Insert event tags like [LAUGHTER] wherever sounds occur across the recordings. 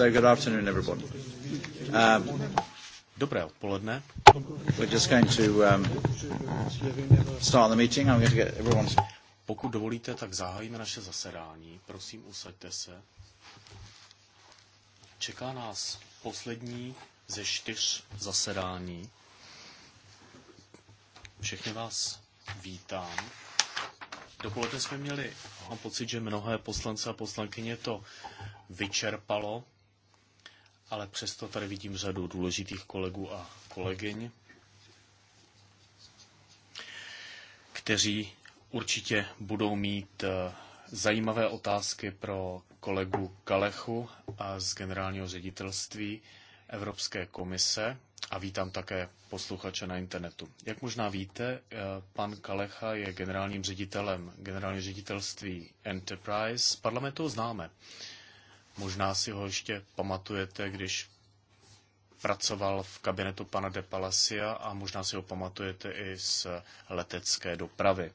so good afternoon, everyone. Um, Dobré odpoledne. We're just going to um, start the meeting. I'm going to get Pokud dovolíte, tak zahájíme naše zasedání. Prosím, usaďte se. Čeká nás poslední ze čtyř zasedání. Všechny vás vítám. Dopoledne jsme měli, mám pocit, že mnohé poslance a poslankyně to vyčerpalo ale přesto tady vidím řadu důležitých kolegů a kolegyň, kteří určitě budou mít eh, zajímavé otázky pro kolegu Kalechu a z generálního ředitelství Evropské komise a vítám také posluchače na internetu. Jak možná víte, eh, pan Kalecha je generálním ředitelem generálního ředitelství Enterprise. Parlamentu známe. Možná si ho ještě pamatujete, když pracoval v kabinetu pana de Palacia a možná si ho pamatujete i z letecké dopravy.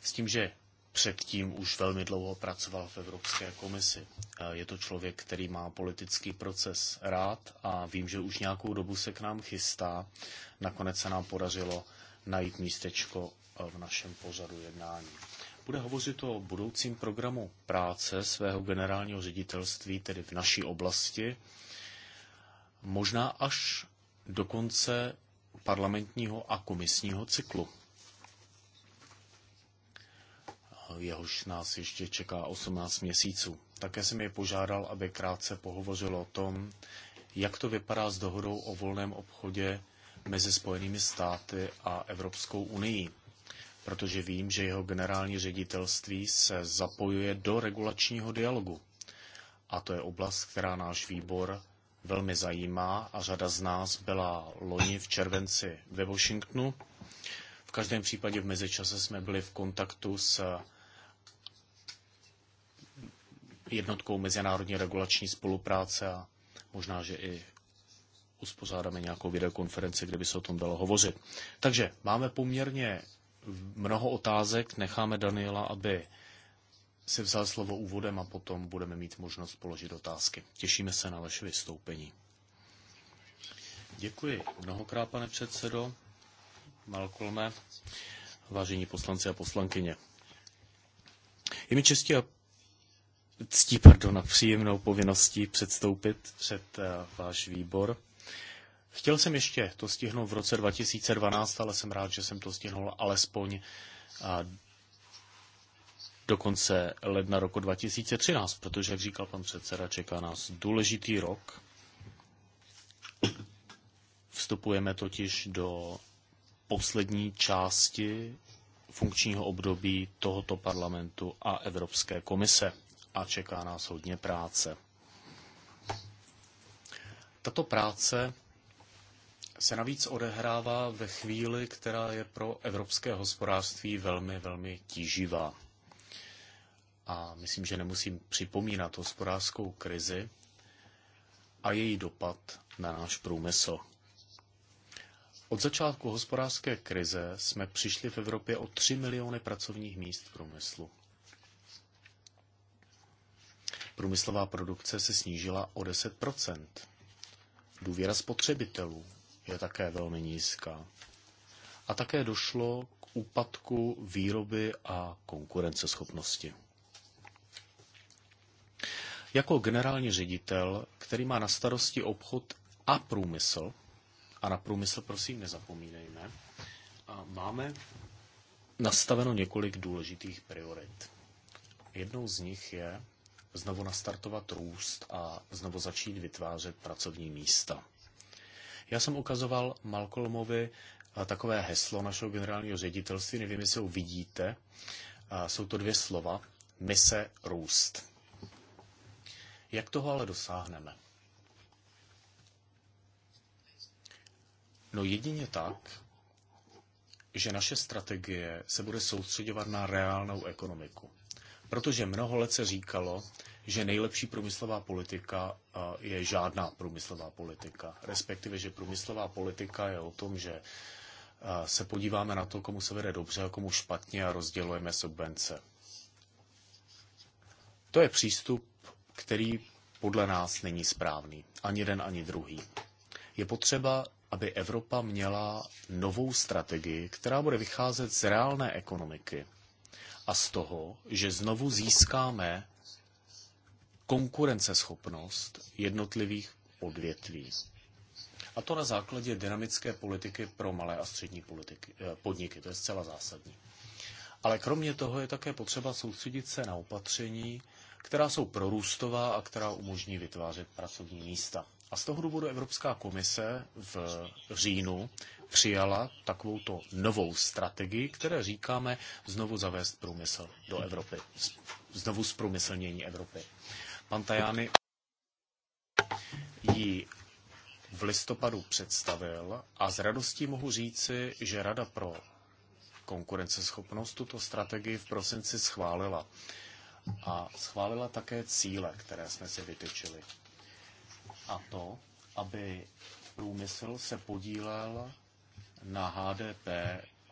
S tím, že předtím už velmi dlouho pracoval v Evropské komisi. Eh, je to člověk, který má politický proces rád a vím, že už nějakou dobu se k nám chystá. Nakonec se nám podařilo najít místečko eh, v našem pořadu jednání bude hovořit o budoucím programu práce svého generálního ředitelství, tedy v naší oblasti, možná až do konce parlamentního a komisního cyklu. Jehož nás ještě čeká 18 měsíců. Také jsem je požádal, aby krátce pohovořil o tom, jak to vypadá s dohodou o volném obchodě mezi Spojenými státy a Evropskou unii protože vím, že jeho generální ředitelství se zapojuje do regulačního dialogu. A to je oblast, která náš výbor velmi zajímá a řada z nás byla loni v červenci ve Washingtonu. V každém případě v mezičase jsme byli v kontaktu s jednotkou mezinárodní regulační spolupráce a možná, že i uspořádáme nějakou videokonferenci, kde by se o tom dalo hovořit. Takže máme poměrně mnoho otázek, necháme Daniela, aby si vzal slovo úvodem a potom budeme mít možnost položit otázky. Těšíme se na vaše vystoupení. Děkuji mnohokrát, pane předsedo Malkolme, vážení poslanci a poslankyně. Je mi čestí a ctí, pardon, a příjemnou povinností předstoupit před eh, váš výbor Chtěl jsem ještě to stihnout v roce 2012, ale jsem rád, že jsem to stihnul alespoň do konce ledna roku 2013, protože, jak říkal pan předseda, čeká nás důležitý rok. Vstupujeme totiž do poslední části funkčního období tohoto parlamentu a Evropské komise a čeká nás hodně práce. Tato práce se navíc odehrává ve chvíli, která je pro evropské hospodářství velmi, velmi tíživá. A myslím, že nemusím připomínat hospodářskou krizi a její dopad na náš průmysl. Od začátku hospodářské krize jsme přišli v Evropě o 3 miliony pracovních míst v průmyslu. Průmyslová produkce se snížila o 10 Důvěra spotřebitelů je také velmi nízká. A také došlo k úpadku výroby a konkurenceschopnosti. Jako generální ředitel, který má na starosti obchod a průmysl, a na průmysl prosím nezapomínejme, máme nastaveno několik důležitých priorit. Jednou z nich je znovu nastartovat růst a znovu začít vytvářet pracovní místa. Já jsem ukazoval Malcolmovi eh, takové heslo našeho generálního ředitelství, nevím, jestli ho vidíte. Jsou to dvě slova. Mise růst. Jak toho ale dosáhneme? No jedině tak, že naše strategie se bude soustředovat na reálnou ekonomiku. Protože mnoho let se říkalo, že nejlepší průmyslová politika je žádná průmyslová politika. Respektive, že průmyslová politika je o tom, že se podíváme na to, komu se vede dobře a komu špatně a rozdělujeme subvence. To je přístup, který podle nás není správný. Ani jeden, ani druhý. Je potřeba, aby Evropa měla novou strategii, která bude vycházet z reálné ekonomiky a z toho, že znovu získáme konkurenceschopnost jednotlivých odvětví. A to na základě dynamické politiky pro malé a střední politiky, eh, podniky. To je zcela zásadní. Ale kromě toho je také potřeba soustředit se na opatření, která jsou prorůstová a která umožní vytvářet pracovní místa. A z toho důvodu Evropská komise v říjnu přijala takovouto novou strategii, které říkáme znovu zavést průmysl do Evropy, znovu zprůmyslnění Evropy. Pan ji v listopadu představil a s radostí mohu říci, že Rada pro konkurenceschopnost tuto strategii v prosinci schválila. A schválila také cíle, které jsme si vytyčili. A to, aby průmysl se podílel na HDP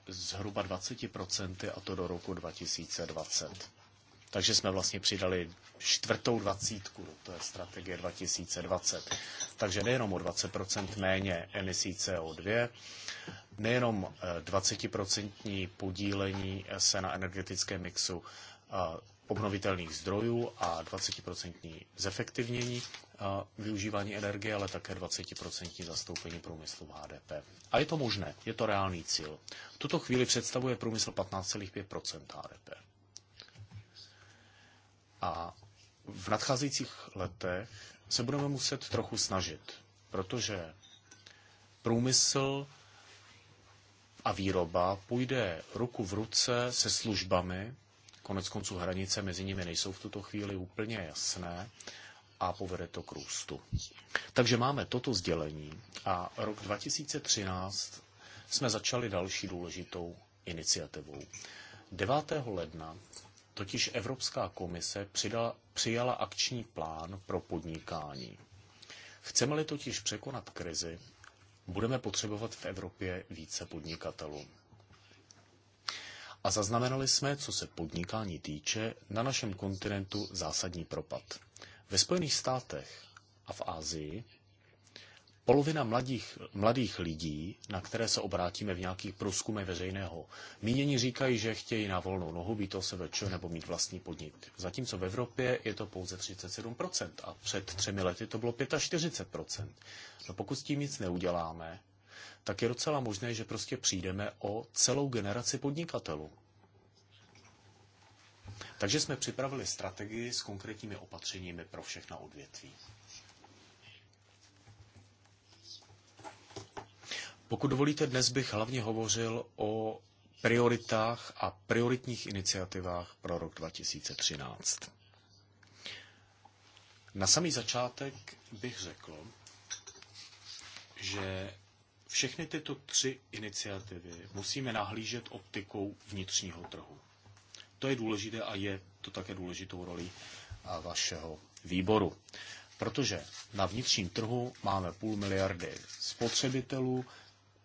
zhruba 20%, a to do roku 2020. Takže jsme vlastně přidali čtvrtou dvacítku do té strategie 2020. Takže nejenom o 20% méně emisí CO2, nejenom 20% eh, podílení se na energetickém mixu eh, obnovitelných zdrojů a 20% zefektivnění eh, využívání energie, ale také 20% zastoupení průmyslu v HDP. A je to možné, je to reálný cíl. V tuto chvíli představuje průmysl 15,5% HDP. A v nadcházejících letech se budeme muset trochu snažit, protože průmysl a výroba půjde ruku v ruce se službami, konec konců hranice mezi nimi nejsou v tuto chvíli úplně jasné, a povede to k růstu. Takže máme toto sdělení a rok 2013 jsme začali další důležitou iniciativou. 9. ledna Totiž Evropská komise přidala, přijala akční plán pro podnikání. Chceme-li totiž překonat krizi, budeme potřebovat v Evropě více podnikatelů. A zaznamenali jsme, co se podnikání týče, na našem kontinentu zásadní propad. Ve Spojených státech a v Asii Polovina mladých, mladých lidí, na které se obrátíme v nějakých průzkumech veřejného mínění, říkají, že chtějí na volnou nohu být čo, nebo mít vlastní podnik. Zatímco v Evropě je to pouze 37% a před třemi lety to bylo 45%. No pokud s tím nic neuděláme, tak je docela možné, že prostě přijdeme o celou generaci podnikatelů. Takže jsme připravili strategii s konkrétními opatřeními pro všechna odvětví. Pokud dovolíte, dnes bych hlavně hovořil o prioritách a prioritních iniciativách pro rok 2013. Na samý začátek bych řekl, že všechny tyto tři iniciativy musíme nahlížet optikou vnitřního trhu. To je důležité a je to také důležitou roli vašeho výboru. Protože na vnitřním trhu máme půl miliardy spotřebitelů,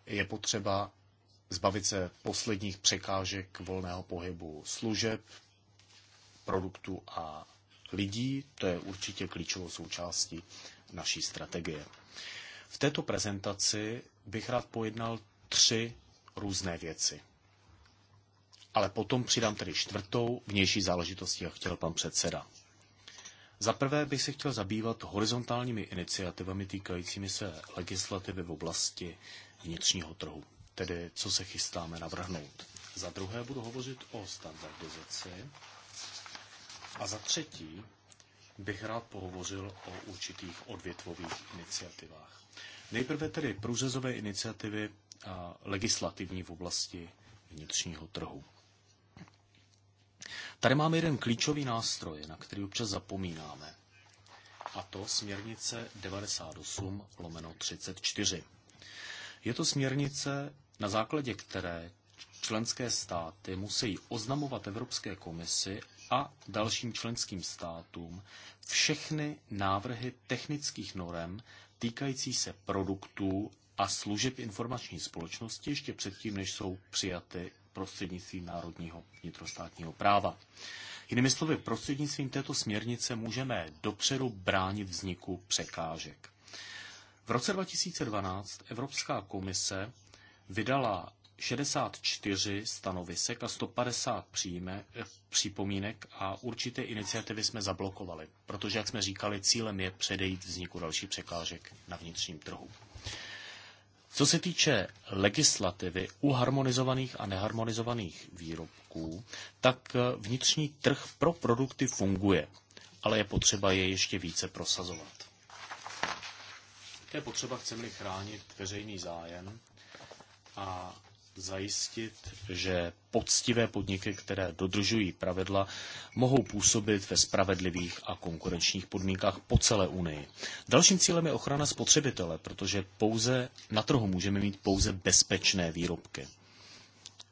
je potřeba zbavit se posledních překážek volného pohybu služeb, produktů a lidí. To je určitě klíčovou součástí naší strategie. V této prezentaci bych rád pojednal tři různé věci. Ale potom přidám tedy čtvrtou vnější záležitosti, jak chtěl pan předseda. Za prvé bych se chtěl zabývat horizontálními iniciativami týkajícími se legislativy v oblasti vnitřního trhu, tedy co se chystáme navrhnout. Za druhé budu hovořit o standardizaci a za třetí bych rád pohovořil o určitých odvětvových iniciativách. Nejprve tedy průřezové iniciativy a legislativní v oblasti vnitřního trhu. Tady máme jeden klíčový nástroj, na který občas zapomínáme, a to směrnice 98 lomeno 34. Je to směrnice, na základě které členské státy musí oznamovat Evropské komisi a dalším členským státům všechny návrhy technických norem týkající se produktů a služeb informační společnosti ještě předtím, než jsou přijaty prostřednictvím národního vnitrostátního práva. Jinými slovy, prostřednictvím této směrnice můžeme dopředu bránit vzniku překážek. V roce 2012 Evropská komise vydala 64 stanovisek a 150 příjme, eh, připomínek a určité iniciativy jsme zablokovali, protože, jak jsme říkali, cílem je předejít vzniku dalších překážek na vnitřním trhu. Co se týče legislativy u harmonizovaných a neharmonizovaných výrobků, tak eh, vnitřní trh pro produkty funguje, ale je potřeba je ještě více prosazovat. To je potřeba, chceme-li chránit veřejný zájem a zajistit, že poctivé podniky, které dodržují pravidla, mohou působit ve spravedlivých a konkurenčních podmínkách po celé Unii. Dalším cílem je ochrana spotřebitele, protože pouze na trhu můžeme mít pouze bezpečné výrobky.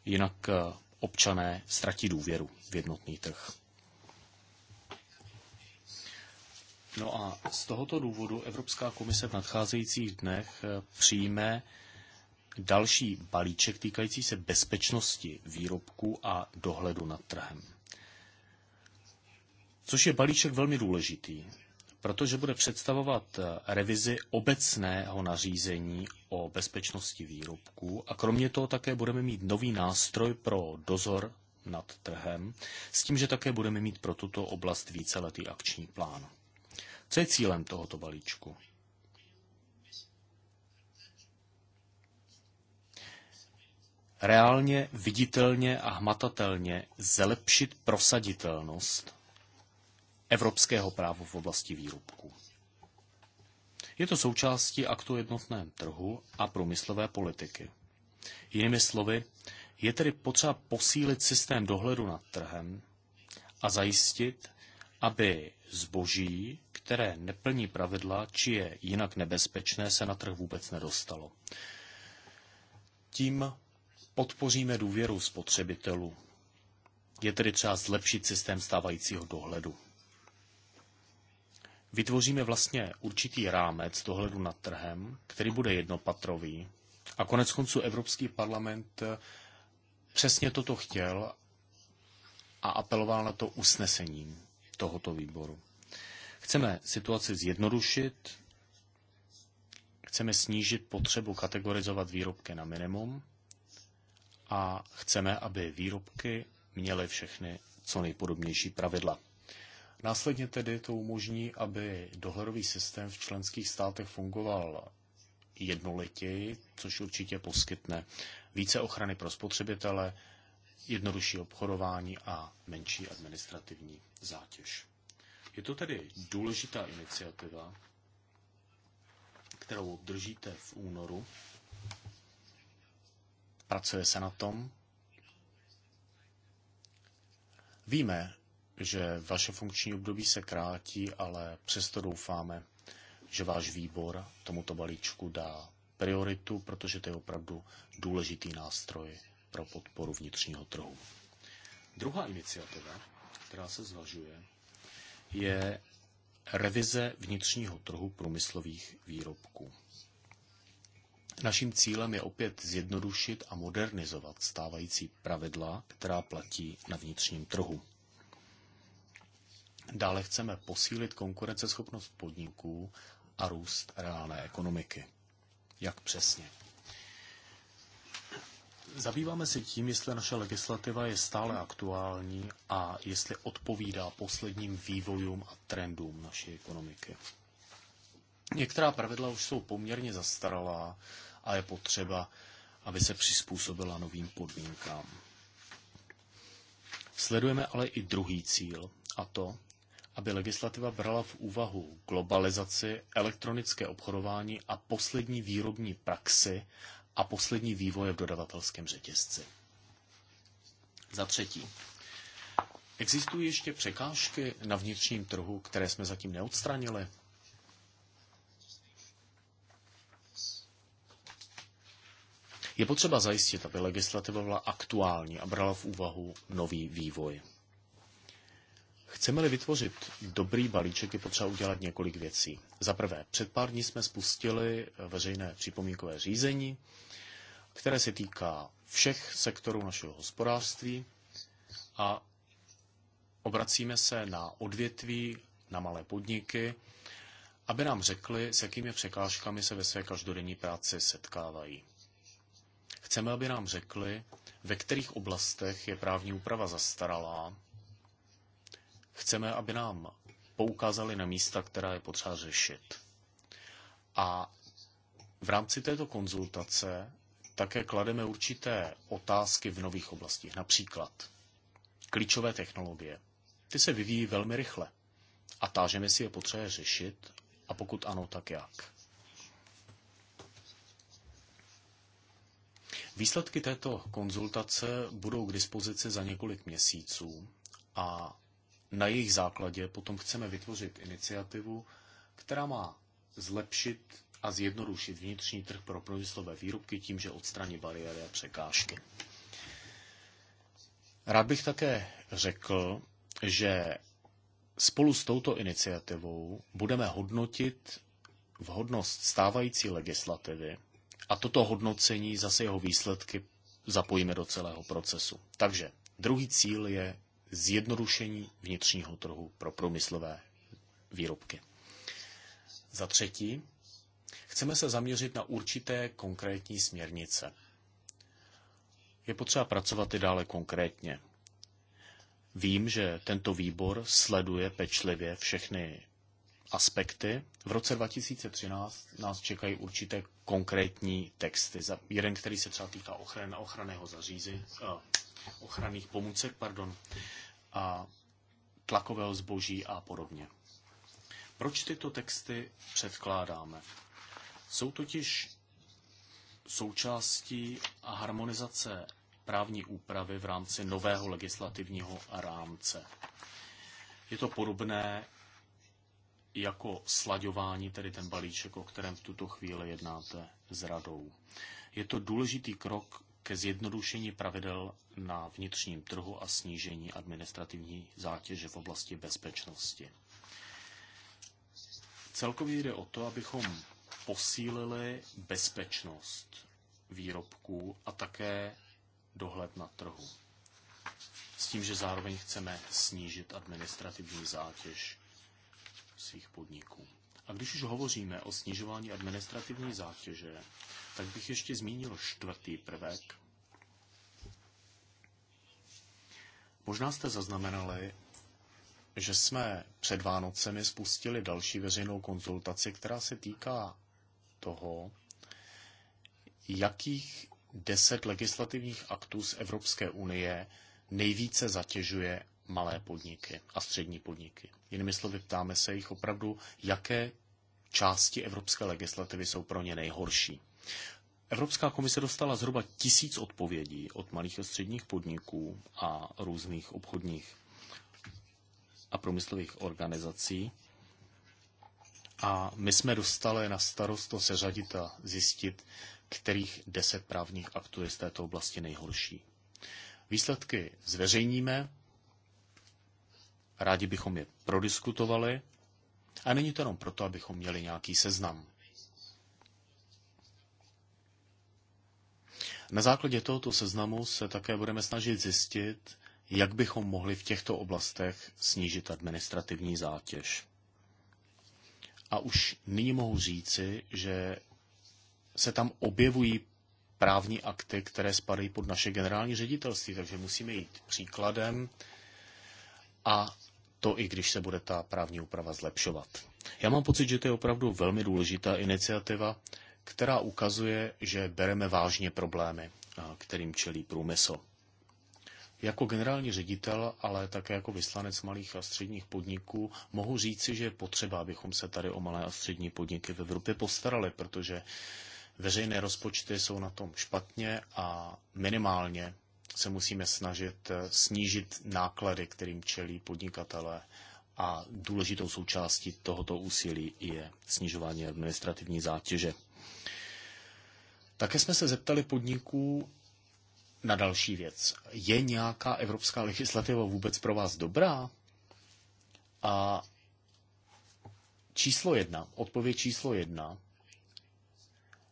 Jinak eh, občané ztratí důvěru v jednotný trh. No a z tohoto důvodu Evropská komise v nadcházejících dnech eh, přijme další balíček týkající se bezpečnosti výrobků a dohledu nad trhem. Což je balíček velmi důležitý, protože bude představovat eh, revizi obecného nařízení o bezpečnosti výrobků a kromě toho také budeme mít nový nástroj pro dozor nad trhem, s tím, že také budeme mít pro tuto oblast víceletý akční plán. Co je cílem tohoto balíčku? Reálně, viditelně a hmatatelně zlepšit prosaditelnost evropského práva v oblasti výrobků. Je to součástí aktu jednotném trhu a průmyslové politiky. Jinými slovy, je tedy potřeba posílit systém dohledu nad trhem a zajistit, aby zboží, které neplní pravidla, či je jinak nebezpečné, se na trh vůbec nedostalo. Tím podpoříme důvěru spotřebitelů. Je tedy třeba zlepšit systém stávajícího dohledu. Vytvoříme vlastně určitý rámec dohledu nad trhem, který bude jednopatrový. A konec konců Evropský parlament eh, přesně toto chtěl a apeloval na to usnesením tohoto výboru. Chceme situaci zjednodušit, chceme snížit potřebu kategorizovat výrobky na minimum a chceme, aby výrobky měly všechny co nejpodobnější pravidla. Následně tedy to umožní, aby dohledový systém v členských státech fungoval jednolitěji, což určitě poskytne více ochrany pro spotřebitele, jednodušší obchodování a menší administrativní zátěž. Je to tedy důležitá iniciativa, kterou obdržíte v únoru. Pracuje se na tom. Víme, že vaše funkční období se krátí, ale přesto doufáme, že váš výbor tomuto balíčku dá prioritu, protože to je opravdu důležitý nástroj pro podporu vnitřního trhu. Druhá iniciativa, která se zvažuje, je revize vnitřního trhu průmyslových výrobků. Naším cílem je opět zjednodušit a modernizovat stávající pravidla, která platí na vnitřním trhu. Dále chceme posílit konkurenceschopnost podniků a růst reálné ekonomiky. Jak přesně? Zabýváme se tím, jestli naše legislativa je stále aktuální a jestli odpovídá posledním vývojům a trendům naší ekonomiky. Některá pravidla už jsou poměrně zastaralá a je potřeba, aby se přizpůsobila novým podmínkám. Sledujeme ale i druhý cíl, a to, aby legislativa brala v úvahu globalizaci, elektronické obchodování a poslední výrobní praxi a poslední vývoje v dodavatelském řetězci. Za třetí, existují ještě překážky na vnitřním trhu, které jsme zatím neodstranili? Je potřeba zajistit, aby legislativa byla aktuální a brala v úvahu nový vývoj. Chceme-li vytvořit dobrý balíček, je potřeba udělat několik věcí. Za prvé, před pár dní jsme spustili veřejné připomínkové řízení, které se týká všech sektorů našeho hospodářství a obracíme se na odvětví, na malé podniky, aby nám řekli, s jakými překážkami se ve své každodenní práci setkávají. Chceme, aby nám řekli, ve kterých oblastech je právní úprava zastaralá Chceme, aby nám poukázali na místa, která je potřeba řešit. A v rámci této konzultace také klademe určité otázky v nových oblastích. Například klíčové technologie. Ty se vyvíjí velmi rychle. A tážeme si je potřeba řešit a pokud ano, tak jak. Výsledky této konzultace budou k dispozici za několik měsíců a na jejich základě potom chceme vytvořit iniciativu, která má zlepšit a zjednodušit vnitřní trh pro průmyslové výrobky tím, že odstraní bariéry a překážky. Rád bych také řekl, že spolu s touto iniciativou budeme hodnotit vhodnost stávající legislativy a toto hodnocení zase jeho výsledky zapojíme do celého procesu. Takže druhý cíl je zjednodušení vnitřního trhu pro průmyslové výrobky. Za třetí, chceme se zaměřit na určité konkrétní směrnice. Je potřeba pracovat i dále konkrétně. Vím, že tento výbor sleduje pečlivě všechny aspekty. V roce 2013 nás čekají určité konkrétní texty. Jeden, který se třeba týká ochrany, ochranného zařízení, eh, ochranných pomůcek, pardon, a tlakového zboží a podobně. Proč tyto texty předkládáme? Jsou totiž součástí harmonizace právní úpravy v rámci nového legislativního rámce. Je to podobné jako slaďování, tedy ten balíček, o kterém v tuto chvíli jednáte s radou. Je to důležitý krok ke zjednodušení pravidel na vnitřním trhu a snížení administrativní zátěže v oblasti bezpečnosti. Celkově jde o to, abychom posílili bezpečnost výrobků a také dohled na trhu. S tím, že zároveň chceme snížit administrativní zátěž svých podniků. A když už hovoříme o snižování administrativní zátěže, tak bych ještě zmínil čtvrtý prvek. Možná jste zaznamenali, že jsme před Vánocemi spustili další veřejnou konzultaci, která se týká toho, jakých deset legislativních aktů z Evropské unie nejvíce zatěžuje malé podniky a střední podniky. Jinými slovy, ptáme se jich opravdu, jaké části evropské legislativy jsou pro ně nejhorší. Evropská komise dostala zhruba tisíc odpovědí od malých a středních podniků a různých obchodních a průmyslových organizací. A my jsme dostali na starost to seřadit a zjistit, kterých deset právních aktů je z této oblasti nejhorší. Výsledky zveřejníme, rádi bychom je prodiskutovali a není to jenom proto, abychom měli nějaký seznam. Na základě tohoto seznamu se také budeme snažit zjistit, jak bychom mohli v těchto oblastech snížit administrativní zátěž. A už nyní mohu říci, že se tam objevují právní akty, které spadají pod naše generální ředitelství, takže musíme jít příkladem a to i když se bude ta právní úprava zlepšovat. Já mám pocit, že to je opravdu velmi důležitá iniciativa, která ukazuje, že bereme vážně problémy, kterým čelí průmysl. Jako generální ředitel, ale také jako vyslanec malých a středních podniků mohu říci, že je potřeba, abychom se tady o malé a střední podniky v Evropě postarali, protože veřejné rozpočty jsou na tom špatně a minimálně se musíme snažit eh, snížit náklady, kterým čelí podnikatelé. A důležitou součástí tohoto úsilí je snižování administrativní zátěže. Také jsme se zeptali podniků na další věc. Je nějaká evropská legislativa vůbec pro vás dobrá? A číslo jedna, odpověď číslo jedna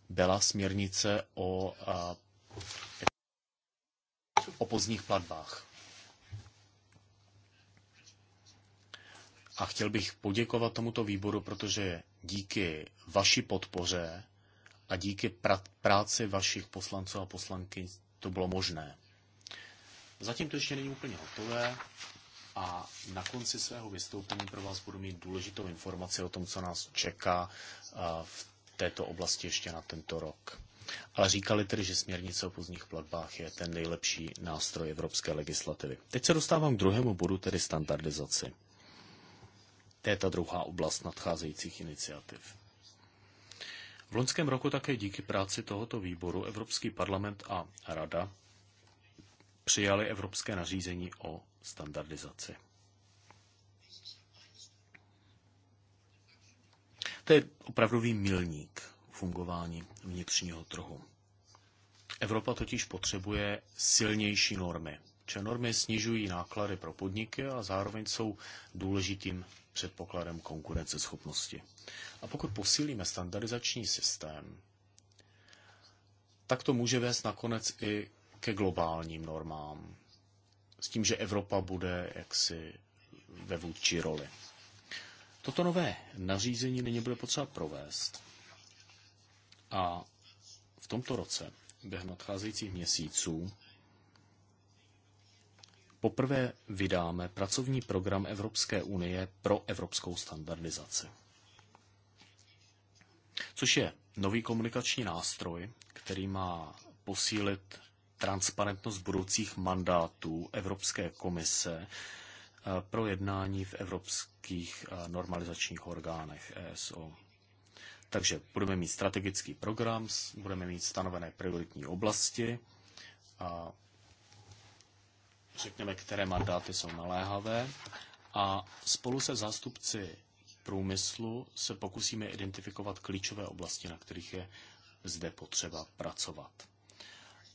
byla směrnice o eh, o pozdních platbách. A chtěl bych poděkovat tomuto výboru, protože díky vaší podpoře a díky pra- práci vašich poslanců a poslanky to bylo možné. Zatím to ještě není úplně hotové a na konci svého vystoupení pro vás budu mít důležitou informaci o tom, co nás čeká eh, v této oblasti ještě na tento rok ale říkali tedy, že směrnice o pozdních platbách je ten nejlepší nástroj evropské legislativy. Teď se dostávám k druhému bodu, tedy standardizaci. To je ta druhá oblast nadcházejících iniciativ. V loňském roku také díky práci tohoto výboru Evropský parlament a Rada přijali evropské nařízení o standardizaci. To je opravdový milník fungování vnitřního trhu. Evropa totiž potřebuje silnější normy. Če normy snižují náklady pro podniky a zároveň jsou důležitým předpokladem konkurenceschopnosti. A pokud posílíme standardizační systém, tak to může vést nakonec i ke globálním normám. S tím, že Evropa bude jaksi ve vůdčí roli. Toto nové nařízení nyní bude potřeba provést. A v tomto roce, během nadcházejících měsíců, poprvé vydáme pracovní program Evropské unie pro evropskou standardizaci. Což je nový komunikační nástroj, který má posílit transparentnost budoucích mandátů Evropské komise eh, pro jednání v evropských eh, normalizačních orgánech ESO. Takže budeme mít strategický program, budeme mít stanovené prioritní oblasti, a řekněme, které mandáty jsou naléhavé a spolu se zástupci průmyslu se pokusíme identifikovat klíčové oblasti, na kterých je zde potřeba pracovat.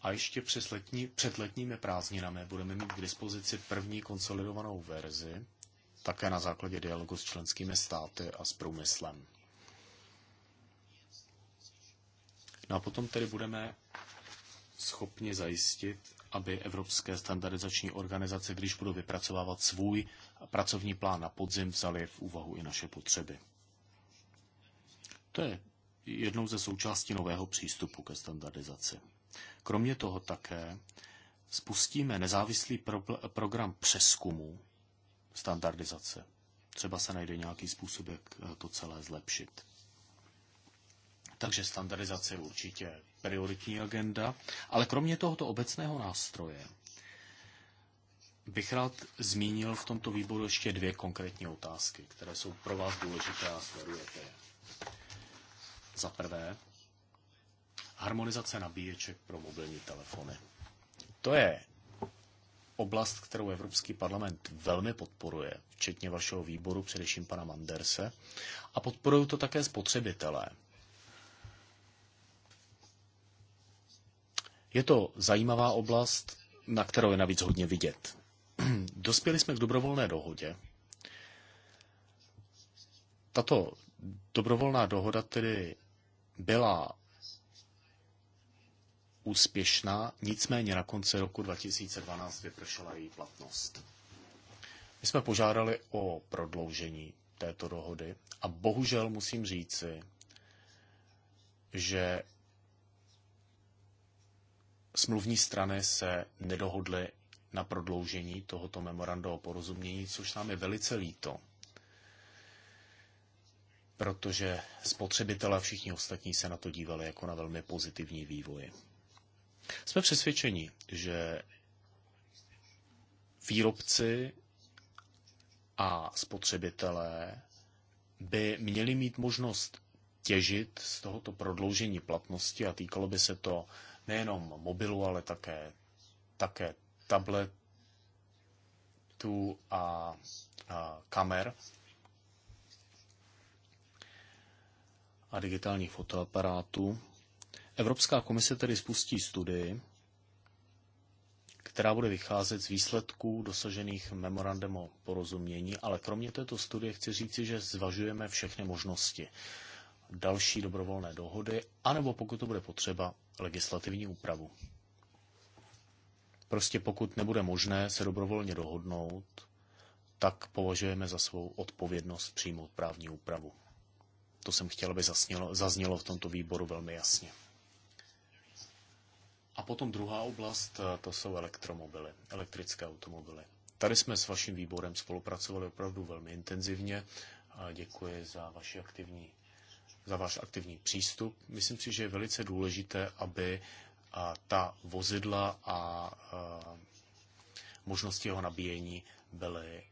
A ještě před, letní, před letními prázdninami budeme mít k dispozici první konsolidovanou verzi, také na základě dialogu s členskými státy a s průmyslem. No a potom tedy budeme schopni zajistit, aby evropské standardizační organizace, když budou vypracovávat svůj pracovní plán na podzim, vzali v úvahu i naše potřeby. To je jednou ze součástí nového přístupu ke standardizaci. Kromě toho také spustíme nezávislý pro- program přeskumu standardizace. Třeba se najde nějaký způsob, jak to celé zlepšit. Takže standardizace je určitě prioritní agenda, ale kromě tohoto obecného nástroje bych rád zmínil v tomto výboru ještě dvě konkrétní otázky, které jsou pro vás důležité a sledujete je. Za prvé, harmonizace nabíječek pro mobilní telefony. To je oblast, kterou Evropský parlament velmi podporuje, včetně vašeho výboru, především pana Manderse, a podporují to také spotřebitelé. Je to zajímavá oblast, na kterou je navíc hodně vidět. [CLEARS THROAT] Dospěli jsme k dobrovolné dohodě. Tato dobrovolná dohoda tedy byla úspěšná, nicméně na konci roku 2012 vypršela její platnost. My jsme požádali o prodloužení této dohody a bohužel musím říci, že smluvní strany se nedohodly na prodloužení tohoto memoranda o porozumění, což nám je velice líto, protože spotřebitelé a všichni ostatní se na to dívali jako na velmi pozitivní vývoj. Jsme přesvědčeni, že výrobci a spotřebitelé by měli mít možnost těžit z tohoto prodloužení platnosti a týkalo by se to nejenom mobilu, ale také, také tabletu a, a kamer a digitálních fotoaparátů. Evropská komise tedy spustí studii, která bude vycházet z výsledků dosažených memorandem o porozumění, ale kromě této studie chci říci, že zvažujeme všechny možnosti. Další dobrovolné dohody, anebo pokud to bude potřeba, legislativní úpravu. Prostě pokud nebude možné se dobrovolně dohodnout, tak považujeme za svou odpovědnost přijmout právní úpravu. To jsem chtěl, aby zasnělo, zaznělo v tomto výboru velmi jasně. A potom druhá oblast, eh, to jsou elektromobily, elektrické automobily. Tady jsme s vaším výborem spolupracovali opravdu velmi intenzivně. Děkuji za vaši aktivní za váš aktivní přístup. Myslím si, že je velice důležité, aby ta vozidla a možnosti jeho nabíjení byly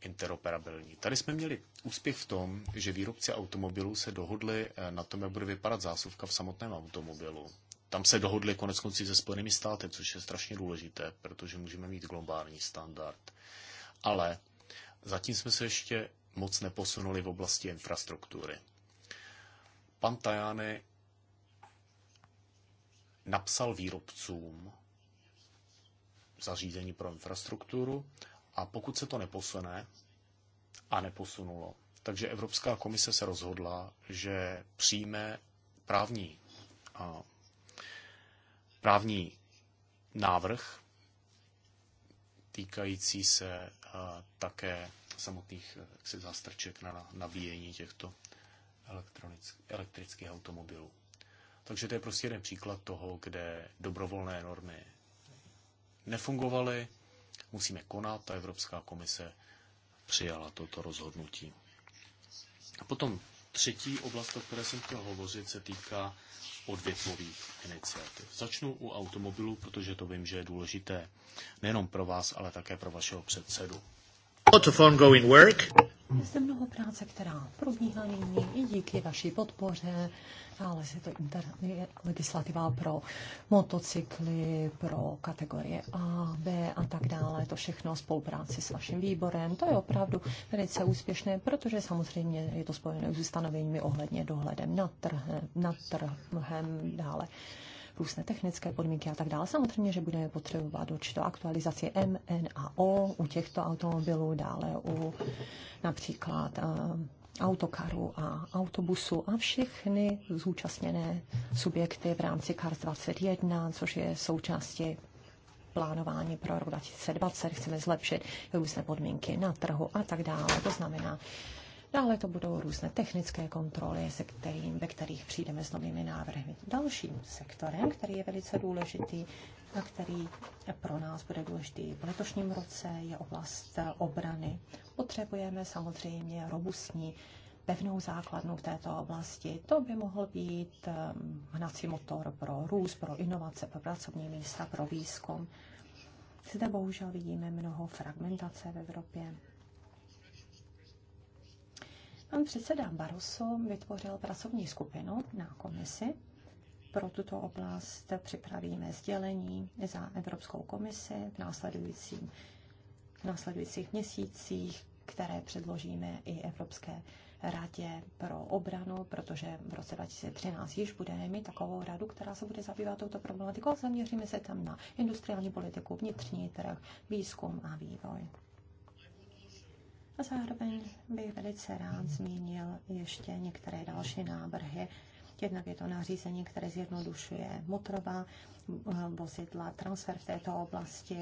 interoperabilní. Tady jsme měli úspěch v tom, že výrobci automobilů se dohodli e, na tom, jak bude vypadat zásuvka v samotném automobilu. Tam se dohodli konec konců se Spojenými státy, což je strašně důležité, protože můžeme mít globální standard. Ale zatím jsme se ještě moc neposunuli v oblasti infrastruktury pan Tajány napsal výrobcům zařízení pro infrastrukturu a pokud se to neposune a neposunulo, takže Evropská komise se rozhodla, že přijme právní, a, právní návrh týkající se a, také samotných eh, jaksi, zástrček na nabíjení těchto elektrických automobilů. Takže to je prostě jeden příklad toho, kde dobrovolné normy nefungovaly, musíme konat a Evropská komise přijala toto rozhodnutí. A potom třetí oblast, o které jsem chtěl hovořit, se týká odvětvových iniciativ. Začnu u automobilů, protože to vím, že je důležité nejenom pro vás, ale také pro vašeho předsedu lot of ongoing work. Je zde mnoho práce, která probíhá nyní i díky vaší podpoře, ale je to inter- legislativa pro motocykly, pro kategorie A, B a tak dále. To všechno spolupráci s vaším výborem. To je opravdu velice úspěšné, protože samozřejmě je to spojené s ustanoveními ohledně dohledem nad trhem, nad trhem dále různé technické podmínky a tak dále. Samozřejmě, že budeme potřebovat určitou aktualizaci M, N a O u těchto automobilů, dále u například eh, autokaru a autobusu a všechny zúčastněné subjekty v rámci CARS 21, což je součástí plánování pro rok 2020, chceme zlepšit různé podmínky na trhu a tak dále. To znamená, Dále to budou různé technické kontroly, se kterým, ve kterých přijdeme s novými návrhy. Dalším sektorem, který je velice důležitý a který pro nás bude důležitý v letošním roce, je oblast obrany. Potřebujeme samozřejmě robustní pevnou základnu v této oblasti. To by mohl být eh, hnací motor pro růst, pro inovace, pro pracovní místa, pro výzkum. Zde bohužel vidíme mnoho fragmentace v Evropě. Pan předseda Barroso vytvořil pracovní skupinu na komisi. Pro tuto oblast připravíme sdělení za Evropskou komisi v, následujícím, v následujících měsících, které předložíme i Evropské radě pro obranu, protože v roce 2013 již budeme mít takovou radu, která se bude zabývat touto problematikou. Zaměříme se tam na industriální politiku, vnitřní trh, výzkum a vývoj. A zároveň bych velice rád zmínil ještě některé další návrhy. Jednak je to nařízení, které zjednodušuje motorová eh, vozidla, transfer v této oblasti.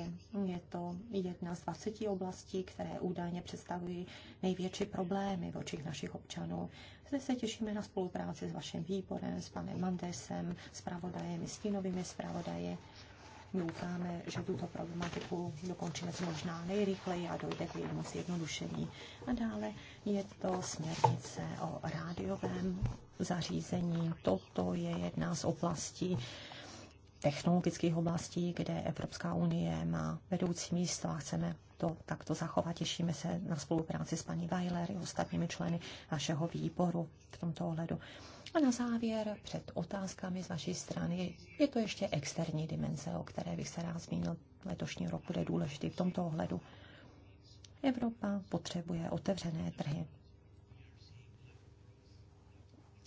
Je to jedna z 20 oblastí, které údajně představují největší problémy v očích našich občanů. Zde se těšíme na spolupráci s vaším výborem, s panem Mandesem, s pravodajem, s tínovými zpravodaji Doufáme, že tuto problematiku dokončíme co možná nejrychleji a dojde k jejímu zjednodušení. A dále je to směrnice o rádiovém zařízení. Toto je jedna z oblastí, technologických oblastí, kde Evropská unie má vedoucí místo a chceme to takto zachovat. Těšíme se na spolupráci s paní Weiler i ostatními členy našeho výboru v tomto ohledu. A na závěr před otázkami z vaší strany je to ještě externí dimenze, o které bych se rád zmínil. Letošní rok bude důležitý v tomto ohledu. Evropa potřebuje otevřené trhy.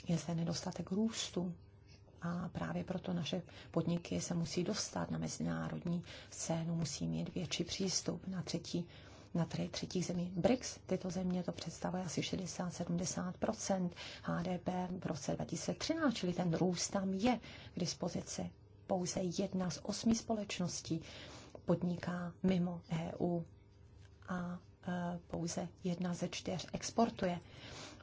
Je zde nedostatek růstu a právě proto naše podniky se musí dostat na mezinárodní scénu, musí mít větší přístup na třetí na trhy třetích zemí. BRICS, tyto země, to představuje asi 60-70 HDP v roce 2013, čili ten růst tam je k dispozici. Pouze jedna z osmi společností podniká mimo EU a e, pouze jedna ze čtyř exportuje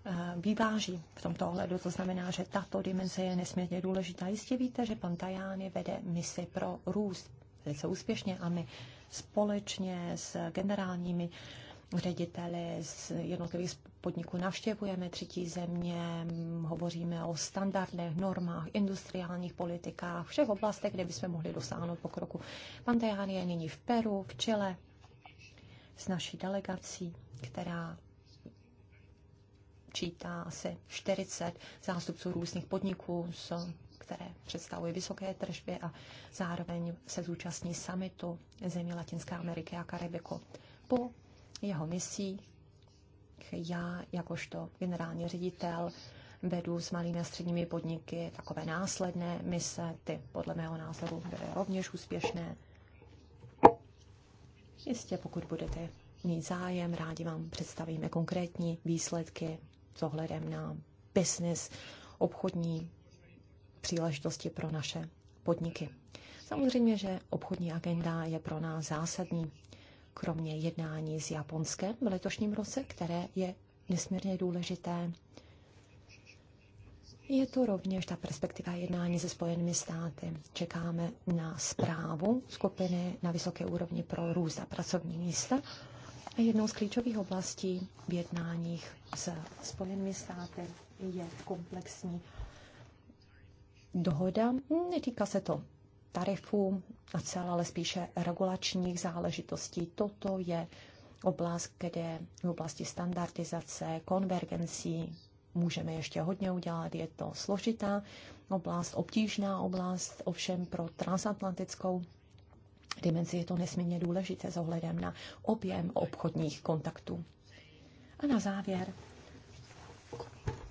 e, vyváží v tomto ohledu. To znamená, že tato dimenze je nesmírně důležitá. Jistě víte, že pan Tajány vede misi pro růst velice úspěšně a my společně s generálními řediteli z jednotlivých podniků navštěvujeme třetí země, hovoříme o standardech, normách, industriálních politikách, všech oblastech, kde bychom mohli dosáhnout pokroku. Pan Taján je nyní v Peru, v Chile s naší delegací, která čítá asi 40 zástupců různých podniků, které představují vysoké tržby a zároveň se zúčastní summitu zemí Latinské Ameriky a Karibiku. Po jeho misí já jakožto generální ředitel vedu s malými a středními podniky takové následné mise, ty podle mého názoru byly rovněž úspěšné. Jistě, pokud budete mít zájem, rádi vám představíme konkrétní výsledky s ohledem na business, obchodní příležitosti pro naše podniky. Samozřejmě, že obchodní agenda je pro nás zásadní, kromě jednání s Japonskem v letošním roce, které je nesmírně důležité. Je to rovněž ta perspektiva jednání se Spojenými státy. Čekáme na zprávu skupiny na vysoké úrovni pro růst a pracovní místa Jednou z klíčových oblastí v jednáních s Spojenými státy je komplexní dohoda. Netýká se to tarifů a celá, ale spíše regulačních záležitostí. Toto je oblast, kde v oblasti standardizace, konvergencí můžeme ještě hodně udělat. Je to složitá oblast, obtížná oblast, ovšem pro transatlantickou dimenzi je to nesmírně důležité s ohledem na objem obchodních kontaktů. A na závěr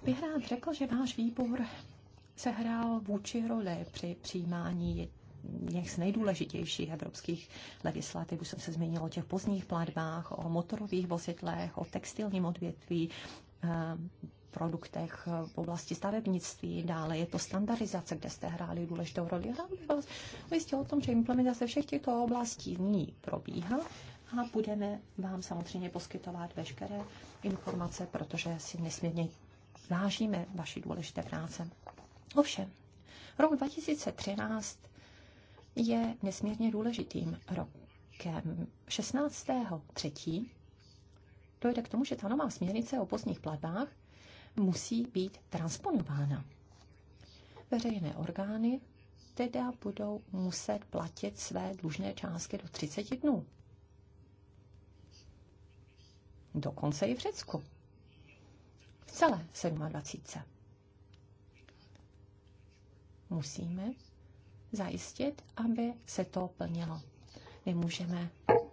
bych rád řekl, že váš výbor sehrál vůči roli při přijímání jedných z nejdůležitějších evropských legislativ. Už jsem se zmínil o těch pozdních platbách, o motorových vozidlech, o textilním odvětví, produktech eh, v oblasti stavebnictví, dále je to standardizace, kde jste hráli důležitou roli. Hráli vás jistě o tom, že implementace všech těchto oblastí ní probíhá a budeme vám samozřejmě poskytovat veškeré informace, protože si nesmírně vážíme vaší důležité práce. Ovšem, rok 2013 je nesmírně důležitým rokem. 16. 3. dojde k tomu, že ta nová směrnice o pozdních platbách musí být transponována. Veřejné orgány teda budou muset platit své dlužné částky do 30 dnů. Dokonce i v Řecku. V celé 27. Musíme zajistit, aby se to plnilo. Nemůžeme můžeme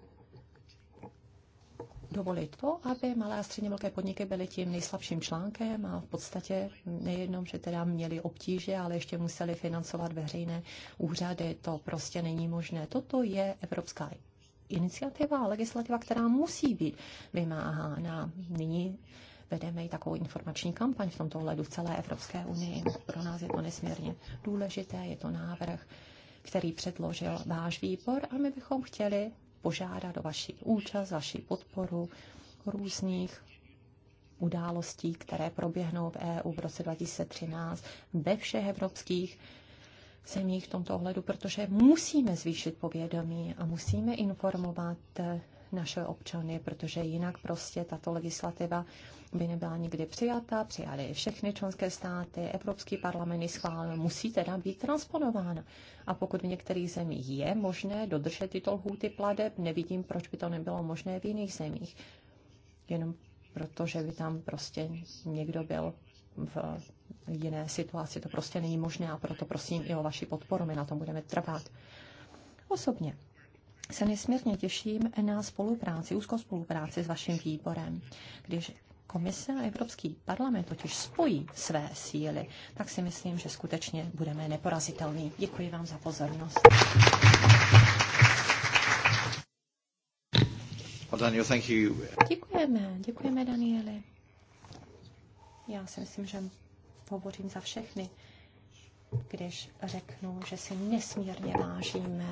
dovolit to, aby malé a středně velké podniky byly tím nejslabším článkem a v podstatě nejenom, že teda měli obtíže, ale ještě museli financovat veřejné úřady. To prostě není možné. Toto je evropská iniciativa a legislativa, která musí být vymáhána. Nyní vedeme i takovou informační kampaň v tomto ohledu v celé Evropské unii. Pro nás je to nesmírně důležité, je to návrh, který předložil váš výbor a my bychom chtěli požádat o vaši účast, vaši podporu různých událostí, které proběhnou v EU v roce 2013 ve všech evropských zemích v tomto ohledu, protože musíme zvýšit povědomí a musíme informovat naše občany, protože jinak prostě tato legislativa by nebyla nikdy přijata, přijali všechny členské státy, Evropský parlament ji schválil, musí teda být transponována. A pokud v některých zemích je možné dodržet tyto lhůty pladeb, nevidím, proč by to nebylo možné v jiných zemích. Jenom proto, že by tam prostě někdo byl v jiné situaci. To prostě není možné a proto prosím i o vaši podporu. My na tom budeme trvat. Osobně se nesmírně těším na spolupráci, úzkou spolupráci s vaším výborem, když komise a Evropský parlament totiž spojí své síly, tak si myslím, že skutečně budeme neporazitelní. Děkuji vám za pozornost. Daniel, thank you. Děkujeme, děkujeme Danieli. Já si myslím, že hovořím za všechny, když řeknu, že si nesmírně vážíme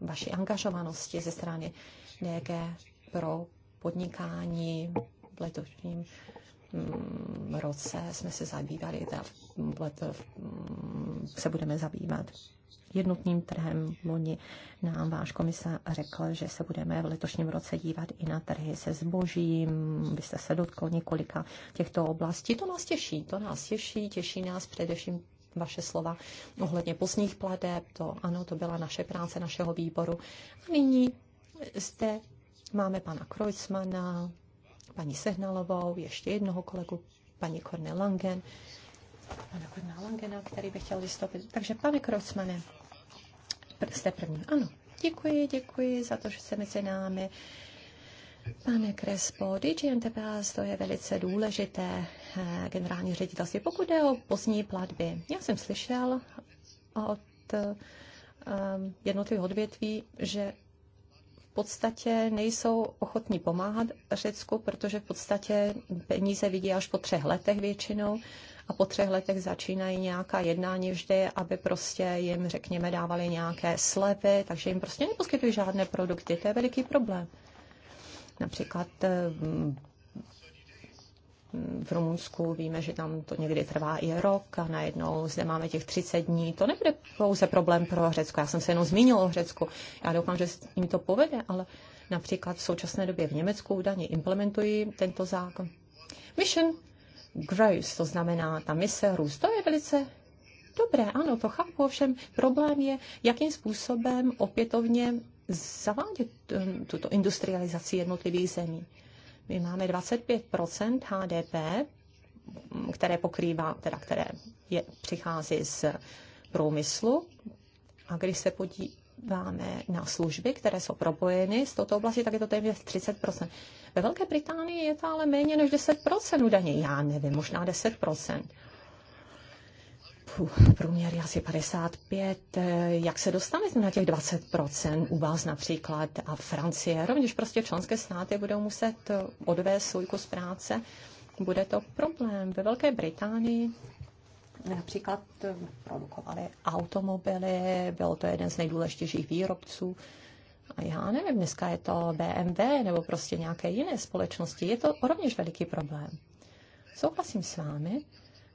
vaší angažovanosti ze strany DG pro podnikání, letošním mm, roce jsme se zabývali, let se budeme zabývat jednotným trhem. Loni nám váš komisar řekl, že se budeme v letošním roce dívat i na trhy se zbožím. Vy jste se dotkl několika těchto oblastí. To nás těší, to nás těší, těší nás především vaše slova ohledně pozdních pladeb. To ano, to byla naše práce našeho výboru. A nyní zde máme pana Krojcmana, paní Sehnalovou, ještě jednoho kolegu, paní Korne Langen, pana Korne Langena, který by chtěl vystoupit. Takže, pane Krocmane, jste první. Ano, děkuji, děkuji za to, že jste mezi námi. Pane Krespo, DGNTP to je velice důležité eh, generální ředitelství, pokud jde o pozdní platby. Já jsem slyšel od eh, jednotlivých odvětví, že podstatě nejsou ochotní pomáhat Řecku, protože v podstatě peníze vidí až po třech letech většinou a po třech letech začínají nějaká jednání vždy, aby prostě jim, řekněme, dávali nějaké slepy, takže jim prostě neposkytují žádné produkty. To je veliký problém. Například eh, v Rumunsku víme, že tam to někdy trvá i rok a najednou zde máme těch 30 dní. To nebude pouze problém pro Řecko. Já jsem se jenom zmínil o Řecku. Já doufám, že jim to povede, ale například v současné době v Německu údajně implementují tento zákon. Mission Growth, to znamená ta mise růst, to je velice dobré, ano, to chápu, ovšem problém je, jakým způsobem opětovně zavádět um, tuto industrializaci jednotlivých zemí. My máme 25 HDP, které pokrývá, teda které je, přichází z průmyslu. A když se podíváme na služby, které jsou propojeny s touto oblastí, tak je to téměř 30 Ve Velké Británii je to ale méně než 10 údajně. Já nevím, možná 10 průměr je asi 55. Jak se dostanete na těch 20% u vás například a Francie? Rovněž prostě členské státy budou muset odvést svůj kus práce. Bude to problém. Ve Velké Británii například produkovali automobily, byl to jeden z nejdůležitějších výrobců. A já nevím, dneska je to BMW nebo prostě nějaké jiné společnosti. Je to rovněž veliký problém. Souhlasím s vámi,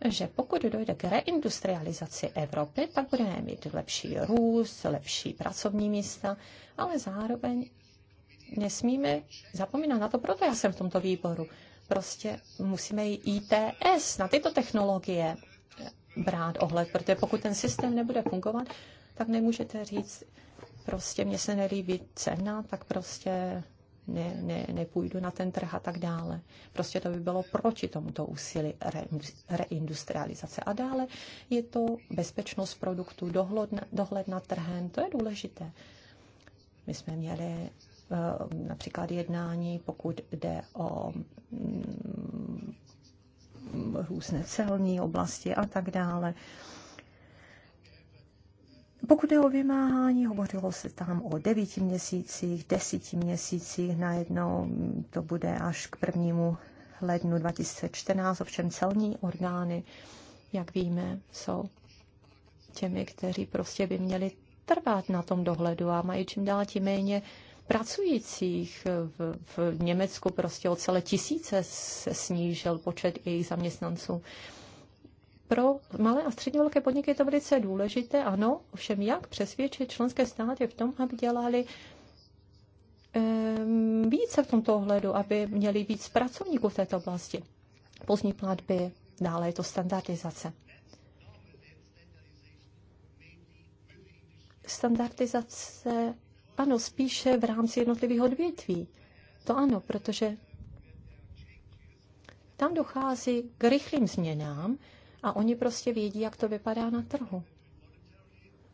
že pokud dojde k reindustrializaci Evropy, tak budeme mít lepší růst, lepší pracovní místa, ale zároveň nesmíme zapomínat na to, proto já jsem v tomto výboru. Prostě musíme i ITS na tyto technologie brát ohled, protože pokud ten systém nebude fungovat, tak nemůžete říct, prostě mně se nelíbí cena, tak prostě ne, ne, nepůjdu na ten trh a tak dále. Prostě to by bylo proti tomuto úsilí reindustrializace. A dále je to bezpečnost produktů, dohled, dohled nad trhem, to je důležité. My jsme měli eh, například jednání, pokud jde o mm, různé celní oblasti a tak dále. Pokud je o vymáhání, hovořilo se tam o devíti měsících, desíti měsících, najednou to bude až k prvnímu lednu 2014, ovšem celní orgány, jak víme, jsou těmi, kteří prostě by měli trvat na tom dohledu a mají čím dál tím méně pracujících. V, v Německu prostě o celé tisíce se snížil počet jejich zaměstnanců pro malé a středně velké podniky je to velice důležité, ano, ovšem jak přesvědčit členské státy v tom, aby dělali ehm, více v tomto ohledu, aby měli víc pracovníků v této oblasti. Pozdní platby, dále je to standardizace. Standardizace, ano, spíše v rámci jednotlivých odvětví. To ano, protože tam dochází k rychlým změnám, a oni prostě vědí, jak to vypadá na trhu.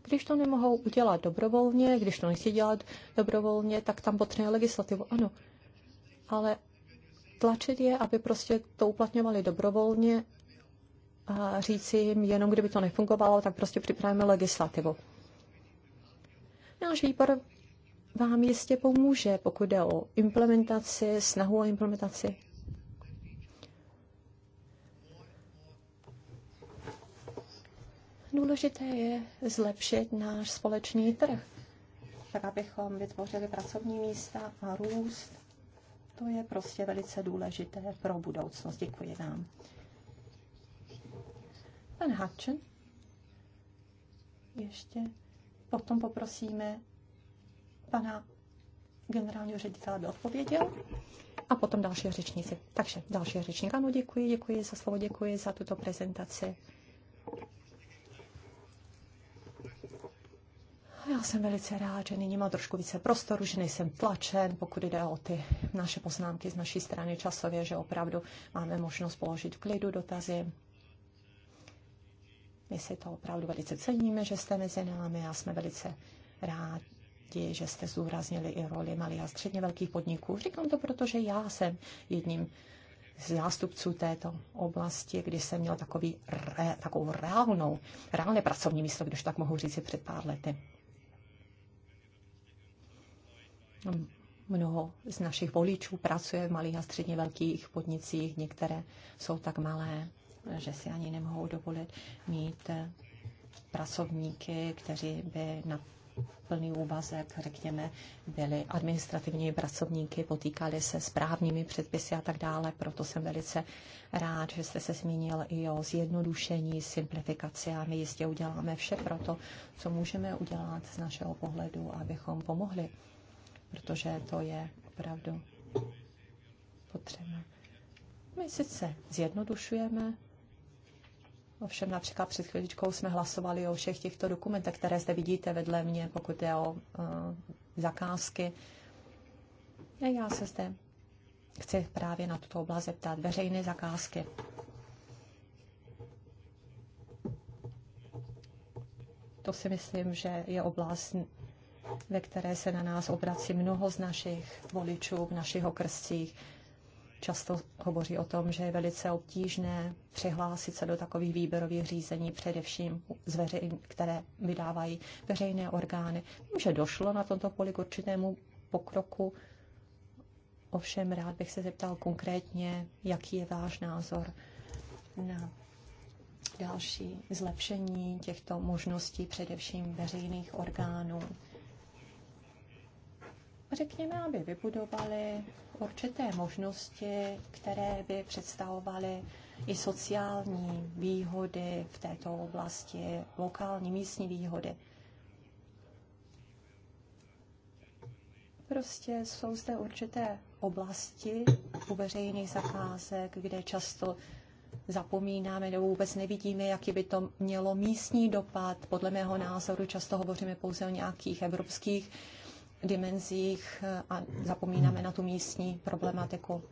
Když to nemohou udělat dobrovolně, když to nechci dělat dobrovolně, tak tam potřebuje legislativu. Ano, ale tlačit je, aby prostě to uplatňovali dobrovolně a říci jim, jenom kdyby to nefungovalo, tak prostě připravíme legislativu. Náš výbor vám jistě pomůže, pokud jde o implementaci, snahu o implementaci Důležité je zlepšit náš společný trh, tak abychom vytvořili pracovní místa a růst. To je prostě velice důležité pro budoucnost. Děkuji vám. Pan Hatchen. Ještě potom poprosíme pana generálního ředitele, aby odpověděl. A potom další řečníci. Takže další řečník. Ano, děkuji, děkuji za slovo, děkuji za tuto prezentaci. Já jsem velice rád, že nyní má trošku více prostoru, že nejsem tlačen, pokud jde o ty naše poznámky z naší strany časově, že opravdu máme možnost položit v klidu dotazy. My si to opravdu velice ceníme, že jste mezi námi a jsme velice rádi, že jste zúraznili i roli malých a středně velkých podniků. Říkám to, protože já jsem jedním z zástupců této oblasti, kdy jsem měl takový, re, takovou reálnou, reálné pracovní místo, když tak mohu říct, před pár lety. Mnoho z našich voličů pracuje v malých a středně velkých podnicích, některé jsou tak malé, že si ani nemohou dovolit mít eh, pracovníky, kteří by na plný úvazek, řekněme, byli administrativní pracovníky, potýkali se s právními předpisy a tak dále. Proto jsem velice rád, že jste se zmínil i o zjednodušení, simplifikaci a my jistě uděláme vše pro to, co můžeme udělat z našeho pohledu, abychom pomohli protože to je opravdu potřeba. My sice zjednodušujeme, ovšem například před chvíličkou jsme hlasovali o všech těchto dokumentech, které zde vidíte vedle mě, pokud je o uh, zakázky. A já se zde chci právě na tuto oblast zeptat. Veřejné zakázky. To si myslím, že je oblast, ve které se na nás obrací mnoho z našich voličů v našich okrscích. Často hovoří o tom, že je velice obtížné přihlásit se do takových výběrových řízení, především z veřejn, které vydávají veřejné orgány. Vím, že došlo na tomto poli k určitému pokroku, ovšem rád bych se zeptal konkrétně, jaký je váš názor na další zlepšení těchto možností, především veřejných orgánů řekněme, aby vybudovali určité možnosti, které by představovaly i sociální výhody v této oblasti, lokální místní výhody. Prostě jsou zde určité oblasti u veřejných zakázek, kde často zapomínáme nebo vůbec nevidíme, jaký by to mělo místní dopad. Podle mého názoru často hovoříme pouze o nějakých evropských dimenzích eh, a zapomínáme na tu místní problematiku.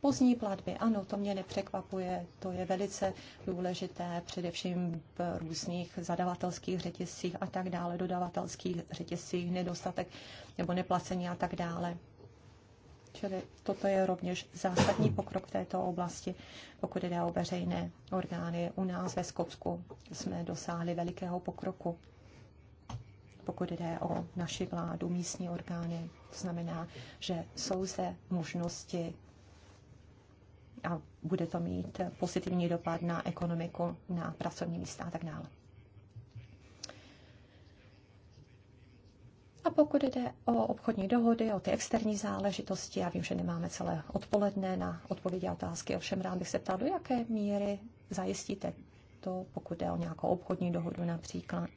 Pozdní platby, ano, to mě nepřekvapuje, to je velice důležité, především v různých zadavatelských řetězcích a tak dále, dodavatelských řetězcích, nedostatek nebo neplacení a tak dále. Čili toto je rovněž zásadní pokrok v této oblasti, pokud jde o veřejné orgány. U nás ve Skotsku jsme dosáhli velikého pokroku pokud jde o naši vládu, místní orgány. To znamená, že jsou zde možnosti a bude to mít pozitivní dopad na ekonomiku, na pracovní místa a tak dále. A pokud jde o obchodní dohody, o ty externí záležitosti, já vím, že nemáme celé odpoledne na odpovědi a otázky, ovšem rád bych se ptal, do jaké míry zajistíte to, pokud jde o nějakou obchodní dohodu například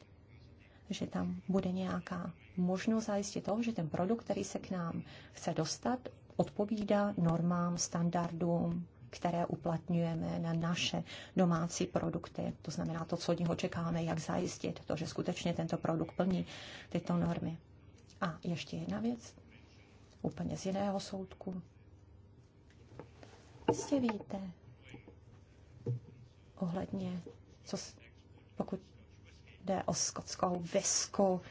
že tam bude nějaká možnost zajistit toho, že ten produkt, který se k nám chce dostat, odpovídá normám, standardům, které uplatňujeme na naše domácí produkty. To znamená to, co od něho čekáme, jak zajistit to, že skutečně tento produkt plní tyto normy. A ještě jedna věc, úplně z jiného soudku. Jistě víte, ohledně, co, pokud jde o skotskou visku,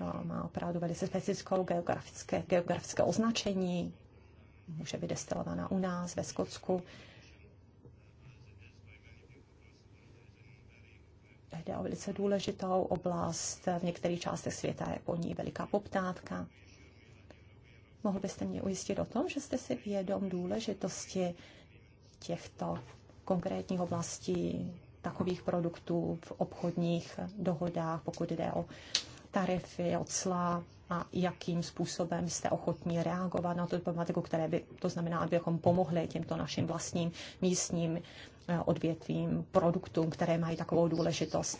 no, má opravdu velice specifickou geografické, geografické označení, může být destilovaná u nás ve Skotsku. Jde o velice důležitou oblast, v některých částech světa je po ní veliká poptávka. Mohl byste mě ujistit o tom, že jste si vědom důležitosti těchto konkrétních oblastí takových produktů v obchodních dohodách, pokud jde o tarify, o cla a jakým způsobem jste ochotní reagovat na tu problematiku, které by, to znamená, abychom pomohli těmto našim vlastním místním eh, odvětvím, produktům, které mají takovou důležitost.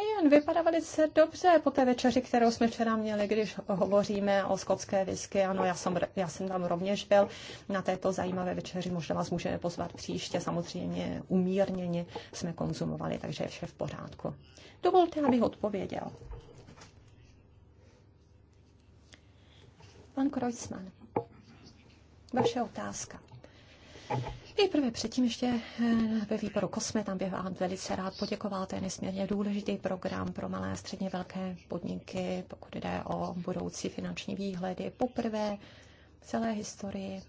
Jen vypadá velice dobře po té večeři, kterou jsme včera měli, když hovoříme o skotské whisky. Ano, já jsem, já jsem tam rovněž byl na této zajímavé večeři. Možná vás můžeme pozvat příště. Samozřejmě umírněně jsme konzumovali, takže je vše v pořádku. Dovolte, abych odpověděl. Pan Kreuzmann, vaše otázka prvé předtím ještě eh, ve výboru Kosme, tam bych vám velice rád poděkoval, to je nesmírně důležitý program pro malé a středně velké podniky, pokud jde o budoucí finanční výhledy. Poprvé v celé historii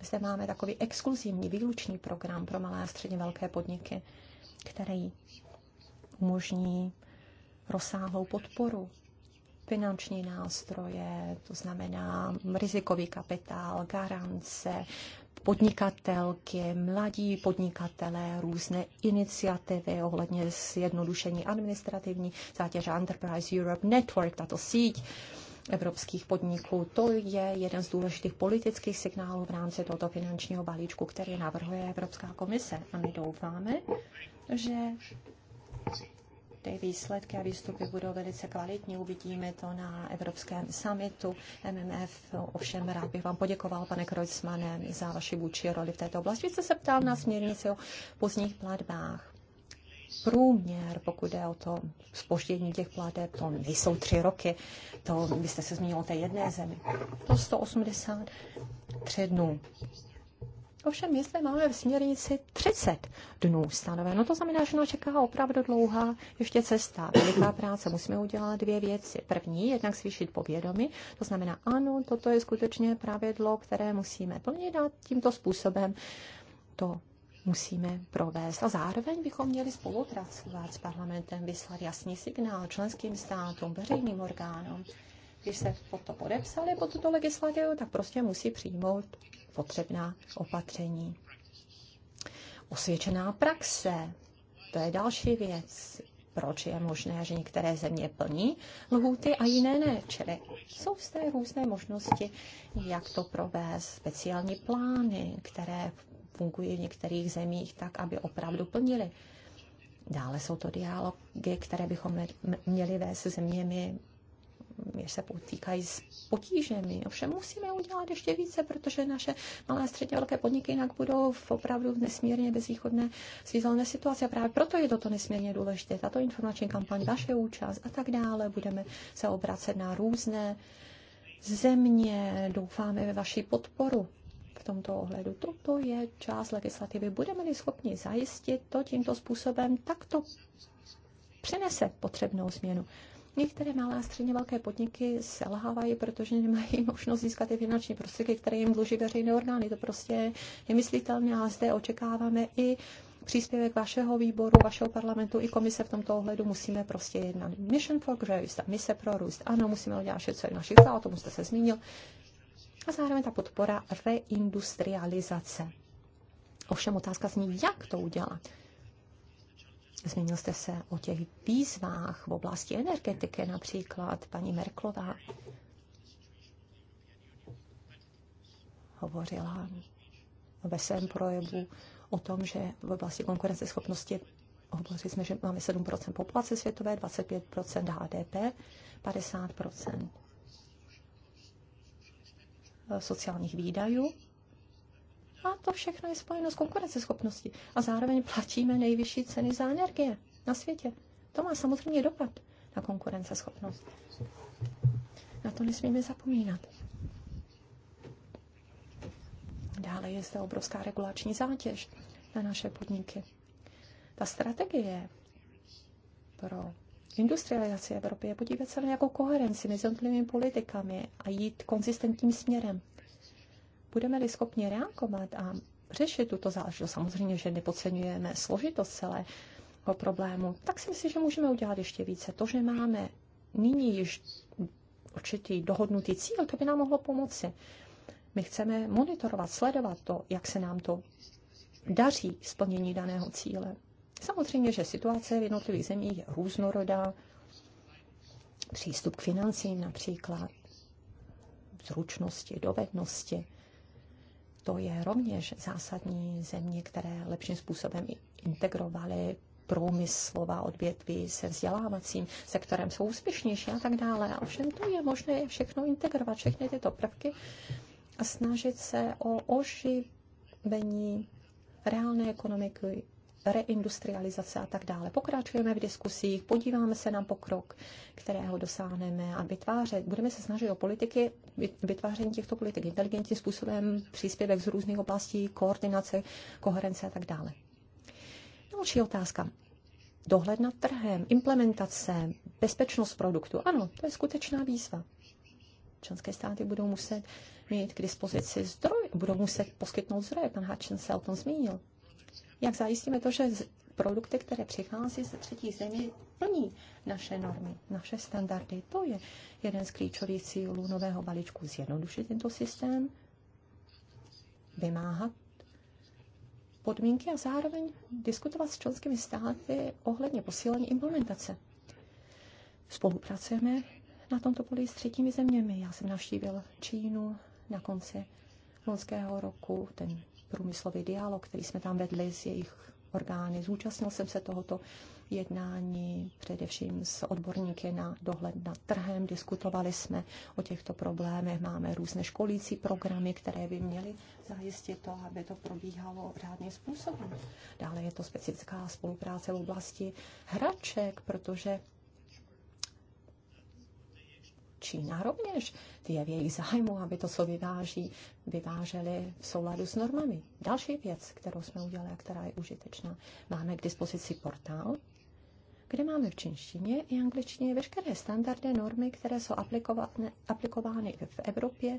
zde máme takový exkluzivní výlučný program pro malé a středně velké podniky, který umožní rozsáhlou podporu finanční nástroje, to znamená rizikový kapitál, garance, podnikatelky, mladí podnikatelé, různé iniciativy ohledně zjednodušení administrativní zátěže Enterprise Europe Network, tato síť evropských podniků. To je jeden z důležitých politických signálů v rámci tohoto finančního balíčku, který navrhuje Evropská komise. A my doufáme, že ty výsledky a výstupy budou velice kvalitní. Uvidíme to na Evropském summitu MMF. Ovšem rád bych vám poděkoval, pane Kreuzmane, za vaši vůči roli v této oblasti. Vy jste se ptal na směrnici o pozdních platbách průměr, pokud je o to spoždění těch plateb, to nejsou tři roky, to byste se zmínil o té jedné zemi. To 183 dnů. Ovšem, my zde máme v směrnici 30 dnů stanoveno. No to znamená, že nás čeká opravdu dlouhá ještě cesta, veliká práce. Musíme udělat dvě věci. První, jednak zvýšit povědomí. To znamená, ano, toto je skutečně pravidlo, které musíme plnit a tímto způsobem to musíme provést. A zároveň bychom měli spolupracovat s parlamentem, vyslat jasný signál členským státům, veřejným orgánům. Když se pod to podepsali, pod tuto legislativu, tak prostě musí přijmout potřebná opatření. Osvědčená praxe, to je další věc. Proč je možné, že některé země plní lhůty a jiné ne? Čili jsou zde různé možnosti, jak to provést, speciální plány, které fungují v některých zemích tak, aby opravdu plnili Dále jsou to dialogy, které bychom měli vést se zeměmi jež se potýkají s potížemi. Ovšem musíme udělat ještě více, protože naše malé středně velké podniky jinak budou v opravdu v nesmírně bezvýchodné svízelné situace. A právě proto je toto nesmírně důležité. Tato informační kampaň, vaše účast a tak dále. Budeme se obracet na různé země. Doufáme ve vaši podporu v tomto ohledu. Toto je část legislativy. Budeme-li schopni zajistit to tímto způsobem, tak to přinese potřebnou změnu. Některé malé a středně velké podniky selhávají, protože nemají možnost získat ty finanční prostředky, které jim dluží veřejné orgány. To prostě je nemyslitelné a zde očekáváme i příspěvek vašeho výboru, vašeho parlamentu i komise v tomto ohledu musíme prostě jednat. Mission for Growth, ta mise pro růst. Ano, musíme udělat vše, co je v našich o tom jste se zmínil. A zároveň ta podpora reindustrializace. Ovšem otázka zní, jak to udělat. Zmínil jste se o těch výzvách v oblasti energetiky například, paní Merklová hovořila ve svém projevu o tom, že v oblasti konkurenceschopnosti hovořili jsme, že máme 7% populace světové, 25% HDP, 50% sociálních výdajů a to všechno je spojeno s konkurenceschopností. A zároveň platíme nejvyšší ceny za energie na světě. To má samozřejmě dopad na konkurenceschopnost. Na to nesmíme zapomínat. Dále je zde obrovská regulační zátěž na naše podniky. Ta strategie pro industrializaci Evropy je podívat se na nějakou koherenci mezi politikami a jít konzistentním směrem budeme-li schopni reagovat a řešit tuto záležitost, samozřejmě, že nepodceňujeme složitost celého problému, tak si myslím, že můžeme udělat ještě více. To, že máme nyní již určitý dohodnutý cíl, to by nám mohlo pomoci. My chceme monitorovat, sledovat to, jak se nám to daří splnění daného cíle. Samozřejmě, že situace v jednotlivých zemích je různorodá. Přístup k financím například, zručnosti, dovednosti, to je rovněž zásadní země, které lepším způsobem integrovaly průmyslová odvětví se vzdělávacím sektorem jsou úspěšnější a tak dále. A všem to je možné všechno integrovat, všechny tyto prvky a snažit se o oživení reálné ekonomiky reindustrializace a tak dále. Pokračujeme v diskusích, podíváme se na pokrok, kterého dosáhneme a vytvářet, budeme se snažit o politiky, vytváření těchto politik inteligentním způsobem, příspěvek z různých oblastí, koordinace, koherence a tak dále. Další otázka. Dohled nad trhem, implementace, bezpečnost produktu. Ano, to je skutečná výzva. Členské státy budou muset mít k dispozici zdroj, budou muset poskytnout zdroje, pan Hutchinson se o tom zmínil jak zajistíme to, že produkty, které přichází ze třetí země, plní naše normy, naše standardy. To je jeden z klíčových cílů nového balíčku. Zjednodušit tento systém, vymáhat podmínky a zároveň diskutovat s členskými státy ohledně posílení implementace. Spolupracujeme na tomto poli s třetími zeměmi. Já jsem navštívil Čínu na konci loňského roku, ten průmyslový dialog, který jsme tam vedli s jejich orgány. Zúčastnil jsem se tohoto jednání především s odborníky na dohled nad trhem. Diskutovali jsme o těchto problémech. Máme různé školící programy, které by měly zajistit to, aby to probíhalo řádným způsobem. Dále je to specifická spolupráce v oblasti hraček, protože Čína rovněž. Ty je v jejich zájmu, aby to, co vyváží, vyváželi v souladu s normami. Další věc, kterou jsme udělali a která je užitečná, máme k dispozici portál, kde máme v čínštině i angličtině veškeré standardy, normy, které jsou aplikovány, v Evropě,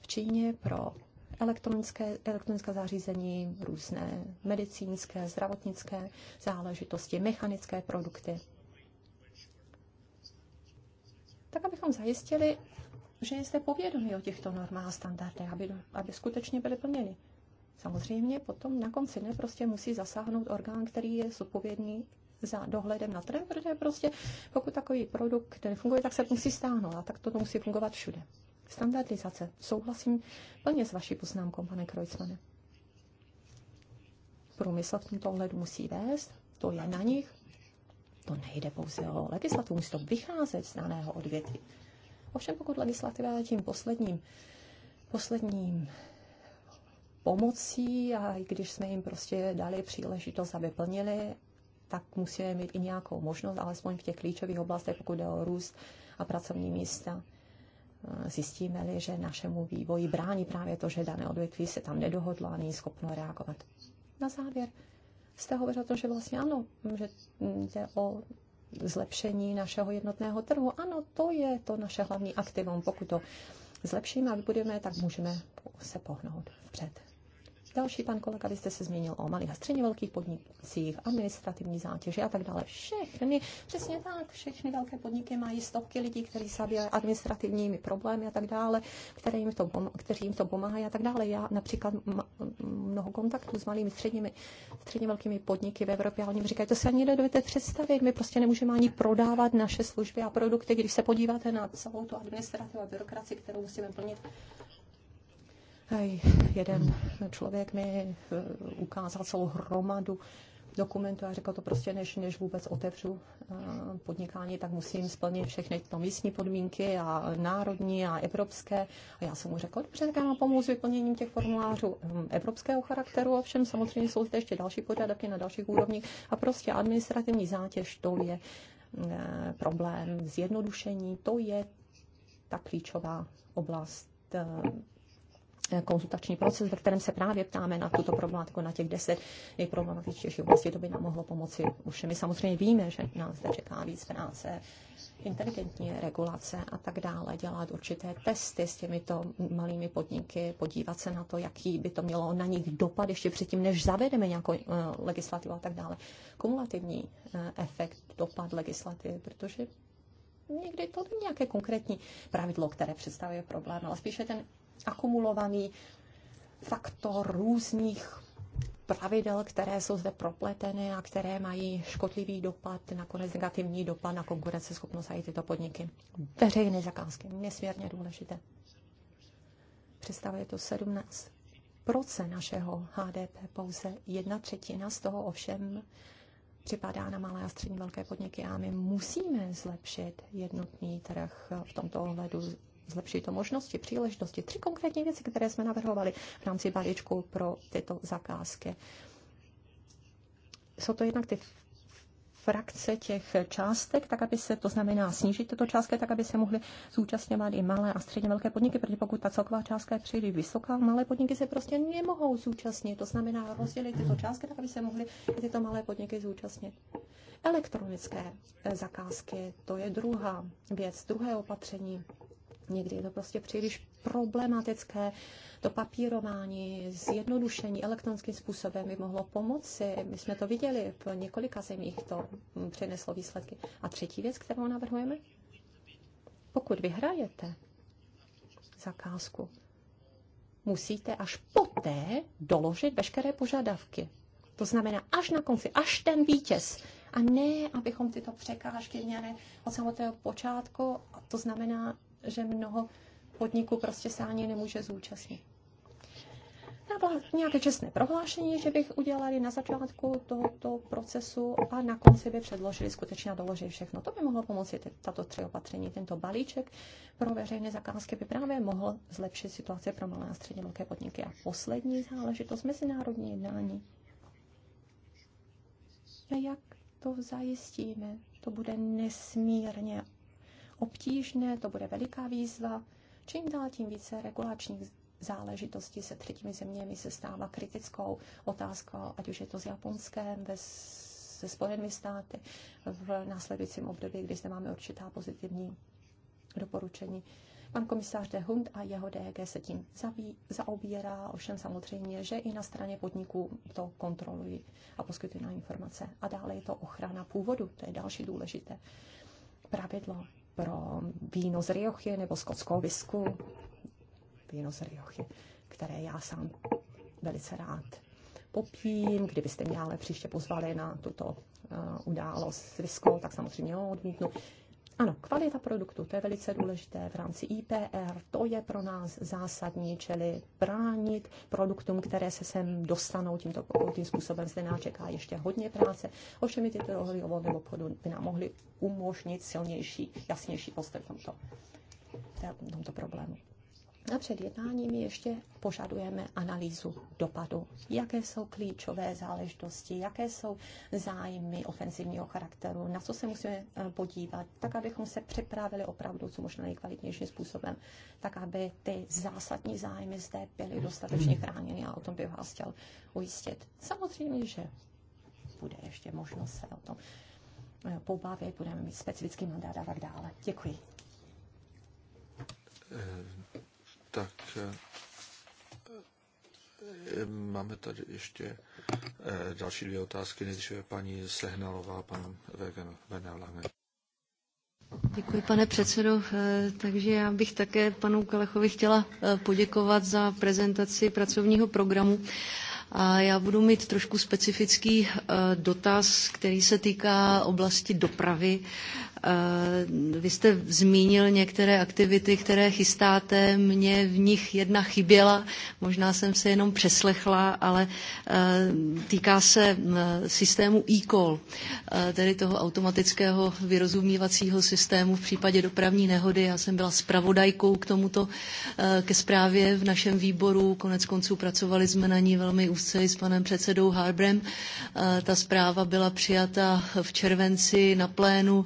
v Číně pro elektronické, elektronické zařízení, různé medicínské, zdravotnické záležitosti, mechanické produkty tak abychom zajistili, že jste povědomí o těchto normách a standardech, aby, aby skutečně byly plněny. Samozřejmě potom na konci dne prostě musí zasáhnout orgán, který je zodpovědný za dohledem na trh, protože prostě pokud takový produkt nefunguje, tak se musí stáhnout a tak to musí fungovat všude. Standardizace. Souhlasím plně s vaší poznámkou, pane Krojcmane. Průmysl v tomto ohledu musí vést, to je na nich, to nejde pouze o legislativu, musí to vycházet z daného odvětví. Ovšem pokud legislativa je tím posledním, posledním pomocí a i když jsme jim prostě dali příležitost, aby plnili, tak musíme mít i nějakou možnost, alespoň v těch klíčových oblastech, pokud jde o růst a pracovní místa. Zjistíme-li, že našemu vývoji brání právě to, že dané odvětví se tam nedohodlo a není schopno reagovat. Na závěr jste hovořil o tom, že vlastně ano, že jde o zlepšení našeho jednotného trhu. Ano, to je to naše hlavní aktivum. Pokud to zlepšíme a vybudujeme, tak můžeme se pohnout vpřed. Další pan kolega, vy jste se zmínil o malých a středně velkých podnicích, administrativní zátěže a tak dále. Všechny, přesně tak, všechny velké podniky mají stovky lidí, kteří se administrativními problémy a tak dále, které jim to, kteří jim to pomáhají a tak dále. Já například mnoho kontaktů s malými středními, středně velkými podniky v Evropě a oni mi říkají, to si ani nedovedete představit, my prostě nemůžeme ani prodávat naše služby a produkty, když se podíváte na celou tu administrativu a byrokraci, kterou musíme plnit jeden člověk mi eh, ukázal celou hromadu dokumentů a řekl to prostě, než, než vůbec otevřu eh, podnikání, tak musím splnit všechny to místní podmínky a národní a evropské. A já jsem mu řekl, dobře, tak já mám pomoct s vyplněním těch formulářů eh, evropského charakteru, ovšem samozřejmě jsou zde ještě další požadavky na dalších úrovních a prostě administrativní zátěž to je problém zjednodušení, to je ta klíčová oblast konzultační proces, ve kterém se právě ptáme na tuto problematiku, na těch deset nejproblematičtějších oblastí, to by nám mohlo pomoci. Už my samozřejmě víme, že nás zde čeká víc práce, inteligentní regulace a tak dále, dělat určité testy s těmito malými podniky, podívat se na to, jaký by to mělo na nich dopad ještě předtím, než zavedeme nějakou uh, legislativu a tak dále. Kumulativní uh, efekt, dopad legislativy, protože někdy to není nějaké konkrétní pravidlo, které představuje problém, ale spíše ten akumulovaný faktor různých pravidel, které jsou zde propletené a které mají škodlivý dopad, nakonec negativní dopad na konkurenceschopnost a i tyto podniky. Veřejné zakázky, nesmírně důležité. Představuje to 17 našeho HDP, pouze jedna třetina z toho ovšem připadá na malé a střední velké podniky a my musíme zlepšit jednotný trh v tomto ohledu zlepší to možnosti, příležitosti. Tři konkrétní věci, které jsme navrhovali v rámci balíčku pro tyto zakázky. Jsou to jednak ty frakce těch částek, tak aby se, to znamená snížit tyto částky, tak aby se mohly zúčastňovat i malé a středně velké podniky, protože pokud ta celková částka je příliš vysoká, malé podniky se prostě nemohou zúčastnit. To znamená rozdělit tyto částky, tak aby se mohly i tyto malé podniky zúčastnit. Elektronické zakázky, to je druhá věc, druhé opatření, Někdy je to prostě příliš problematické. To papírování, zjednodušení elektronickým způsobem by mohlo pomoci. My jsme to viděli v několika zemích, to přineslo výsledky. A třetí věc, kterou navrhujeme, pokud vyhrajete zakázku, musíte až poté doložit veškeré požadavky. To znamená až na konci, až ten vítěz. A ne, abychom tyto překážky měli od samotného počátku. A to znamená, že mnoho podniků prostě se ani nemůže zúčastnit. bylo nějaké čestné prohlášení, že bych udělali na začátku tohoto procesu a na konci by předložili skutečně a doložili všechno. To by mohlo pomoci tato tři opatření. Tento balíček pro veřejné zakázky by právě mohl zlepšit situaci pro malé a středně velké podniky. A poslední záležitost mezinárodní jednání. A jak to zajistíme? To bude nesmírně obtížné, to bude veliká výzva. Čím dál tím více regulačních záležitostí se třetími zeměmi se stává kritickou otázkou, ať už je to s Japonskem, ve se Spojenými státy v následujícím období, kdy zde máme určitá pozitivní doporučení. Pan komisář De Hund a jeho DG se tím zabí, zaobírá, ovšem samozřejmě, že i na straně podniků to kontrolují a poskytují na informace. A dále je to ochrana původu, to je další důležité pravidlo pro víno z Riochy nebo skotskou visku, víno z Riochy, které já sám velice rád popím. Kdybyste mě ale příště pozvali na tuto uh, událost s viskou, tak samozřejmě odmítnu. Ano, kvalita produktu, to je velice důležité v rámci IPR, to je pro nás zásadní, čili bránit produktům, které se sem dostanou tímto tím způsobem. Zde nás čeká ještě hodně práce, ovšem i tyto dohody o obchodu by nám mohly umožnit silnější, jasnější postoj v tomto, tomto problému. A před jednáním ještě požadujeme analýzu dopadu. Jaké jsou klíčové záležitosti, jaké jsou zájmy ofenzivního charakteru, na co se musíme eh, podívat, tak abychom se připravili opravdu co možná nejkvalitnějším způsobem, tak aby ty zásadní zájmy zde byly dostatečně chráněny a o tom bych vás chtěl ujistit. Samozřejmě, že bude ještě možnost se o tom eh, pobavit, budeme mít specifický mandát a tak dále. Děkuji. Eh, tak eh, máme tady ještě eh, další dvě otázky. Nejdříve paní Sehnalová, pan Venelange. Děkuji, pane předsedo. Eh, takže já bych také panu Kalechovi chtěla poděkovat za prezentaci pracovního programu. A já budu mít trošku specifický eh, dotaz, který se týká oblasti dopravy. Eh, vy jste zmínil některé aktivity, které chystáte. Mně v nich jedna chyběla, možná jsem se jenom přeslechla, ale eh, týká se systému e-call, tedy toho automatického vyrozumívacího systému v případě dopravní nehody. Já jsem byla spravodajkou k tomuto, ke zprávě v našem výboru. Konec konců pracovali jsme na ní velmi mluvci s panem předsedou Harbrem. Eh, ta zpráva byla přijata v červenci na plénu.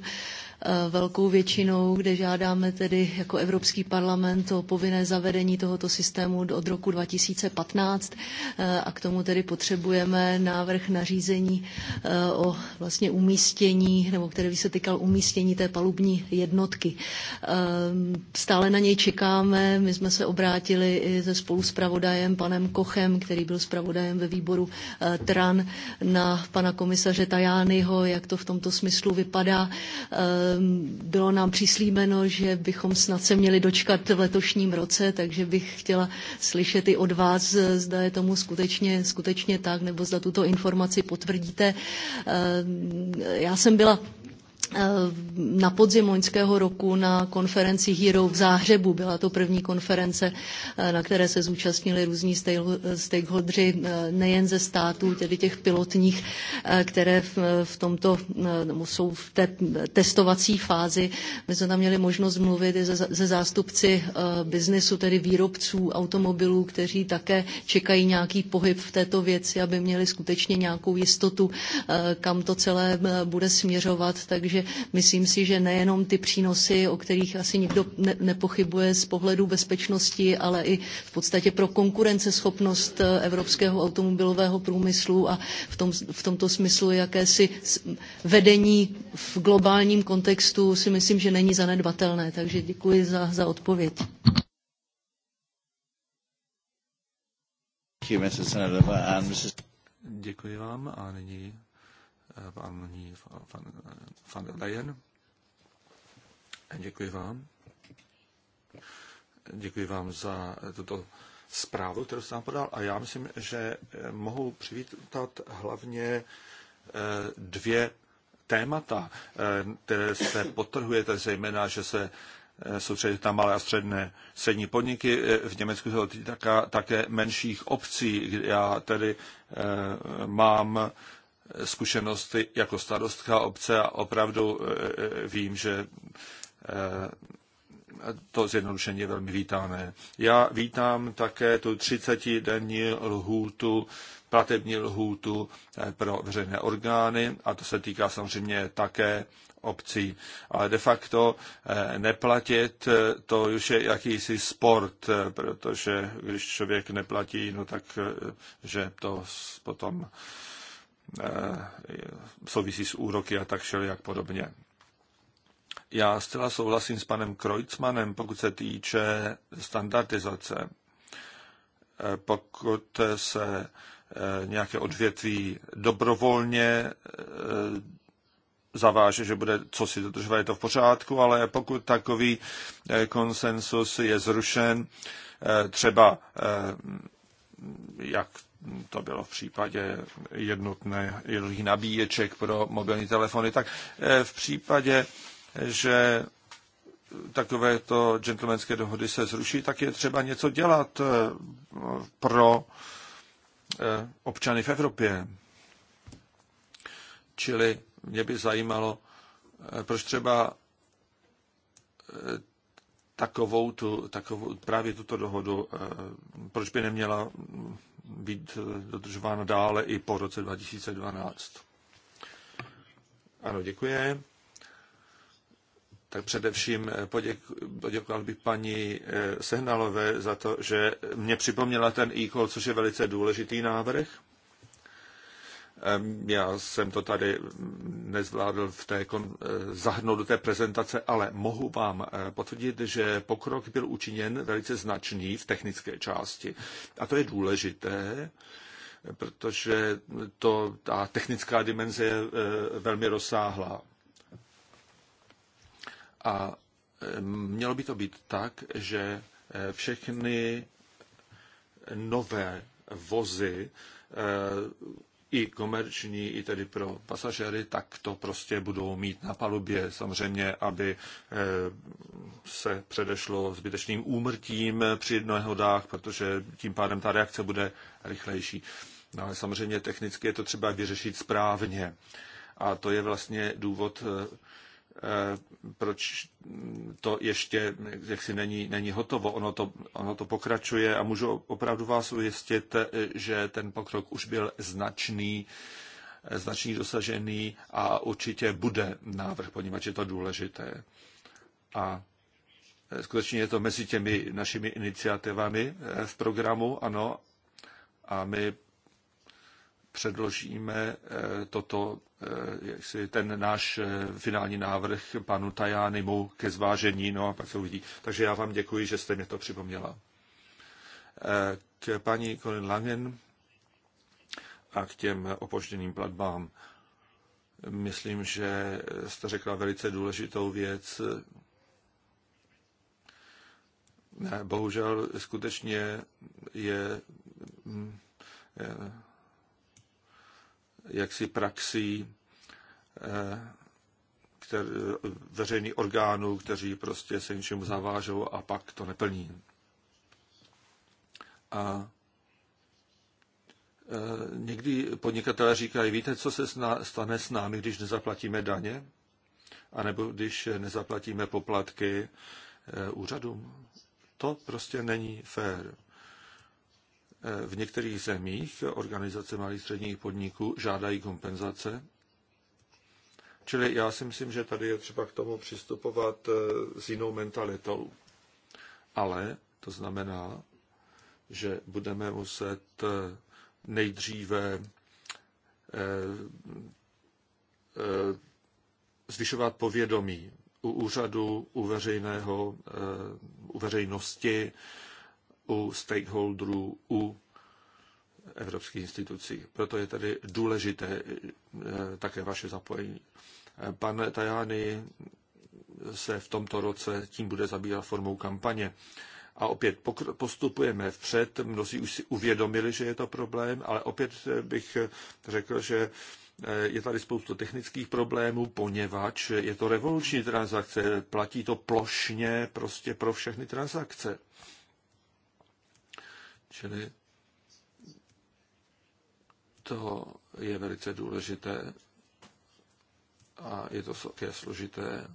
Eh, velkou většinou, kde žádáme tedy jako Evropský parlament o povinné zavedení tohoto systému od roku 2015 eh, a k tomu tedy potřebujeme návrh nařízení eh, o vlastně umístění, nebo který by se týkal umístění té palubní jednotky. Stále na něj čekáme, my jsme se obrátili i se spoluspravodajem panem Kochem, který byl zpravodajem ve výboru TRAN na pana komisaře Tajányho, jak to v tomto smyslu vypadá Ehm, bylo nám přislíbeno, že bychom snad se měli dočkat v letošním roce, takže bych chtěla slyšet i od vás, zda je tomu skutečně, skutečně tak, nebo zda tuto informaci potvrdíte. Ehm, já jsem byla Eh, na podzim loňského roku na konferenci Hero v Záhřebu. Byla to první konference, eh, na které se zúčastnili různí stakeholdři eh, nejen ze států, tedy těch pilotních, které v tomto, nebo jsou v té testovací fázi. My jsme tam měli možnost mluvit i ze zástupci biznesu, tedy výrobců automobilů, kteří také čekají nějaký pohyb v této věci, aby měli skutečně nějakou jistotu, kam to celé bude směřovat. Takže myslím si, že nejenom ty přínosy, o kterých asi nikdo ne- nepochybuje z pohledu bezpečnosti, ale i v podstatě pro konkurenceschopnost eh, evropského automobilového průmyslu a v, tom, v tomto smyslu jakési vedení v globálním kontextu si myslím, že není zanedbatelné. Takže děkuji za, za odpověď. Děkuji vám a nyní paní van der Leyen. Děkuji vám. Děkuji vám za tuto zprávu, kterou jste nám podal. A já myslím, že eh, mohu přivítat hlavně eh, dvě témata, eh, které se potrhujete, zejména, že se soustředit na malé a středné střední podniky. V Německu jsou také menších obcí. Já tedy mám zkušenost jako starostka obce a opravdu e, e, vím, že e, to zjednodušení je velmi vítáme. Já vítám také tu 30-denní lhůtu, platební lhůtu pro veřejné orgány a to se týká samozřejmě také obcí. Ale de facto neplatit, to už je jakýsi sport, protože když člověk neplatí, no tak, že to potom Eh, souvisí s úroky a tak jak podobně. Já zcela souhlasím s panem Kreutzmanem, pokud se týče standardizace. Eh, pokud se eh, nějaké odvětví dobrovolně zaváže, že bude co si dodržovat, je to v pořádku, ale pokud takový konsensus je zrušen, třeba jak to bylo v případě jednotné, jednotných nabíječek pro mobilní telefony, tak eh, v případě, že takovéto gentlemanské dohody se zruší, tak je třeba něco dělat eh, pro eh, občany v Evropě. Čili mě by zajímalo, proč třeba takovou tu, takovou, právě tuto dohodu, proč by neměla být eh, dodržováno dále i po roce 2012. Ano, děkuji. Tak především eh, poděkoval bych paní eh, Sehnalové za to, že mě připomněla ten e což je velice důležitý návrh. Já jsem to tady nezvládl v té kon- eh, zahrnout do té prezentace, ale mohu vám eh, potvrdit, že pokrok byl učiněn velice značný v technické části. A to je důležité, protože to, ta technická dimenze je eh, velmi rozsáhlá. A mělo by to být tak, že všechny nové vozy i komerční, i tedy pro pasažery, tak to prostě budou mít na palubě. Samozřejmě, aby eh, se předešlo zbytečným úmrtím při nehodách, protože tím pádem ta reakce bude rychlejší. No ale samozřejmě technicky je to třeba vyřešit správně. A to je vlastně důvod eh, Eh, proč to ještě jaksi není, není hotovo. Ono to, ono to pokračuje a můžu opravdu vás ujistit, že ten pokrok už byl značný, eh, značný dosažený a určitě bude návrh, poněvadž je to důležité. A eh, skutečně je to mezi těmi našimi iniciativami v programu, ano, a my předložíme eh, toto, eh, jaksi ten náš eh, finální návrh panu Tajánimu ke zvážení, no a pak se uvidí. Takže já vám děkuji, že jste mě to připomněla. K paní Colin Langen a k těm opožděným platbám. Myslím, že jste řekla velice důležitou věc. Bohužel skutečně je mm, jaksi praxí eh, který veřejných orgánů, kteří prostě se něčemu zavážou a pak to neplní. A eh, někdy podnikatelé říkají, víte, co se stane s námi, když nezaplatíme daně? A nebo když nezaplatíme poplatky eh, úřadům? To prostě není fér. V některých zemích organizace malých středních podniků žádají kompenzace. Čili já si myslím, že tady je třeba k tomu přistupovat eh, s jinou mentalitou. Ale to znamená, že budeme muset eh, nejdříve eh, zvyšovat povědomí u úřadu, u, veřejného, u veřejnosti, u stakeholderů, u evropských institucí. Proto je tady důležité eh, také vaše zapojení. Eh, pan Tajani se v tomto roce tím bude zabývat formou kampaně. A opět postupujeme vpřed, mnozí už si uvědomili, že je to problém, ale opět eh, bych řekl, že je tady spoustu technických problémů, poněvadž je to revoluční transakce, platí to plošně prostě pro všechny transakce. Čili to je velice důležité a je to také složité.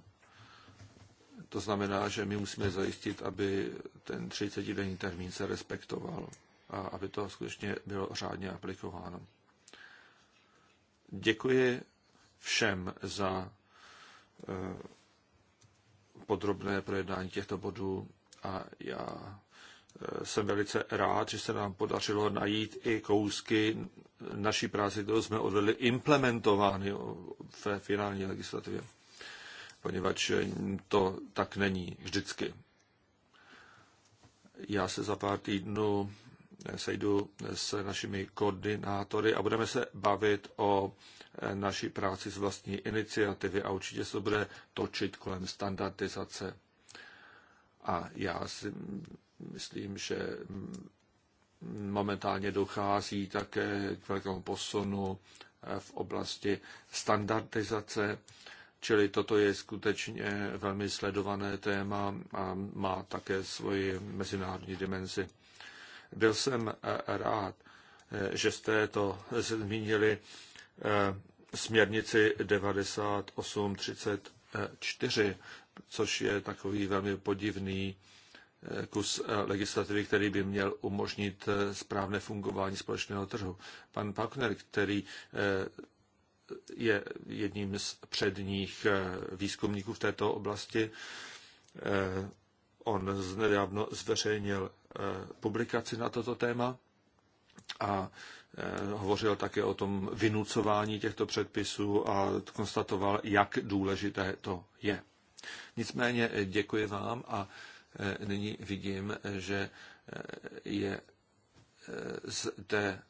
To znamená, že my musíme zajistit, aby ten 30-denní termín se respektoval a aby to skutečně bylo řádně aplikováno. Děkuji všem za eh, podrobné projednání těchto bodů a já jsem velice rád, že se nám podařilo najít i kousky naší práce, kterou jsme odvedli, implementovány ve finální legislativě, poněvadž to tak není vždycky. Já se za pár týdnů sejdu s našimi koordinátory a budeme se bavit o naší práci z vlastní iniciativy a určitě se to bude točit kolem standardizace. A já si Myslím, že momentálně dochází také k velkému posunu v oblasti standardizace, čili toto je skutečně velmi sledované téma a má také svoji mezinárodní dimenzi. Byl jsem eh, rád, eh, že jste to zmínili eh, směrnici 9834, což je takový velmi podivný kus eh, legislativy, který by měl umožnit eh, správné fungování společného trhu. Pan Pakner, který eh, je jedním z předních výzkumníků v této oblasti, on nedávno zveřejnil publikaci na toto téma a hovořil také o tom vynucování těchto předpisů a konstatoval, jak důležité to je. Nicméně děkuji vám a Eh, nyní vidím, že eh, je eh, zde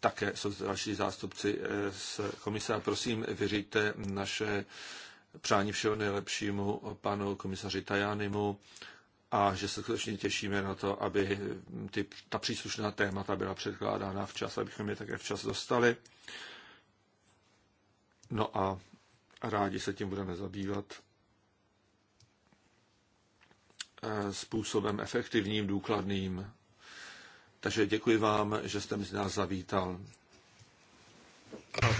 také jsou další zástupci z komise. A prosím, vyříte naše přání všeho nejlepšímu panu komisaři Tajánimu a že se skutečně těšíme na to, aby ty, ta příslušná témata byla předkládána včas, abychom je také včas dostali. No a rádi se tím budeme zabývat. Eh, způsobem efektivním, důkladným. Takže děkuji vám, že jste mezi nás zavítal. Oh,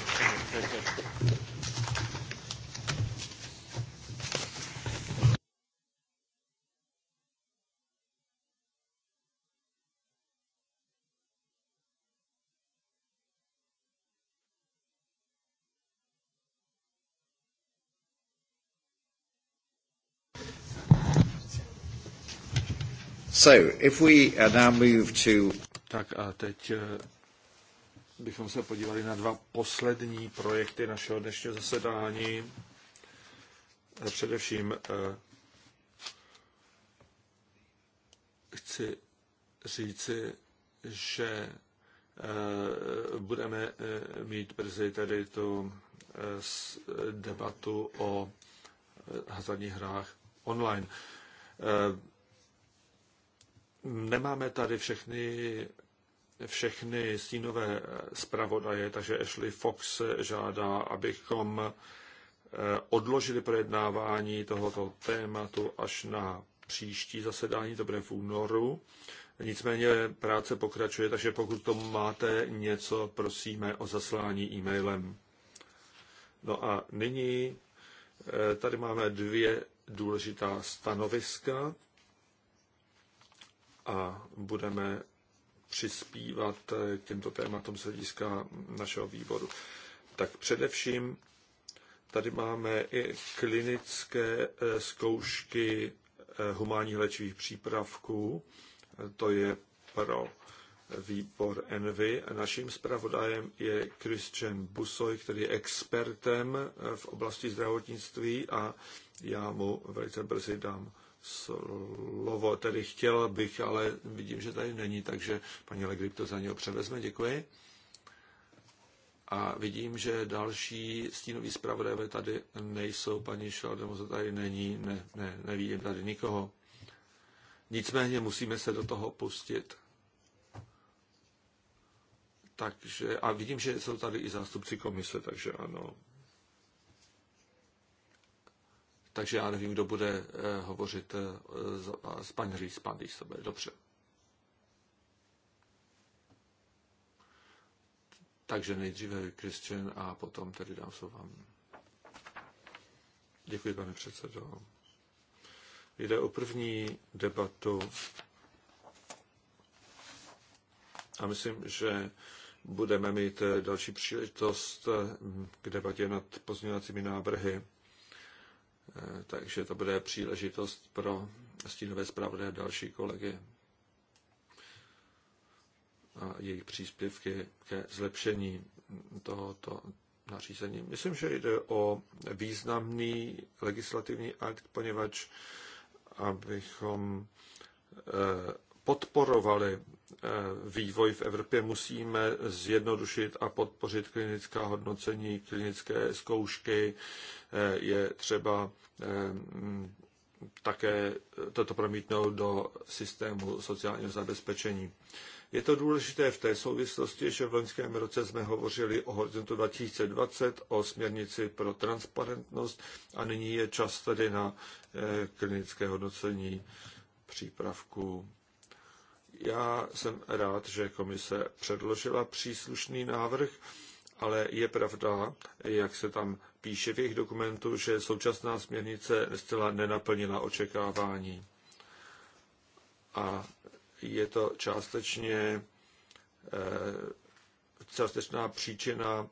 So, if we uh, now move to... Tak a teď eh, bychom se podívali na dva poslední projekty našeho dnešního zasedání. Eh, především eh, chci říci, že budeme mít brzy tady tu debatu o hazardních hrách online. Nemáme tady všechny všechny stínové zpravodaje, takže Ashley Fox žádá, abychom eh, odložili projednávání tohoto tématu až na příští zasedání, to bude v únoru. Nicméně práce pokračuje, takže pokud tomu máte něco, prosíme o zaslání e-mailem. No a nyní eh, tady máme dvě důležitá stanoviska a budeme přispívat k eh, těmto tématům z hlediska našeho výboru. Tak především tady máme i klinické eh, zkoušky eh, humánních léčivých přípravků. To je pro výbor Envy. Naším zpravodajem je Christian Busoy, který je expertem v oblasti zdravotnictví a já mu velice brzy dám slovo. Tedy chtěl bych, ale vidím, že tady není, takže paní Legrip to za něho převezme. Děkuji. A vidím, že další stínoví zpravodajové tady nejsou. Paní Šaldemoza tady není, ne, ne, nevidím tady nikoho. Nicméně musíme se do toho pustit. Takže, a vidím, že jsou tady i zástupci komise, takže ano. takže já nevím, kdo bude eh, hovořit s eh, paní Rýs, pan to bude dobře. Takže nejdříve Christian a potom tedy dám slovo vám. Děkuji, pane předsedo. Jde o první debatu a myslím, že budeme mít eh, další příležitost k debatě nad pozměňovacími návrhy. Eh, takže to bude příležitost pro stínové zpravodaje další kolegy a jejich příspěvky ke zlepšení tohoto nařízení. Myslím, že jde o významný legislativní akt, poněvadž abychom eh, podporovali eh, vývoj v Evropě, musíme zjednodušit a podpořit klinická hodnocení, klinické zkoušky. Eh, je třeba eh, také toto promítnout do systému sociálního zabezpečení. Je to důležité v té souvislosti, že v loňském roce jsme hovořili o horizontu 2020, o směrnici pro transparentnost a nyní je čas tedy na klinické hodnocení přípravků já jsem rád, že komise předložila příslušný návrh, ale je pravda, jak se tam píše v jejich dokumentu, že současná směrnice zcela nenaplnila očekávání. A je to částečně eh, částečná příčina,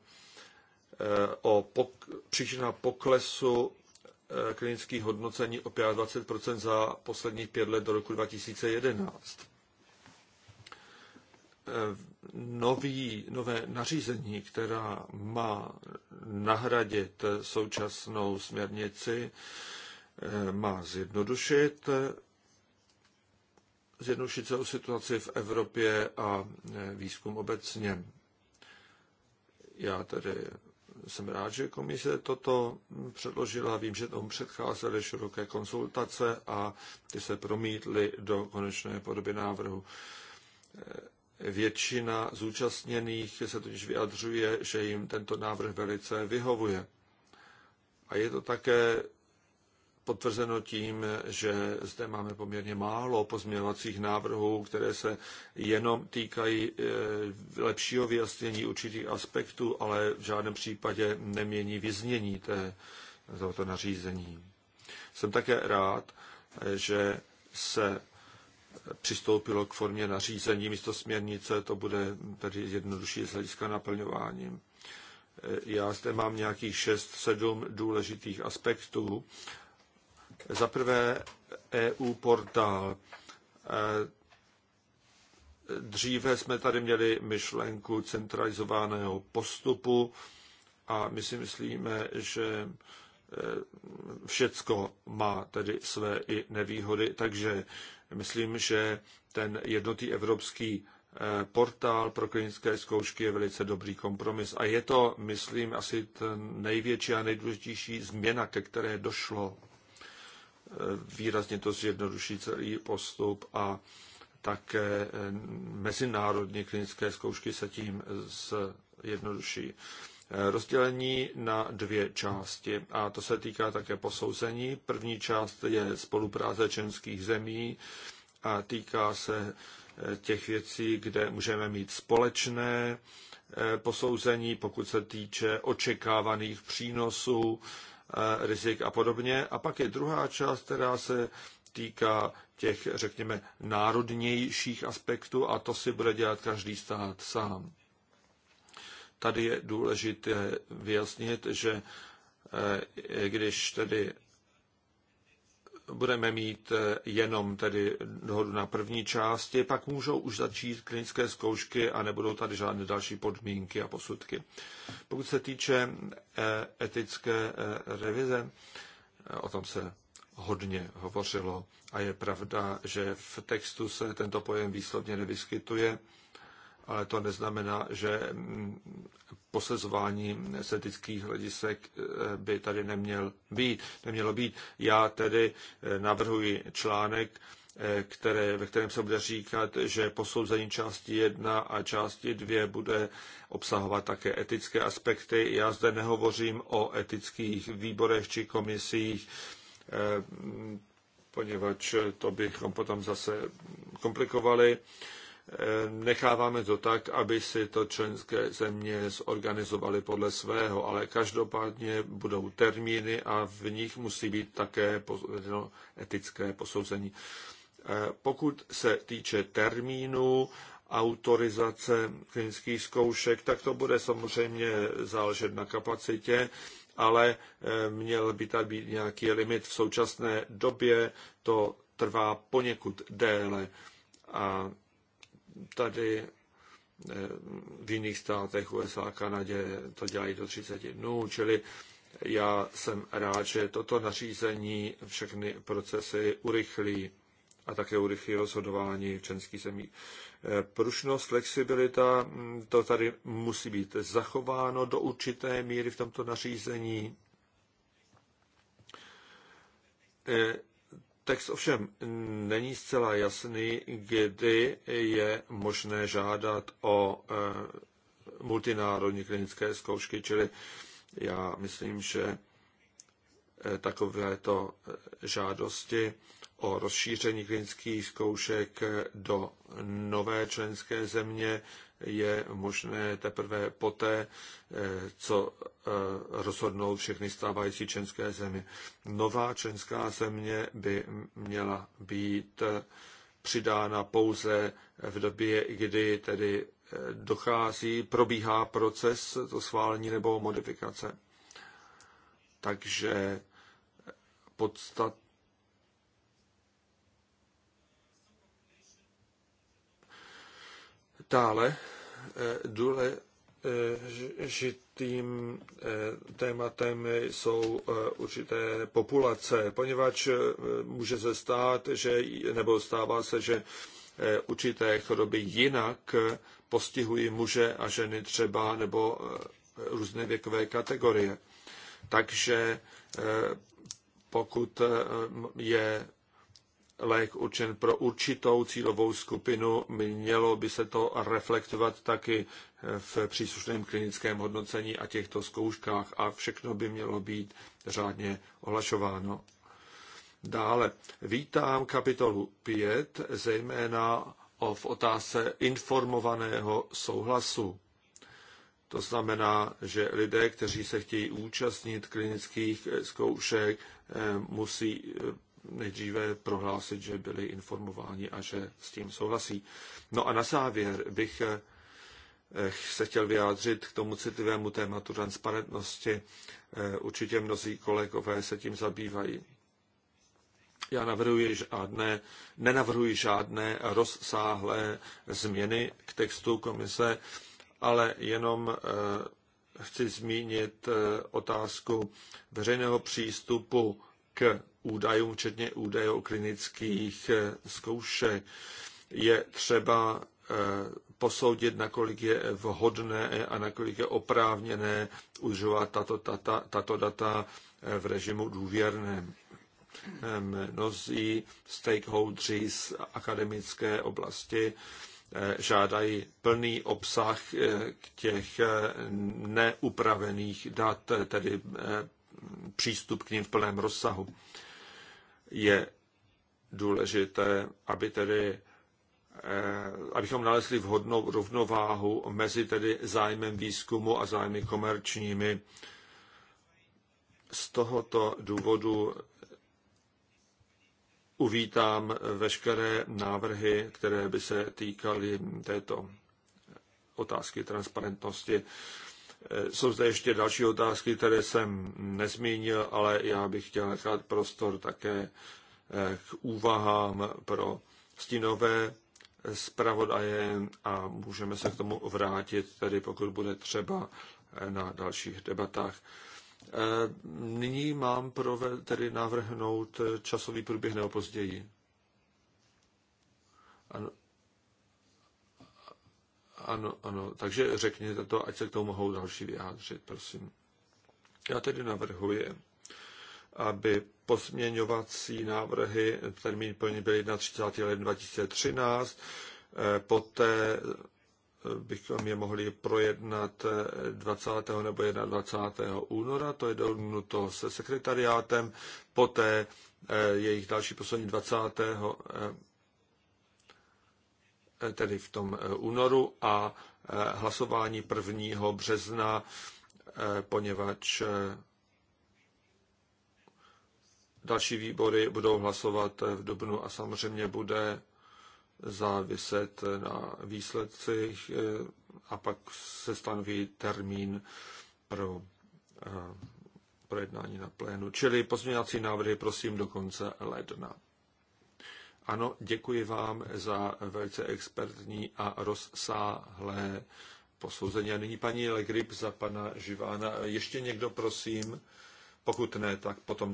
eh, o pok- příčina poklesu eh, klinických hodnocení o 25 za posledních pět let do roku 2011 nový, nové nařízení, která má nahradit současnou směrnici, eh, má zjednodušit zjednodušit celou situaci v Evropě a eh, výzkum obecně. Já tedy jsem rád, že komise toto předložila. Vím, že tomu předcházely široké konsultace a ty se promítly do konečné podoby návrhu. Eh, Většina zúčastněných se totiž vyjadřuje, že jim tento návrh velice vyhovuje. A je to také potvrzeno tím, že zde máme poměrně málo pozměňovacích návrhů, které se jenom týkají eh, lepšího vyjasnění určitých aspektů, ale v žádném případě nemění vyznění té, tohoto nařízení. Jsem také rád, eh, že se přistoupilo k formě nařízení místo směrnice, to bude tedy jednodušší z hlediska naplňování. Já zde mám nějakých 6-7 důležitých aspektů. Za prvé EU portál. Dříve jsme tady měli myšlenku centralizovaného postupu a my si myslíme, že všecko má tedy své i nevýhody, takže myslím, že ten jednotý evropský eh, portál pro klinické zkoušky je velice dobrý kompromis. A je to, myslím, asi ten největší a nejdůležitější změna, ke které došlo. Eh, výrazně to zjednoduší celý postup a také eh, mezinárodní klinické zkoušky se tím zjednoduší rozdělení na dvě části a to se týká také posouzení. První část je spolupráce členských zemí a týká se eh, těch věcí, kde můžeme mít společné eh, posouzení, pokud se týče očekávaných přínosů, eh, rizik a podobně. A pak je druhá část, která se týká těch, řekněme, národnějších aspektů a to si bude dělat každý stát sám. Tady je důležité vyjasnit, že eh, když tedy budeme mít eh, jenom tedy dohodu na první části, pak můžou už začít klinické zkoušky a nebudou tady žádné další podmínky a posudky. Pokud se týče eh, etické revize, o tom se hodně hovořilo a je pravda, že v textu se tento pojem výslovně nevyskytuje, ale to neznamená, že mm, posezování z etických hledisek eh, by tady neměl být, nemělo být. Já tedy eh, navrhuji článek, eh, které, ve kterém se bude říkat, že posouzení části 1 a části 2 bude obsahovat také etické aspekty. Já zde nehovořím o etických výborech či komisích, poněvadž to bychom potom zase komplikovali necháváme to tak, aby si to členské země zorganizovaly podle svého, ale každopádně budou termíny a v nich musí být také etické posouzení. Eh, pokud se týče termínu, autorizace klinických zkoušek, tak to bude samozřejmě záležet na kapacitě, ale eh, měl by tam být nějaký limit. V současné době to trvá poněkud déle a tady eh, v jiných státech USA a Kanadě to dělají do 30 dnů, čili já jsem rád, že toto nařízení všechny procesy urychlí a také urychlí rozhodování v členských zemí. Eh, Prušnost, flexibilita, hm, to tady musí být zachováno do určité míry v tomto nařízení eh, Text ovšem není zcela jasný, kdy je možné žádat o eh, multinárodní klinické zkoušky, čili já myslím, že eh, takovéto eh, žádosti o rozšíření klinických zkoušek do nové členské země je možné teprve poté, eh, co eh, rozhodnou všechny stávající členské země. Nová členská země by měla být eh, přidána pouze v době, kdy tedy dochází, probíhá proces to schválení nebo modifikace. Takže podstat, Dále eh, důležitým eh, tématem jsou eh, určité populace, poněvadž může se stát, že, nebo stává se, že určité choroby jinak postihují muže a ženy třeba, nebo různé věkové kategorie. Takže pokud je lék určen pro určitou cílovou skupinu, mělo by se to reflektovat taky v příslušném klinickém hodnocení a těchto zkouškách a všechno by mělo být řádně ohlašováno. Dále vítám kapitolu 5, zejména o v otázce informovaného souhlasu. To znamená, že lidé, kteří se chtějí účastnit klinických zkoušek, eh, musí eh, nejdříve prohlásit, že byli informováni a že s tím souhlasí. No a na závěr bych eh, eh, se chtěl vyjádřit k tomu citlivému tématu transparentnosti. Eh, určitě mnozí kolegové se tím zabývají. Já navrhuji žádné, nenavrhuji žádné rozsáhlé změny k textu komise, ale jenom chci zmínit otázku veřejného přístupu k údajům, včetně údajů o klinických eh, zkoušek. Je třeba eh, posoudit, nakolik je vhodné a nakolik je oprávněné užívat tato, tata, tato data eh, v režimu důvěrném. Mnozí stakeholders z akademické oblasti žádají plný obsah těch neupravených dat, tedy přístup k ním v plném rozsahu je důležité, aby tedy eh, abychom nalezli vhodnou rovnováhu mezi tedy zájmem výzkumu a zájmy komerčními. Z tohoto důvodu uvítám veškeré návrhy, které by se týkaly této otázky transparentnosti. Eh, jsou zde ještě další otázky, které jsem nezmínil, ale já bych chtěl nechat prostor také eh, k úvahám pro stínové zpravodaje a můžeme se k tomu vrátit, tedy pokud bude třeba eh, na dalších debatách. Nyní mám prove, tedy navrhnout časový průběh nebo později. Ano, ano, ano, takže řekněte to, ať se k tomu mohou další vyjádřit, prosím. Já tedy navrhuji, aby pozměňovací návrhy termín plně byl 31. let 2013, poté eh, bychom je mohli projednat 20. Eh, nebo 21. února, to je dohodnuto se sekretariátem, poté eh, jejich další poslední 20. Eh, tedy v tom eh, únoru a eh, hlasování 1. března, poněvadž další výbory budou hlasovat v dubnu a samozřejmě bude záviset na výsledcích a pak se stanoví termín pro projednání na plénu. Čili pozměňovací návrhy prosím do konce ledna. Ano, děkuji vám za velice expertní a rozsáhlé posouzení. A nyní paní Legrip za pana Živána. Ještě někdo, prosím? Pokud ne, tak potom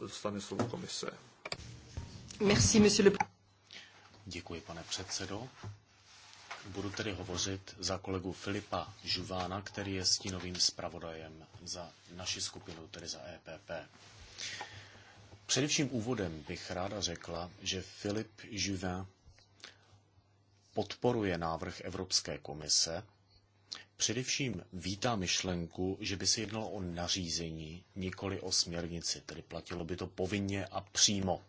dostane slovo komise. Merci, monsieur le... Děkuji, pane předsedo. Budu tedy hovořit za kolegu Filipa Žuvána, který je stínovým zpravodajem za naši skupinu, tedy za EPP. Především úvodem bych ráda řekla, že Filip Juvin podporuje návrh Evropské komise. Především vítá myšlenku, že by se jednalo o nařízení, nikoli o směrnici, tedy platilo by to povinně a přímo.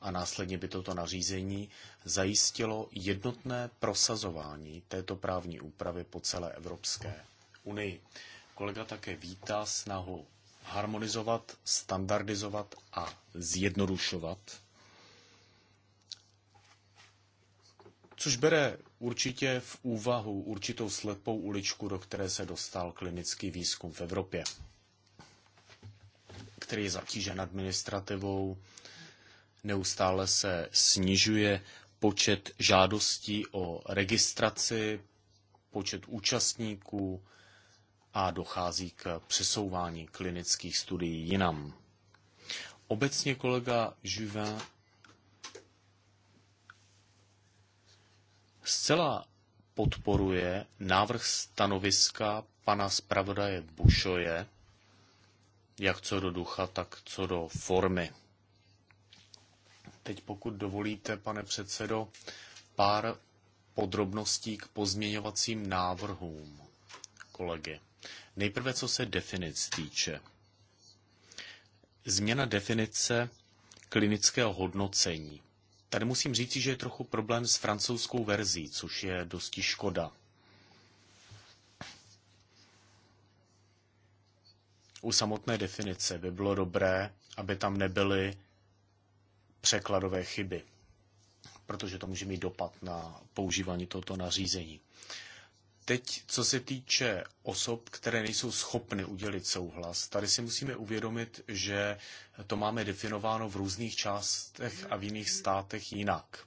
A následně by toto nařízení zajistilo jednotné prosazování této právní úpravy po celé Evropské unii. Kolega také vítá snahu harmonizovat, standardizovat a zjednodušovat, což bere určitě v úvahu určitou slepou uličku, do které se dostal klinický výzkum v Evropě, který je zatížen administrativou, neustále se snižuje počet žádostí o registraci, počet účastníků, a dochází k přesouvání klinických studií jinam. Obecně kolega Juvin zcela podporuje návrh stanoviska pana zpravodaje Bušoje, jak co do ducha, tak co do formy. Teď pokud dovolíte, pane předsedo, pár podrobností k pozměňovacím návrhům kolegy. Nejprve, co se definic týče. Změna definice klinického hodnocení. Tady musím říct, že je trochu problém s francouzskou verzí, což je dosti škoda. U samotné definice by bylo dobré, aby tam nebyly překladové chyby, protože to může mít dopad na používání tohoto nařízení. Teď, co se týče osob, které nejsou schopny udělit souhlas, tady si musíme uvědomit, že to máme definováno v různých částech a v jiných státech jinak.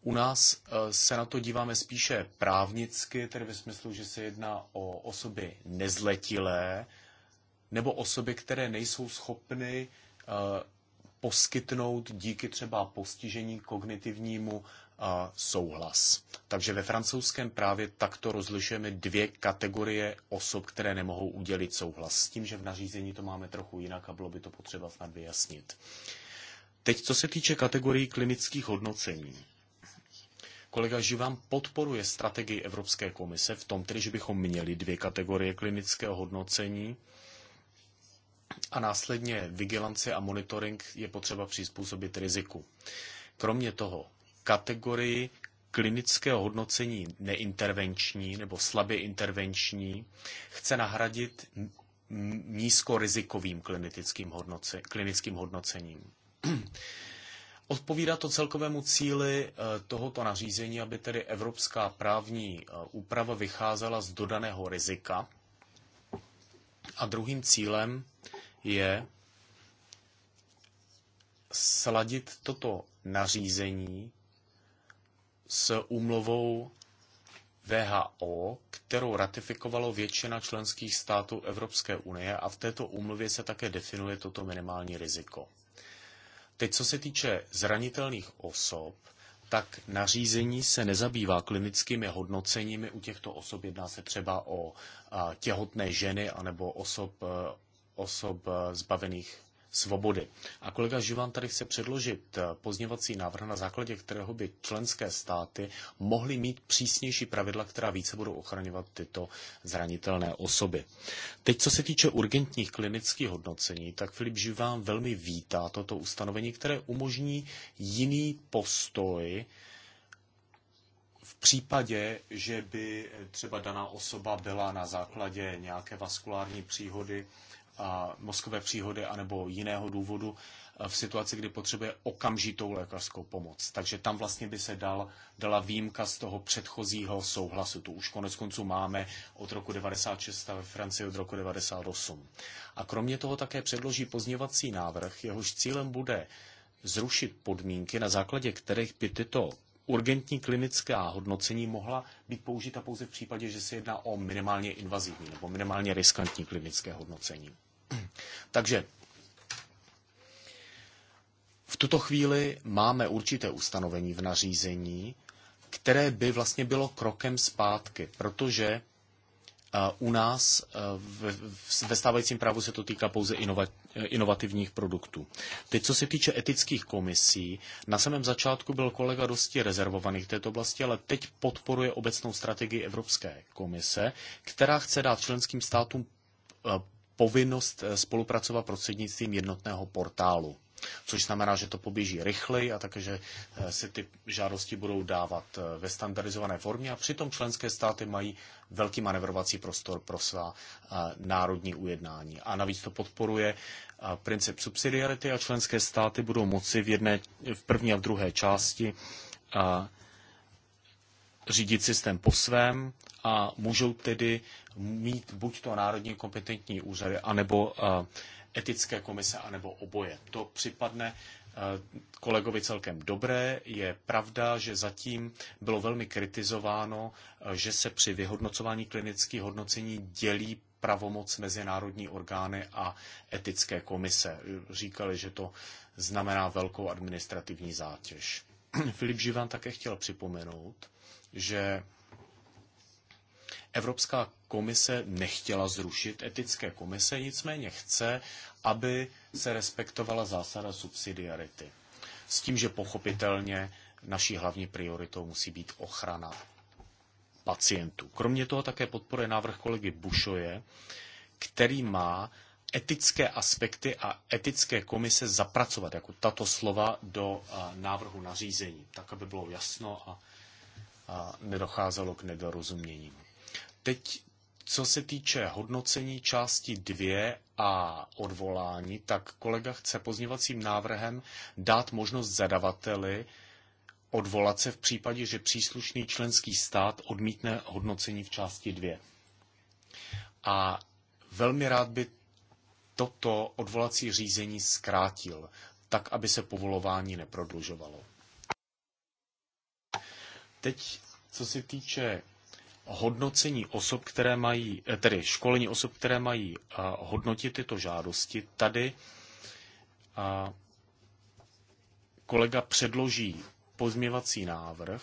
U nás eh, se na to díváme spíše právnicky, tedy ve smyslu, že se jedná o osoby nezletilé nebo osoby, které nejsou schopny eh, poskytnout díky třeba postižení kognitivnímu a souhlas. Takže ve francouzském právě takto rozlišujeme dvě kategorie osob, které nemohou udělit souhlas. S tím, že v nařízení to máme trochu jinak a bylo by to potřeba snad vyjasnit. Teď, co se týče kategorii klinických hodnocení. Kolega Živám podporuje strategii Evropské komise v tom tedy, že bychom měli dvě kategorie klinického hodnocení a následně vigilance a monitoring je potřeba přizpůsobit riziku. Kromě toho, kategorii klinického hodnocení neintervenční nebo slabě intervenční chce nahradit nízkorizikovým klinickým, hodnoce, klinickým hodnocením. [CLEARS THROAT] Odpovídá to celkovému cíli eh, tohoto nařízení, aby tedy evropská právní eh, úprava vycházela z dodaného rizika. A druhým cílem je sladit toto nařízení s úmluvou VHO, kterou ratifikovalo většina členských států Evropské unie a v této úmluvě se také definuje toto minimální riziko. Teď, co se týče zranitelných osob, tak nařízení se nezabývá klinickými hodnoceními u těchto osob. Jedná se třeba o těhotné ženy anebo osob, e, osob e, zbavených svobody. A kolega Živan tady chce předložit eh, pozněvací návrh, na základě kterého by členské státy mohly mít přísnější pravidla, která více budou ochraňovat tyto zranitelné osoby. Teď, co se týče urgentních klinických hodnocení, tak Filip Živán velmi vítá toto ustanovení, které umožní jiný postoj v případě, že by třeba daná osoba byla na základě nějaké vaskulární příhody a mozkové příhody anebo jiného důvodu eh, v situaci, kdy potřebuje okamžitou lékařskou pomoc. Takže tam vlastně by se dal, dala výjimka z toho předchozího souhlasu. Tu už konec konců máme od roku 96 a ve Francii od roku 98. A kromě toho také předloží pozněvací návrh, jehož cílem bude zrušit podmínky, na základě kterých by tyto urgentní klinická hodnocení mohla být použita pouze v případě, že se jedná o minimálně invazivní nebo minimálně riskantní klinické hodnocení. [CLEARS THROAT] Takže v tuto chvíli máme určité ustanovení v nařízení, které by vlastně bylo krokem zpátky, protože eh, u nás eh, ve stávajícím právu se to týká pouze eh, inovativních produktů. Teď, co se týče etických komisí, na samém začátku byl kolega dosti rezervovaný v této oblasti, ale teď podporuje obecnou strategii Evropské komise, která chce dát členským státům povinnost eh, spolupracovat prostřednictvím jednotného portálu. Což znamená, že to poběží rychleji a takže eh, se ty žádosti budou dávat eh, ve standardizované formě a přitom členské státy mají velký manevrovací prostor pro svá národní ujednání. A navíc to podporuje princip subsidiarity a členské státy budou moci v, jedné, v první a v druhé části řídit systém po svém a můžou tedy mít buď to národní kompetentní úřady, anebo eh, etické komise, anebo oboje. To připadne eh, kolegovi celkem dobré. Je pravda, že zatím bylo velmi kritizováno, eh, že se při vyhodnocování klinických hodnocení dělí pravomoc mezinárodní orgány a etické komise. Říkali, že to znamená velkou administrativní zátěž. [CLEARS THROAT] Filip Živan také chtěl připomenout, že Evropská komise nechtěla zrušit etické komise, nicméně chce, aby se respektovala zásada subsidiarity. S tím, že pochopitelně naší hlavní prioritou musí být ochrana pacientů. Kromě toho také podporuje návrh kolegy Bušoje, který má etické aspekty a etické komise zapracovat jako tato slova do návrhu nařízení, tak aby bylo jasno a a nedocházelo k nedorozuměním. Teď, co se týče hodnocení části 2 a odvolání, tak kolega chce pozněvacím návrhem dát možnost zadavateli odvolat se v případě, že příslušný členský stát odmítne hodnocení v části 2. A velmi rád by toto odvolací řízení zkrátil, tak, aby se povolování neprodlužovalo. Teď, co se týče hodnocení osob, které mají, eh, tedy školení osob, které mají eh, hodnotit tyto žádosti, tady kolega předloží pozměvací návrh,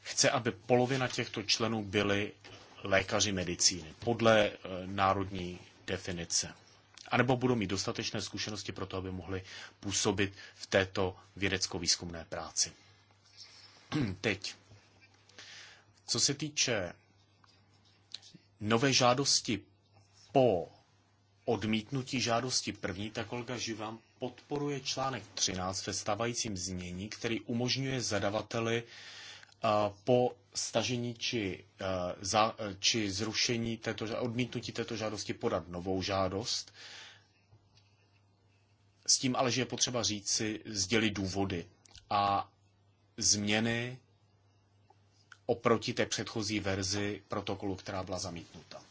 chce, aby polovina těchto členů byly lékaři medicíny podle eh, národní definice. A nebo budou mít dostatečné zkušenosti pro to, aby mohli působit v této vědecko-výzkumné práci. [CLEARS THROAT] Teď, co se týče nové žádosti po odmítnutí žádosti první, tak kolega Živám podporuje článek 13 ve stávajícím znění, který umožňuje zadavateli eh, po stažení či, eh, či zrušení této, odmítnutí této žádosti podat novou žádost. S tím ale, že je potřeba říci, sdělit důvody. A změny oproti té předchozí verzi protokolu, která byla zamítnuta.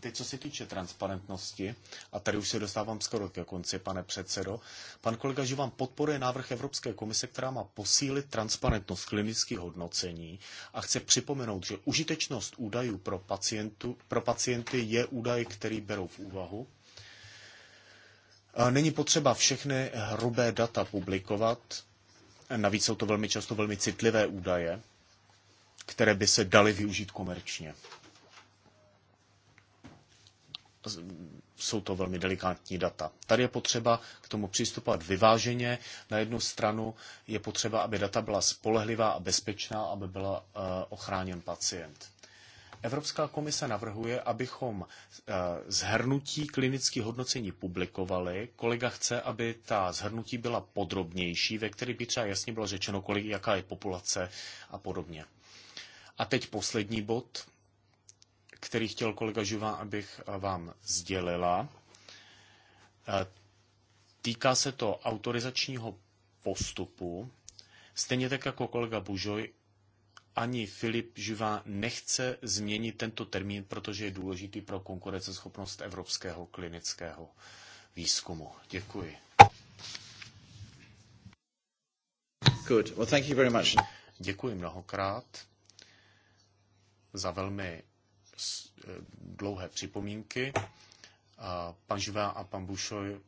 Teď, co se týče transparentnosti, a tady už se dostávám skoro ke konci, pane předsedo, pan kolega Živan podporuje návrh Evropské komise, která má posílit transparentnost klinických hodnocení a chce připomenout, že užitečnost údajů pro, pacientu, pro pacienty je údaj, který berou v úvahu. Není potřeba všechny hrubé data publikovat, Navíc jsou to velmi často velmi citlivé údaje, které by se daly využít komerčně. Jsou to velmi delikátní data. Tady je potřeba k tomu přistupovat vyváženě. Na jednu stranu je potřeba, aby data byla spolehlivá a bezpečná, aby byla eh, ochráněn pacient. Evropská komise navrhuje, abychom eh, zhrnutí klinických hodnocení publikovali. Kolega chce, aby ta zhrnutí byla podrobnější, ve kterých by třeba jasně bylo řečeno, kolik, jaká je populace a podobně. A teď poslední bod, který chtěl kolega Živá, abych eh, vám sdělila. Eh, týká se to autorizačního postupu. Stejně tak jako kolega Bužoj, ani Filip Živá nechce změnit tento termín, protože je důležitý pro konkurenceschopnost evropského klinického výzkumu. Děkuji. Good. Well, thank you very much. Děkuji mnohokrát za velmi eh, dlouhé připomínky. Pan Živá a pan Bušoj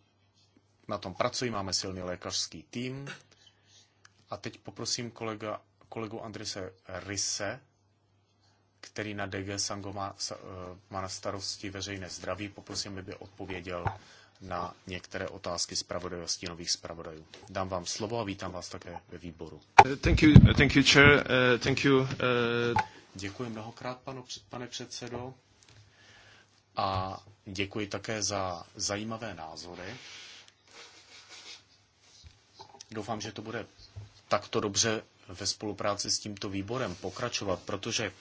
na tom pracují, máme silný lékařský tým. A teď poprosím kolega kolegu Andrise Rise, který na DG Sango má, eh, má na starosti veřejné zdraví. Poprosím, aby odpověděl na některé otázky zpravodajů nových zpravodajů. Dám vám slovo a vítám vás také ve výboru. Thank you, thank you, chair. Eh, thank you, eh, Děkuji mnohokrát, panu, pane předsedo. A děkuji také za zajímavé názory. Doufám, že to bude takto dobře ve spolupráci s tímto výborem pokračovat, protože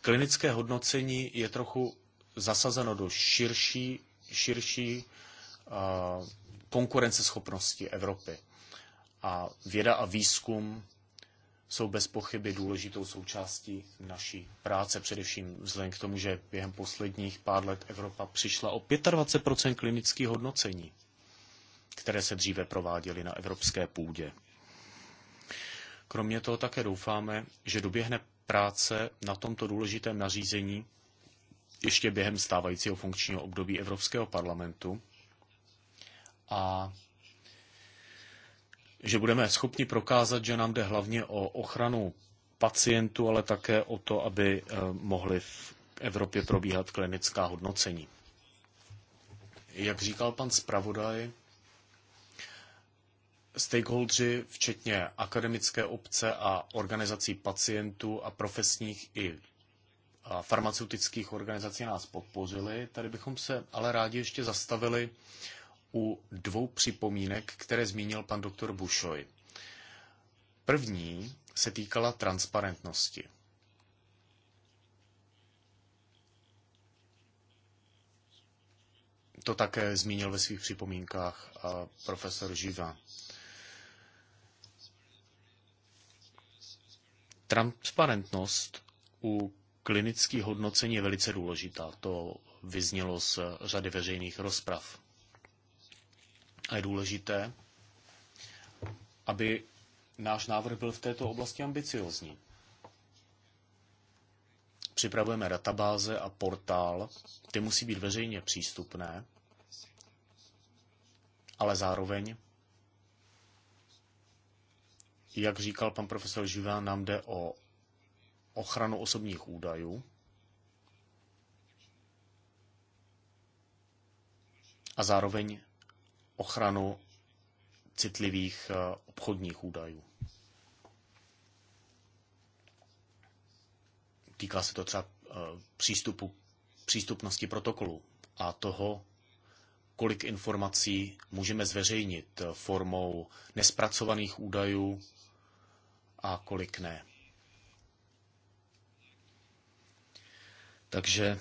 klinické hodnocení je trochu zasazeno do širší, širší uh, konkurenceschopnosti Evropy. A věda a výzkum jsou bez pochyby důležitou součástí naší práce, především vzhledem k tomu, že během posledních pár let Evropa přišla o 25 klinických hodnocení, které se dříve prováděly na evropské půdě. Kromě toho také doufáme, že doběhne práce na tomto důležitém nařízení ještě během stávajícího funkčního období Evropského parlamentu a že budeme schopni prokázat, že nám jde hlavně o ochranu pacientů, ale také o to, aby eh, mohly v Evropě probíhat klinická hodnocení. Jak říkal pan zpravodaj, stakeholdři, včetně akademické obce a organizací pacientů a profesních i farmaceutických organizací nás podpořili. Tady bychom se ale rádi ještě zastavili u dvou připomínek, které zmínil pan doktor Bušoj. První se týkala transparentnosti. To také zmínil ve svých připomínkách profesor Živa. Transparentnost u klinických hodnocení je velice důležitá. To vyznělo z řady veřejných rozprav. A je důležité, aby náš návrh byl v této oblasti ambiciozní. Připravujeme databáze a portál, ty musí být veřejně přístupné, ale zároveň jak říkal pan profesor Živá, nám jde o ochranu osobních údajů a zároveň ochranu citlivých eh, obchodních údajů. Týká se to třeba eh, přístupu, přístupnosti protokolu a toho, kolik informací můžeme zveřejnit eh, formou nespracovaných údajů, a kolik ne. Takže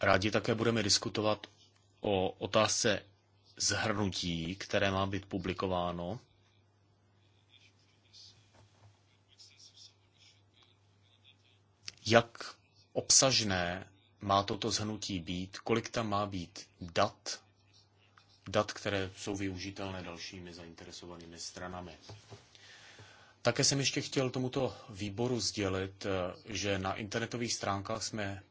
rádi také budeme diskutovat o otázce zhrnutí, které má být publikováno. Jak obsažné má toto zhrnutí být, kolik tam má být dat, dat, které jsou využitelné dalšími zainteresovanými stranami. Také jsem ještě chtěl tomuto výboru sdělit, eh, že na internetových stránkách jsme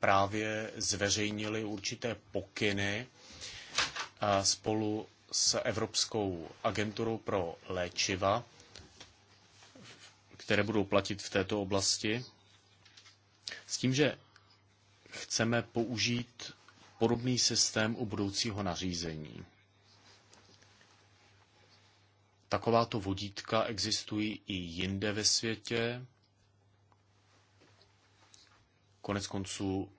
právě zveřejnili určité pokyny eh, spolu s Evropskou agenturou pro léčiva, které budou platit v této oblasti, s tím, že chceme použít podobný systém u budoucího nařízení. Takováto vodítka existují i jinde ve světě. Konec konců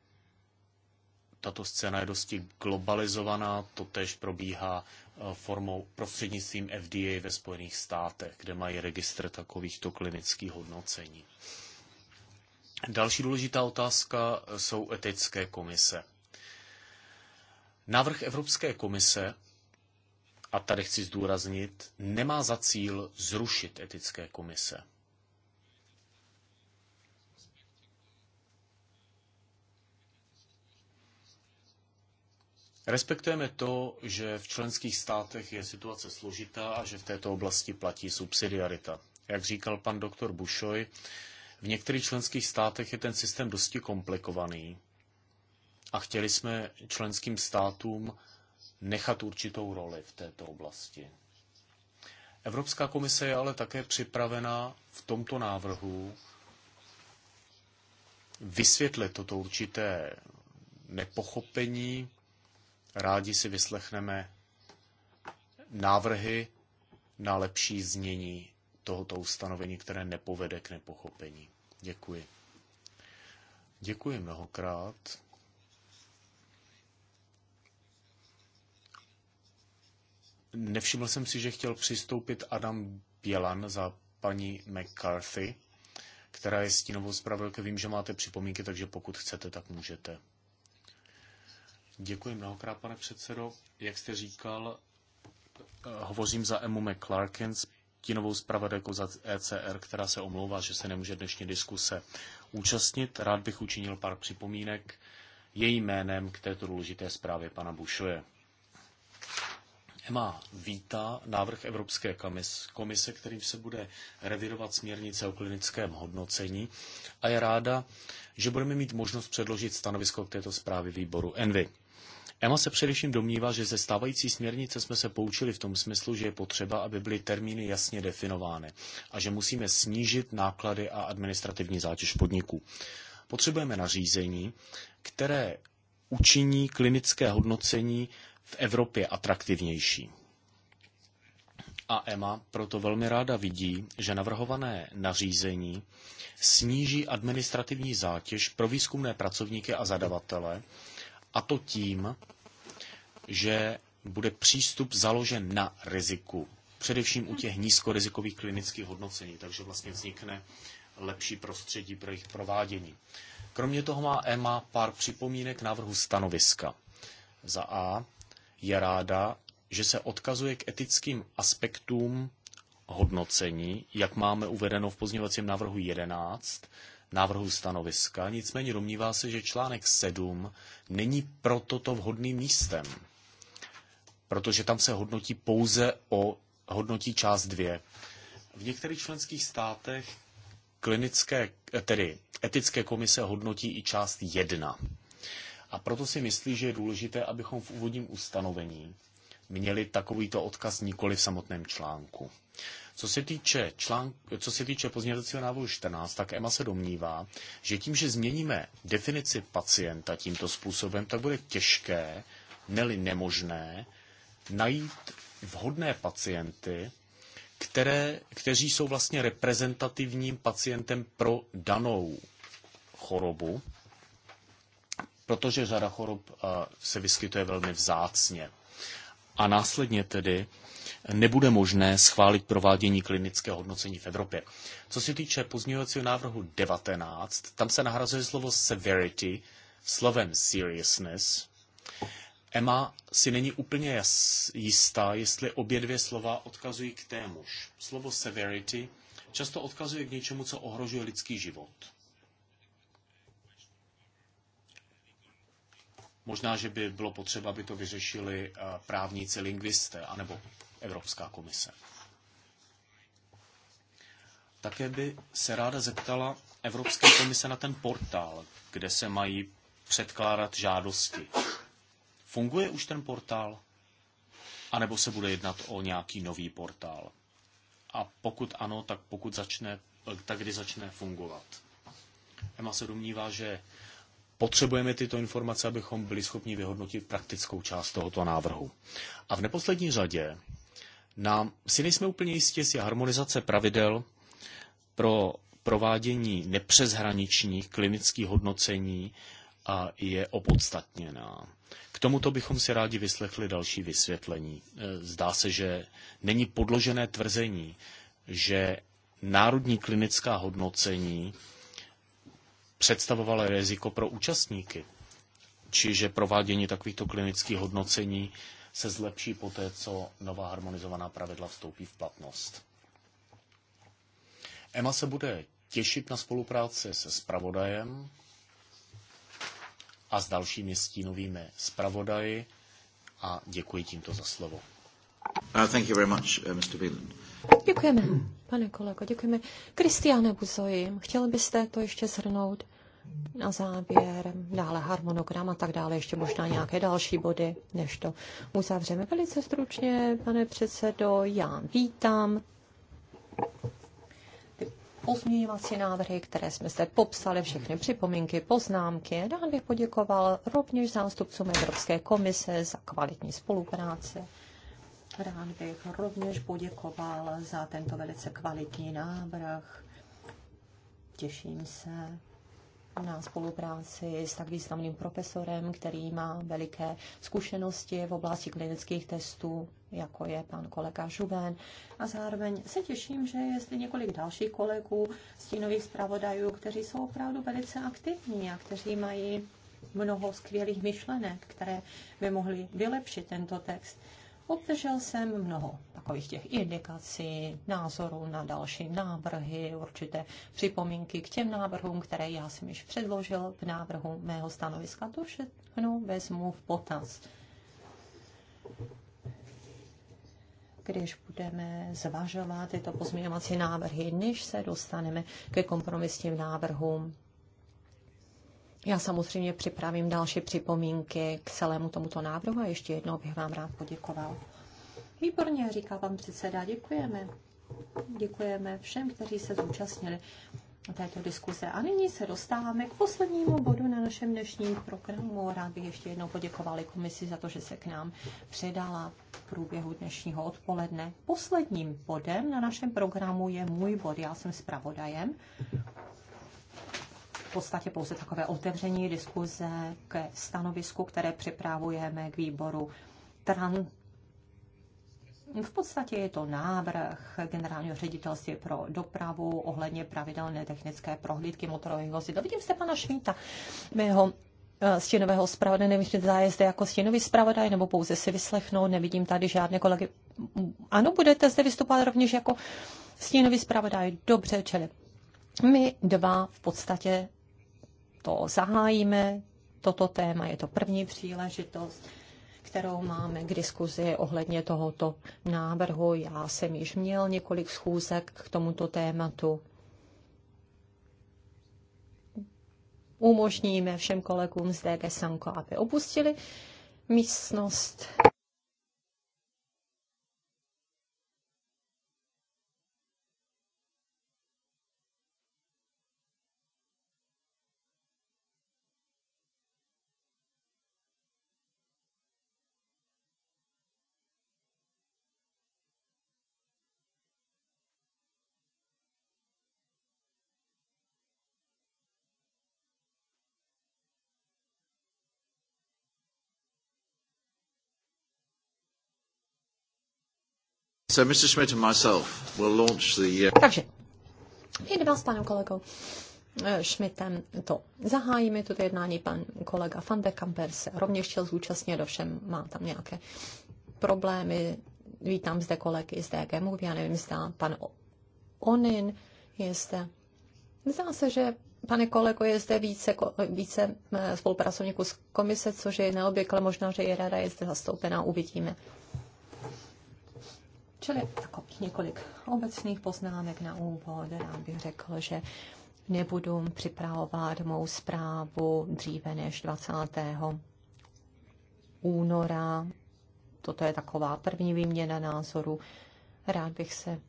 tato scéna je dosti globalizovaná, to tež probíhá eh, formou prostřednictvím FDA ve Spojených státech, kde mají registr takovýchto klinických hodnocení. Další důležitá otázka eh, jsou etické komise. Návrh Evropské komise, a tady chci zdůraznit, nemá za cíl zrušit etické komise. Respektujeme to, že v členských státech je situace složitá a že v této oblasti platí subsidiarita. Jak říkal pan doktor Bušoj, v některých členských státech je ten systém dosti komplikovaný a chtěli jsme členským státům nechat určitou roli v této oblasti. Evropská komise je ale také připravena v tomto návrhu vysvětlit toto určité nepochopení. Rádi si vyslechneme návrhy na lepší znění tohoto ustanovení, které nepovede k nepochopení. Děkuji. Děkuji mnohokrát. Nevšiml jsem si, že chtěl přistoupit Adam Bělan za paní McCarthy, která je stínovou zpravodajkou. Vím, že máte připomínky, takže pokud chcete, tak můžete. Děkuji mnohokrát, pane předsedo. Jak jste říkal, eh, hovořím za Emu McClarkin, stínovou zpravodajkou za ECR, která se omlouvá, že se nemůže dnešní diskuse účastnit. Rád bych učinil pár připomínek jejím jménem k této důležité zprávě pana Bušoje. EMA vítá návrh Evropské komise, kterým se bude revidovat směrnice o klinickém hodnocení a je ráda, že budeme mít možnost předložit stanovisko k této zprávě výboru ENVY. EMA se především domnívá, že ze stávající směrnice jsme se poučili v tom smyslu, že je potřeba, aby byly termíny jasně definovány a že musíme snížit náklady a administrativní zátěž podniků. Potřebujeme nařízení, které učiní klinické hodnocení v Evropě atraktivnější. A EMA proto velmi ráda vidí, že navrhované nařízení sníží administrativní zátěž pro výzkumné pracovníky a zadavatele, a to tím, že bude přístup založen na riziku, především u těch nízkorizikových klinických hodnocení, takže vlastně vznikne lepší prostředí pro jejich provádění. Kromě toho má EMA pár připomínek návrhu stanoviska. Za A je ráda, že se odkazuje k etickým aspektům hodnocení, jak máme uvedeno v pozměňovacím návrhu 11, návrhu stanoviska, nicméně domnívá se, že článek 7 není pro toto vhodným místem, protože tam se hodnotí pouze o hodnotí část 2. V některých členských státech klinické, tedy etické komise hodnotí i část 1 a proto si myslí, že je důležité, abychom v úvodním ustanovení měli takovýto odkaz nikoli v samotném článku. Co se týče, článk, co se týče pozměňovacího návrhu 14, tak EMA se domnívá, že tím, že změníme definici pacienta tímto způsobem, tak bude těžké, neli nemožné, najít vhodné pacienty, které, kteří jsou vlastně reprezentativním pacientem pro danou chorobu protože řada chorob eh, se vyskytuje velmi vzácně. A následně tedy nebude možné schválit provádění klinického hodnocení v Evropě. Co se týče pozměňovacího návrhu 19, tam se nahrazuje slovo severity slovem seriousness. Emma si není úplně jistá, jestli obě dvě slova odkazují k témuž. Slovo severity často odkazuje k něčemu, co ohrožuje lidský život. Možná, že by bylo potřeba, aby to vyřešili eh, právníci lingvisté anebo Evropská komise. Také by se ráda zeptala Evropské komise na ten portál, kde se mají předkládat žádosti. Funguje už ten portál? A nebo se bude jednat o nějaký nový portál? A pokud ano, tak pokud začne, tak kdy začne fungovat? Emma se domnívá, že Potřebujeme tyto informace, abychom byli schopni vyhodnotit praktickou část tohoto návrhu. A v neposlední řadě nám si nejsme úplně jistě, jestli harmonizace pravidel pro provádění nepřeshraničních klinických hodnocení a je opodstatněná. K tomuto bychom si rádi vyslechli další vysvětlení. E, zdá se, že není podložené tvrzení, že národní klinická hodnocení představovala riziko pro účastníky. Čiže provádění takovýchto klinických hodnocení se zlepší poté, co nová harmonizovaná pravidla vstoupí v platnost. EMA se bude těšit na spolupráci se spravodajem a s dalšími stínovými spravodaji a děkuji tímto za slovo. Uh, thank you very much, uh, Mr. Děkujeme, pane kolego, děkujeme. Kristiane Buzoji, chtěl byste to ještě zhrnout? na závěr, dále harmonogram a tak dále, ještě možná nějaké další body, než to uzavřeme. Velice stručně, pane předsedo, já vítám ty pozměňovací návrhy, které jsme se popsali, všechny připomínky, poznámky. Rád bych poděkoval rovněž zástupcům Evropské komise za kvalitní spolupráci. Rád bych rovněž poděkoval za tento velice kvalitní návrh. Těším se na spolupráci s tak významným profesorem, který má veliké zkušenosti v oblasti klinických testů, jako je pan kolega Žuben. A zároveň se těším, že je zde několik dalších kolegů, stínových zpravodajů, kteří jsou opravdu velice aktivní a kteří mají mnoho skvělých myšlenek, které by mohly vylepšit tento text. Obdržel jsem mnoho takových těch indikací, názorů na další návrhy, určité připomínky k těm návrhům, které já jsem již předložil v návrhu mého stanoviska. To všechno vezmu v potaz. když budeme zvažovat tyto pozměňovací návrhy, než se dostaneme ke kompromisním návrhům já samozřejmě připravím další připomínky k celému tomuto návrhu a ještě jednou bych vám rád poděkoval. Výborně, říká pan předseda, děkujeme. Děkujeme všem, kteří se zúčastnili této diskuse. A nyní se dostáváme k poslednímu bodu na našem dnešním programu. Rád bych ještě jednou poděkovali komisi za to, že se k nám předala v průběhu dnešního odpoledne. Posledním bodem na našem programu je můj bod. Já jsem zpravodajem v podstatě pouze takové otevření diskuze ke stanovisku, které připravujeme k výboru TRAN. V podstatě je to návrh generálního ředitelství pro dopravu ohledně pravidelné technické prohlídky motorových vozidel. Vidím zde pana Švíta, mého eh, stěnového zpravodaje, nevím, zda je zde jako stěnový zpravodaj, nebo pouze si vyslechnout, nevidím tady žádné kolegy. Ano, budete zde vystupovat rovněž jako stěnový zpravodaj. Dobře, čili my dva v podstatě to zahájíme, toto téma, je to první příležitost, kterou máme k diskuzi ohledně tohoto návrhu. Já jsem již měl několik schůzek k tomuto tématu. Umožníme všem kolegům z DG Sanko, aby opustili místnost. So Mr. Schmidt and myself will launch the... Uh, Takže, my dva s panem kolegou eh, Schmidtem to zahájíme, toto jednání pan kolega Van de Kamper se rovněž chtěl zúčastnit, ovšem má tam nějaké problémy. Vítám zde kolegy z DG Move, já nevím, zda pan Onin je zde. Zdá se, že Pane kolego, je zde více, více eh, spolupracovníků z komise, což je neobvykle, možná, že i rada je zde zastoupená, uvidíme. Čili takových několik obecných poznámek na úvod. Rád bych řekl, že nebudu připravovat mou zprávu dříve než 20. února. Toto je taková první výměna názoru. Rád bych se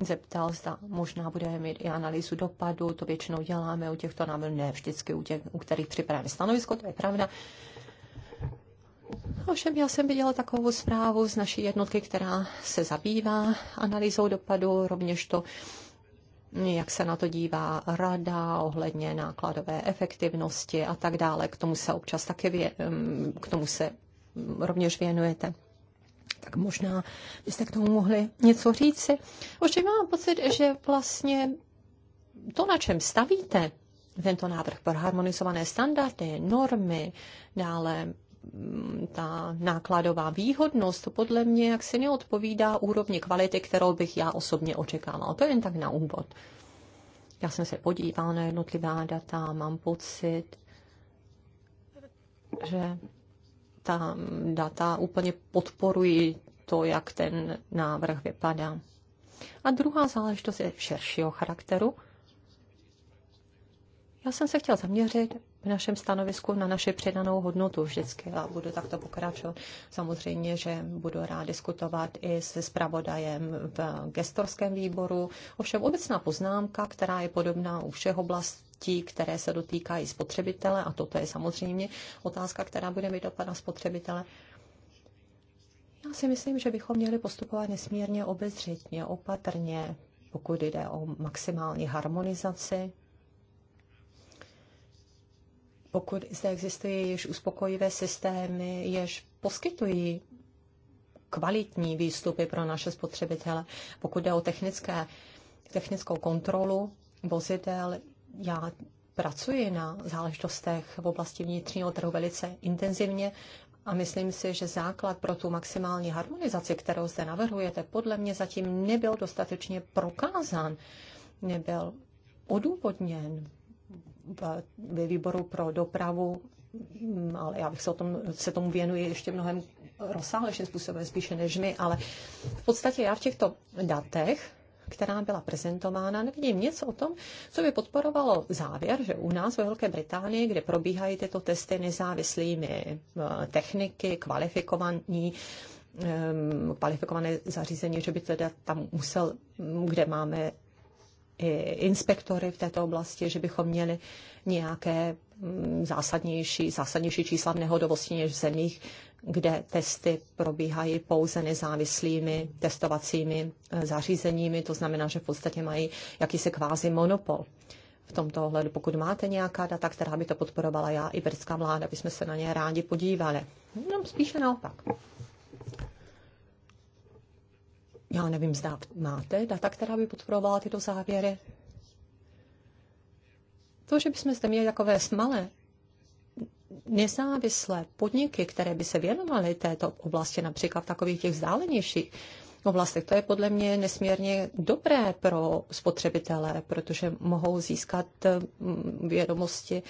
zeptal, zda možná budeme mít i analýzu dopadu, to většinou děláme u těchto návrhů, ne vždycky u těch, u kterých připravíme stanovisko, to je pravda. Ovšem já jsem viděla takovou zprávu z naší jednotky, která se zabývá analýzou dopadu, rovněž to, jak se na to dívá rada ohledně nákladové efektivnosti a tak dále. K tomu se občas také vě, mm, k tomu se mm, rovněž věnujete. Tak možná byste k tomu mohli něco říci. Ovšem mám pocit, že vlastně to, na čem stavíte tento návrh pro harmonizované standardy, normy, dále ta nákladová výhodnost, podle mě jak se neodpovídá úrovni kvality, kterou bych já osobně očekávala. To je jen tak na úvod. Já jsem se podívala na jednotlivá data, mám pocit, že ta data úplně podporují to, jak ten návrh vypadá. A druhá záležitost je širšího charakteru. Já jsem se chtěla zaměřit v našem stanovisku na naši přidanou hodnotu vždycky a budu takto pokračovat. Samozřejmě, že budu rád diskutovat i se zpravodajem v gestorském výboru. Ovšem obecná poznámka, která je podobná u všech oblastí, Tí, které se dotýkají spotřebitele, a toto je samozřejmě otázka, která bude mít dopad na spotřebitele. Já si myslím, že bychom měli postupovat nesmírně obezřetně, opatrně, pokud jde o maximální harmonizaci pokud zde existují již uspokojivé systémy, jež poskytují kvalitní výstupy pro naše spotřebitele. Pokud jde o technické, technickou kontrolu vozidel, já pracuji na záležitostech v oblasti vnitřního trhu velice intenzivně a myslím si, že základ pro tu maximální harmonizaci, kterou zde navrhujete, podle mě zatím nebyl dostatečně prokázán, nebyl odůvodněn ve výboru pro dopravu, ale já bych se, o tom, se tomu věnuji ještě mnohem rozsáhlejším způsobem, spíše než my, ale v podstatě já v těchto datech která byla prezentována, nevidím nic o tom, co by podporovalo závěr, že u nás ve Velké Británii, kde probíhají tyto testy nezávislými eh, techniky, kvalifikovaní, eh, kvalifikované zařízení, že by teda tam musel, kde máme inspektory v této oblasti, že bychom měli nějaké mm, zásadnější, zásadnější čísla v nehodovosti než v zemích, kde testy probíhají pouze nezávislými testovacími eh, zařízeními, to znamená, že v podstatě mají jakýsi kvázi monopol. V tomto ohledu, pokud máte nějaká data, která by to podporovala já i britská vláda, bychom se na ně rádi podívali. No, spíše naopak. Já nevím, zda máte data, která by podporovala tyto závěry. To, že bychom zde měli takové malé nezávislé podniky, které by se věnovaly této oblasti, například v takových těch vzdálenějších oblastech, to je podle mě nesmírně dobré pro spotřebitele, protože mohou získat mm, vědomosti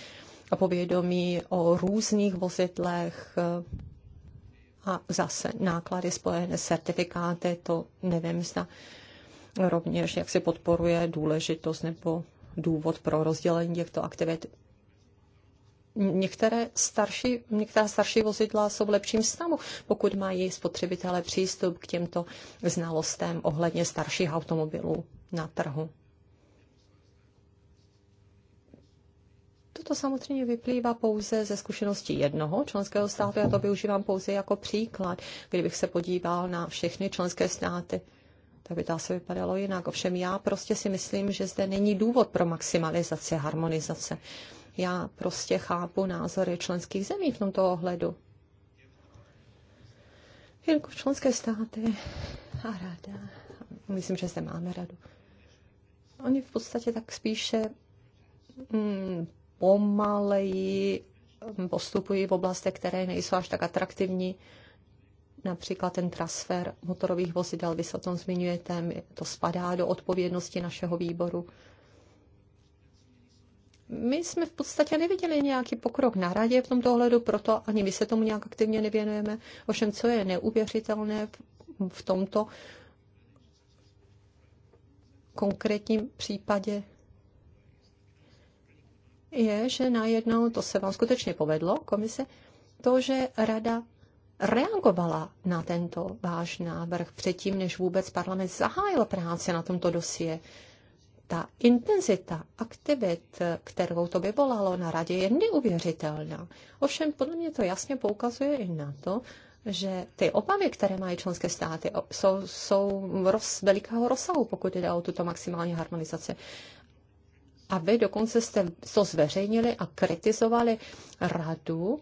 a povědomí o různých vozidlech, a zase náklady spojené s certifikáty, to nevím, zda rovněž, jak se podporuje důležitost nebo důvod pro rozdělení těchto aktivit. Některé starší, některá starší vozidla jsou v lepším stavu, pokud mají spotřebitelé přístup k těmto znalostem ohledně starších automobilů na trhu. to samozřejmě vyplývá pouze ze zkušenosti jednoho členského státu. Já to využívám pouze jako příklad. Kdybych se podíval na všechny členské státy, tak by to asi vypadalo jinak. Ovšem já prostě si myslím, že zde není důvod pro maximalizaci harmonizace. Já prostě chápu názory členských zemí v tomto ohledu. Jelikož členské státy a rada, myslím, že zde máme radu, oni v podstatě tak spíše mm, pomaleji mm, postupují v oblastech, které nejsou až tak atraktivní. Například ten transfer motorových vozidel, vy se o tom zmiňujete, to spadá do odpovědnosti našeho výboru. My jsme v podstatě neviděli nějaký pokrok na radě v tomto ohledu, proto ani my se tomu nějak aktivně nevěnujeme. Ovšem, co je neuvěřitelné v tomto konkrétním případě, je, že najednou, to se vám skutečně povedlo, komise, to, že rada reagovala na tento váš návrh předtím, než vůbec parlament zahájil práci na tomto dosie. Ta intenzita aktivit, kterou to vyvolalo na radě, je neuvěřitelná. Ovšem, podle mě to jasně poukazuje i na to, že ty obavy, které mají členské státy, jsou, jsou roz, velikého rozsahu, pokud jde o tuto maximální harmonizaci a vy dokonce jste to zveřejnili a kritizovali radu,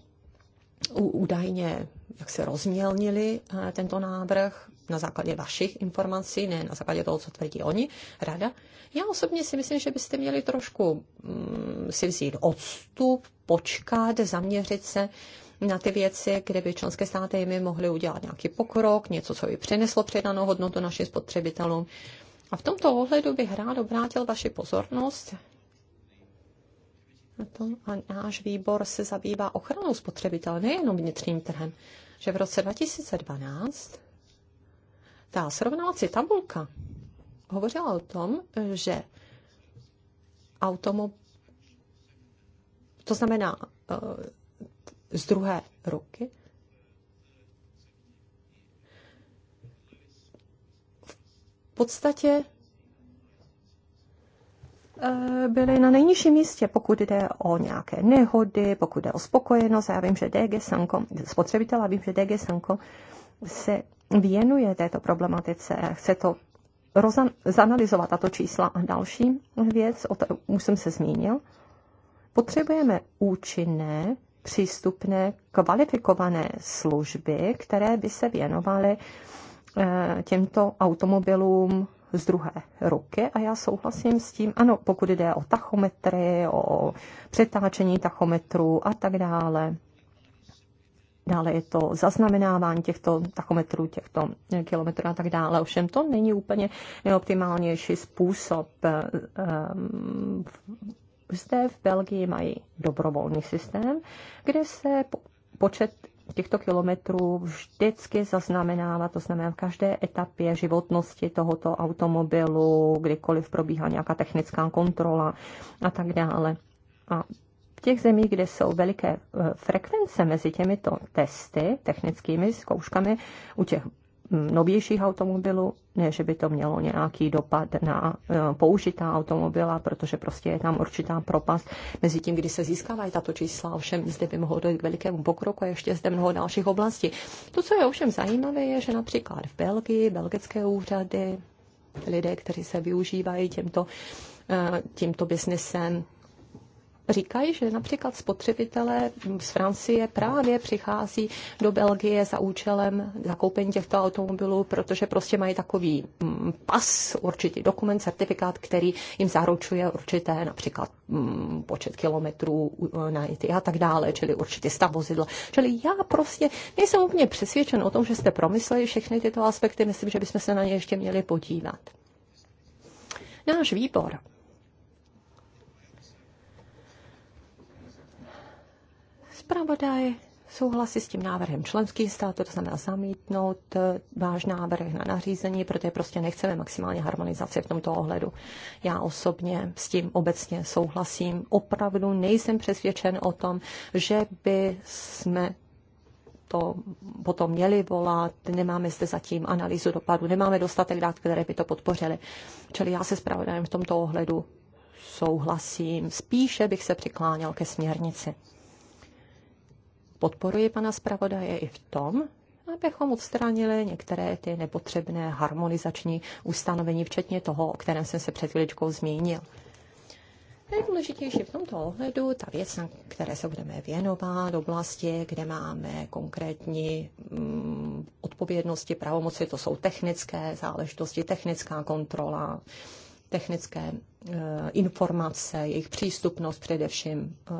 údajně jak se rozmělnili eh, tento návrh na základě vašich informací, ne na základě toho, co tvrdí oni, rada. Já osobně si myslím, že byste měli trošku mm, si vzít odstup, počkat, zaměřit se na ty věci, kde by členské státy jimi mohly udělat nějaký pokrok, něco, co by přineslo přidanou hodnotu našim spotřebitelům. A v tomto ohledu bych rád obrátil vaši pozornost na tom a náš výbor se zabývá ochranou spotřebitele, nejenom vnitřním trhem, že v roce 2012 ta srovnávací tabulka hovořila o tom, že automob... to znamená eh, z druhé ruky, v podstatě Eh, byly na nejnižším místě, pokud jde o nějaké nehody, pokud jde o spokojenost. Já vím, že DG Sanko, spotřebitel, a vím, že DG Sanko se věnuje této problematice, chce to rozan- zanalizovat tato čísla. A další věc, o to už jsem se zmínil, potřebujeme účinné, přístupné, kvalifikované služby, které by se věnovaly eh, těmto automobilům z druhé ruky a já souhlasím s tím, ano, pokud jde o tachometry, o přetáčení tachometrů a tak dále. Dále je to zaznamenávání těchto tachometrů, těchto kilometrů a tak dále. Ovšem to není úplně neoptimálnější způsob. Ehm, zde v Belgii mají dobrovolný systém, kde se počet těchto kilometrů vždycky zaznamenávat, to znamená v každé etapě životnosti tohoto automobilu, kdykoliv probíhá nějaká technická kontrola a tak dále. A v těch zemích, kde jsou veliké eh, frekvence mezi těmito testy, technickými zkouškami, u těch novějších automobilů, ne, že by to mělo nějaký dopad na eh, použitá automobila, protože prostě je tam určitá propast mezi tím, kdy se získávají tato čísla, ovšem zde by mohlo dojít k velikému pokroku a ještě zde mnoho dalších oblastí. To, co je ovšem zajímavé, je, že například v Belgii, belgické úřady, lidé, kteří se využívají těmto eh, tímto biznesem říkají, že například spotřebitelé z Francie právě přichází do Belgie za účelem zakoupení těchto automobilů, protože prostě mají takový mm, pas, určitý dokument, certifikát, který jim zaručuje určité například mm, počet kilometrů IT a tak dále, čili určitě stav vozidla. Čili já prostě nejsem úplně přesvědčen o tom, že jste promysleli všechny tyto aspekty, myslím, že bychom se na ně ještě měli podívat. Náš výbor zpravodaj souhlasí s tím návrhem členských států, to znamená zamítnout eh, váš návrh na nařízení, protože prostě nechceme maximální harmonizaci v tomto ohledu. Já osobně s tím obecně souhlasím. Opravdu nejsem přesvědčen o tom, že by jsme to potom měli volat, nemáme zde zatím analýzu dopadu, nemáme dostatek dát, které by to podpořily. Čili já se spravodajem v tomto ohledu souhlasím. Spíše bych se přikláněl ke směrnici podporuji pana zpravodaje i v tom, abychom odstranili některé ty nepotřebné harmonizační ustanovení, včetně toho, o kterém jsem se před chvíličkou zmínil. Nejdůležitější v tomto ohledu, ta věc, na které se budeme věnovat, oblasti, kde máme konkrétní mm, odpovědnosti, pravomoci, to jsou technické záležitosti, technická kontrola, technické eh, informace, jejich přístupnost především eh,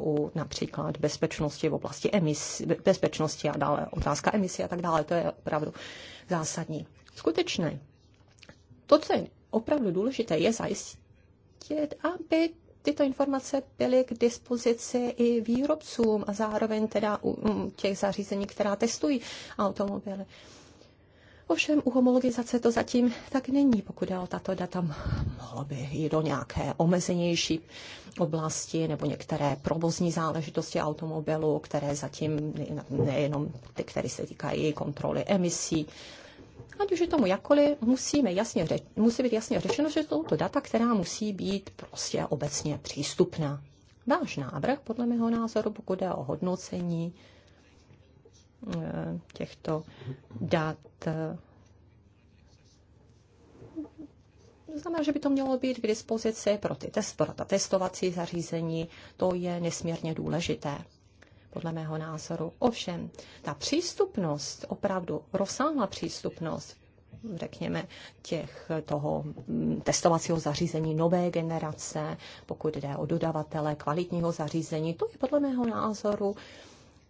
u například bezpečnosti v oblasti emisí, bezpečnosti a dále otázka emisí a tak dále. To je opravdu zásadní. Skutečné. To, co je opravdu důležité, je zajistit, aby tyto informace byly k dispozici i výrobcům a zároveň teda u těch zařízení, která testují automobily. Ovšem u homologizace to zatím tak není, pokud o tato data, mohlo by jít do nějaké omezenější oblasti nebo některé provozní záležitosti automobilu, které zatím nejenom ty, které se týkají kontroly emisí, ať už je tomu jakkoliv, musíme jasně řeč, musí být jasně řečeno, že jsou to data, která musí být prostě obecně přístupná. Váš návrh, podle mého názoru, pokud jde o hodnocení, Eh, těchto dat. To znamená, že by to mělo být k dispozici pro, ty test, pro ta testovací zařízení. To je nesmírně důležité, podle mého názoru. Ovšem, ta přístupnost, opravdu rozsáhlá přístupnost řekněme, těch toho mm, testovacího zařízení nové generace, pokud jde o dodavatele kvalitního zařízení. To je podle mého názoru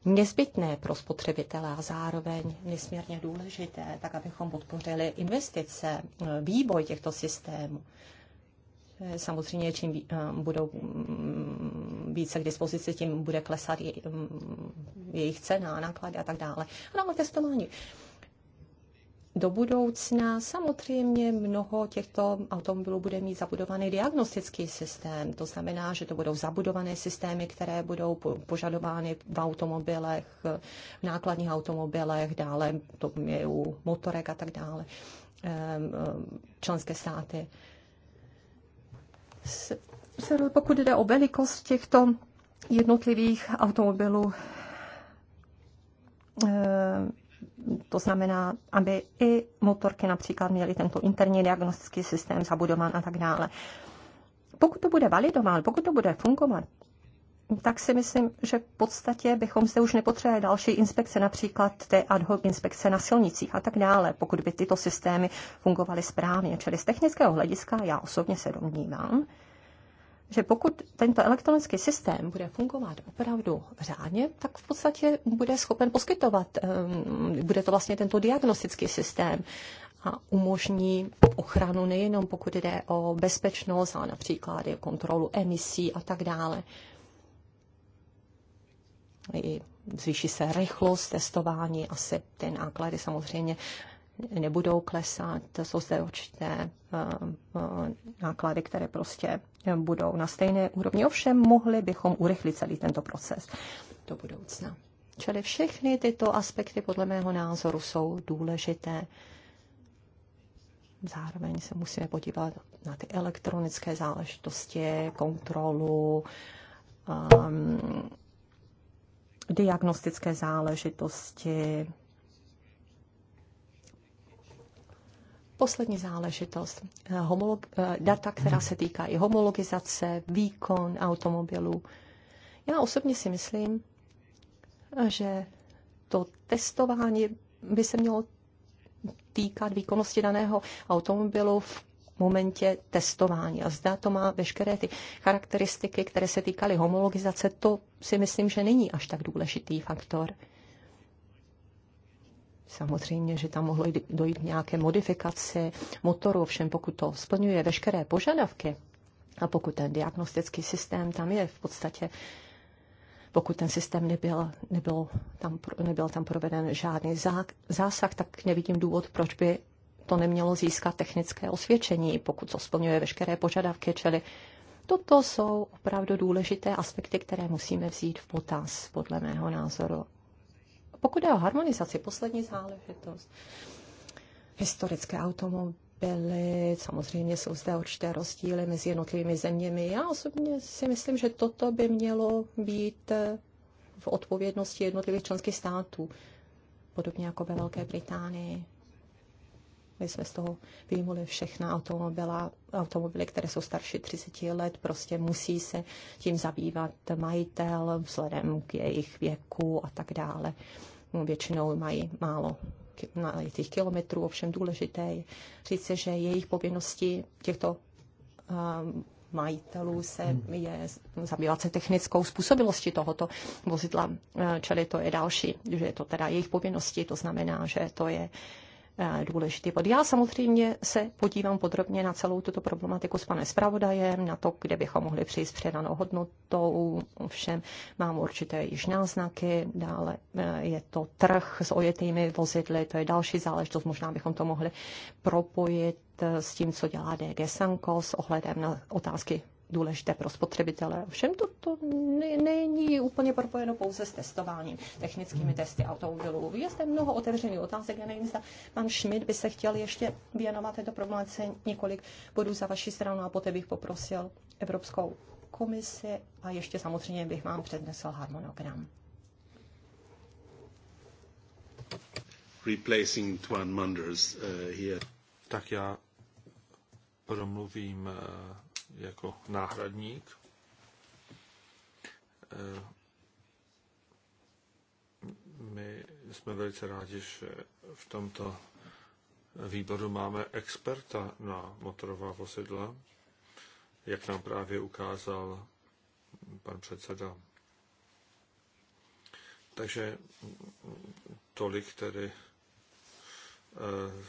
nezbytné pro spotřebitele a zároveň nesmírně důležité, tak abychom podpořili investice, eh, vývoj těchto systémů. Eh, samozřejmě, čím eh, budou mm, více k dispozici, tím bude klesat mm, jejich cena, náklady a tak dále. A dále testování do budoucna samozřejmě mnoho těchto automobilů bude mít zabudovaný diagnostický systém. To znamená, že to budou zabudované systémy, které budou požadovány v automobilech, v nákladních automobilech, dále to je u motorek a tak dále ehm, ehm, členské státy. Pokud jde o velikost těchto jednotlivých automobilů, ehm, to znamená, aby i motorky například měly tento interní diagnostický systém zabudován a tak dále. Pokud to bude validován, pokud to bude fungovat, tak si myslím, že v podstatě bychom se už nepotřebovali další inspekce, například té ad hoc inspekce na silnicích a tak dále, pokud by tyto systémy fungovaly správně. Čili z technického hlediska já osobně se domnívám, že pokud tento elektronický systém bude fungovat opravdu řádně, tak v podstatě bude schopen poskytovat, eh, bude to vlastně tento diagnostický systém a umožní ochranu nejenom pokud jde o bezpečnost, ale například i kontrolu emisí a tak dále. I zvýší se rychlost testování, asi ty náklady samozřejmě nebudou klesat, jsou zde určité eh, eh, náklady, které prostě budou na stejné úrovni. Ovšem mohli bychom urychlit celý tento proces do budoucna. Čili všechny tyto aspekty podle mého názoru jsou důležité. Zároveň se musíme podívat na ty elektronické záležitosti, kontrolu, um, diagnostické záležitosti, Poslední záležitost. Eh, homolog, eh, data, která se týká i homologizace, výkon automobilů. Já osobně si myslím, že to testování by se mělo týkat výkonnosti daného automobilu v momentě testování. A zda to má veškeré ty charakteristiky, které se týkaly homologizace, to si myslím, že není až tak důležitý faktor. Samozřejmě, že tam mohlo dojít nějaké modifikaci motoru, ovšem pokud to splňuje veškeré požadavky a pokud ten diagnostický systém tam je v podstatě, pokud ten systém nebyl, nebyl, tam, nebyl tam proveden žádný zásah, tak nevidím důvod, proč by to nemělo získat technické osvědčení, pokud to splňuje veškeré požadavky, čili toto jsou opravdu důležité aspekty, které musíme vzít v potaz, podle mého názoru. Pokud je o harmonizaci, poslední záležitost, historické automobily, samozřejmě jsou zde určité rozdíly mezi jednotlivými zeměmi. Já osobně si myslím, že toto by mělo být eh, v odpovědnosti jednotlivých členských států, podobně jako ve Velké Británii. My jsme z toho vyjmuli všechna automobila, automobily, které jsou starší 30 let, prostě musí se tím zabývat majitel vzhledem k jejich věku a tak dále. Většinou mají málo na těch kilometrů, ovšem důležité je říci, že jejich povinnosti těchto ehm, majitelů se hmm. je zabývat se technickou způsobilostí tohoto vozidla, e, čili to je další, že je to teda jejich povinnosti, to znamená, že to je uh, Eh, důležitý bod. Já samozřejmě se podívám podrobně na celou tuto problematiku s panem zpravodajem, na to, kde bychom mohli přijít s předanou hodnotou. Ovšem mám určité již náznaky, dále eh, je to trh s ojetými vozidly, to je další záležitost, možná bychom to mohli propojit eh, s tím, co dělá DG Sanko s ohledem na otázky důležité pro spotřebitele. všem to, to není úplně propojeno pouze s testováním, technickými testy automobilů. Je zde mnoho otevřených otázek. Já nevím, zda pan Schmidt by se chtěl ještě věnovat této problematice několik bodů za vaši stranu a poté bych poprosil Evropskou komisi a ještě samozřejmě bych vám přednesl harmonogram. Replacing Twan Manders uh, here. Tak já promluvím uh jako náhradník. Eh, my jsme velice rádi, že v tomto výboru máme experta na motorová vozidla, jak nám právě ukázal pan předseda. Takže tolik tedy eh,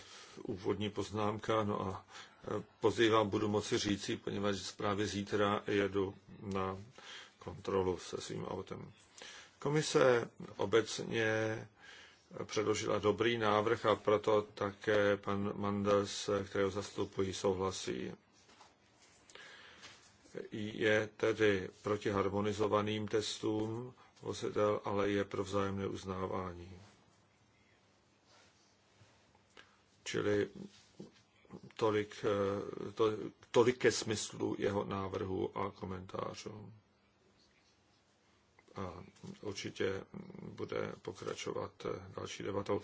úvodní poznámka, no a e, později vám budu moci říci, poněvadž právě zítra jedu na kontrolu se svým autem. Komise obecně předložila dobrý návrh a proto také pan Mandels, kterého zastupují, souhlasí. Je tedy proti harmonizovaným testům vozidel, ale je pro vzájemné uznávání. Čili tolik, eh, to, tolik ke smyslu jeho návrhu a komentářů. A určitě bude pokračovat eh, další debatou.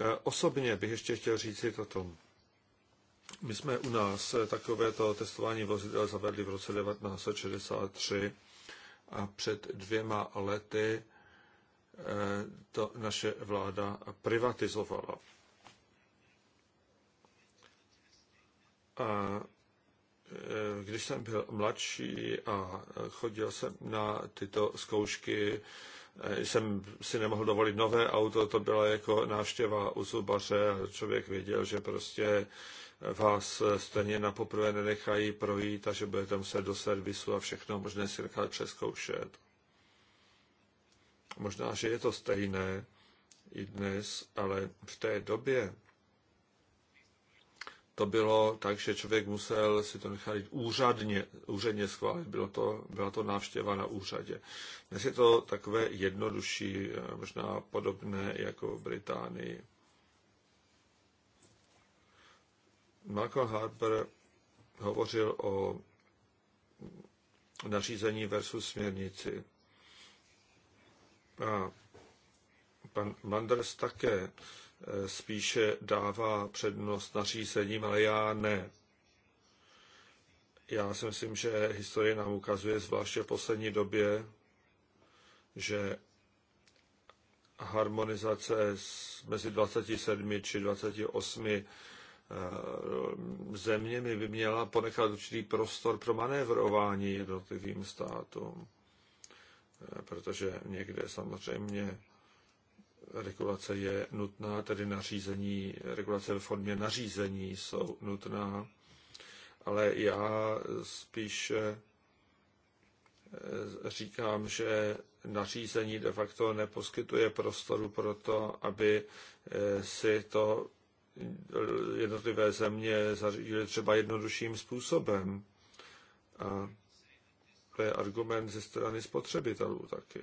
Eh, osobně bych ještě chtěl říct si toto. My jsme u nás takovéto testování vozidel zavedli v roce 1963 a před dvěma lety to naše vláda privatizovala. A e, když jsem byl mladší a chodil jsem na tyto zkoušky, e, jsem si nemohl dovolit nové auto, to byla jako návštěva u zubaře člověk věděl, že prostě vás stejně na poprvé nenechají projít a že budete muset do servisu a všechno možné si nechat přeskoušet. Možná, že je to stejné i dnes, ale v té době to bylo tak, že člověk musel si to nechat úřadně, úředně schválit. Bylo to, byla to návštěva na úřadě. Dnes je to takové jednodušší, eh, možná podobné jako v Británii. Malcolm Harper hovořil o nařízení versus směrnici. A pan Manders také Eh, spíše dává přednost nařízením, ale já ne. Já si myslím, že historie nám ukazuje, zvláště v poslední době, že harmonizace mezi 27 či 28 eh, zeměmi by měla ponechat určitý prostor pro manévrování jednotlivým státům, eh, protože někde samozřejmě regulace je nutná, tedy nařízení, regulace ve formě nařízení jsou nutná, ale já spíš eh, říkám, že nařízení de facto neposkytuje prostoru pro to, aby eh, si to jednotlivé země zařídily třeba jednodušším způsobem. A to je argument ze strany spotřebitelů taky.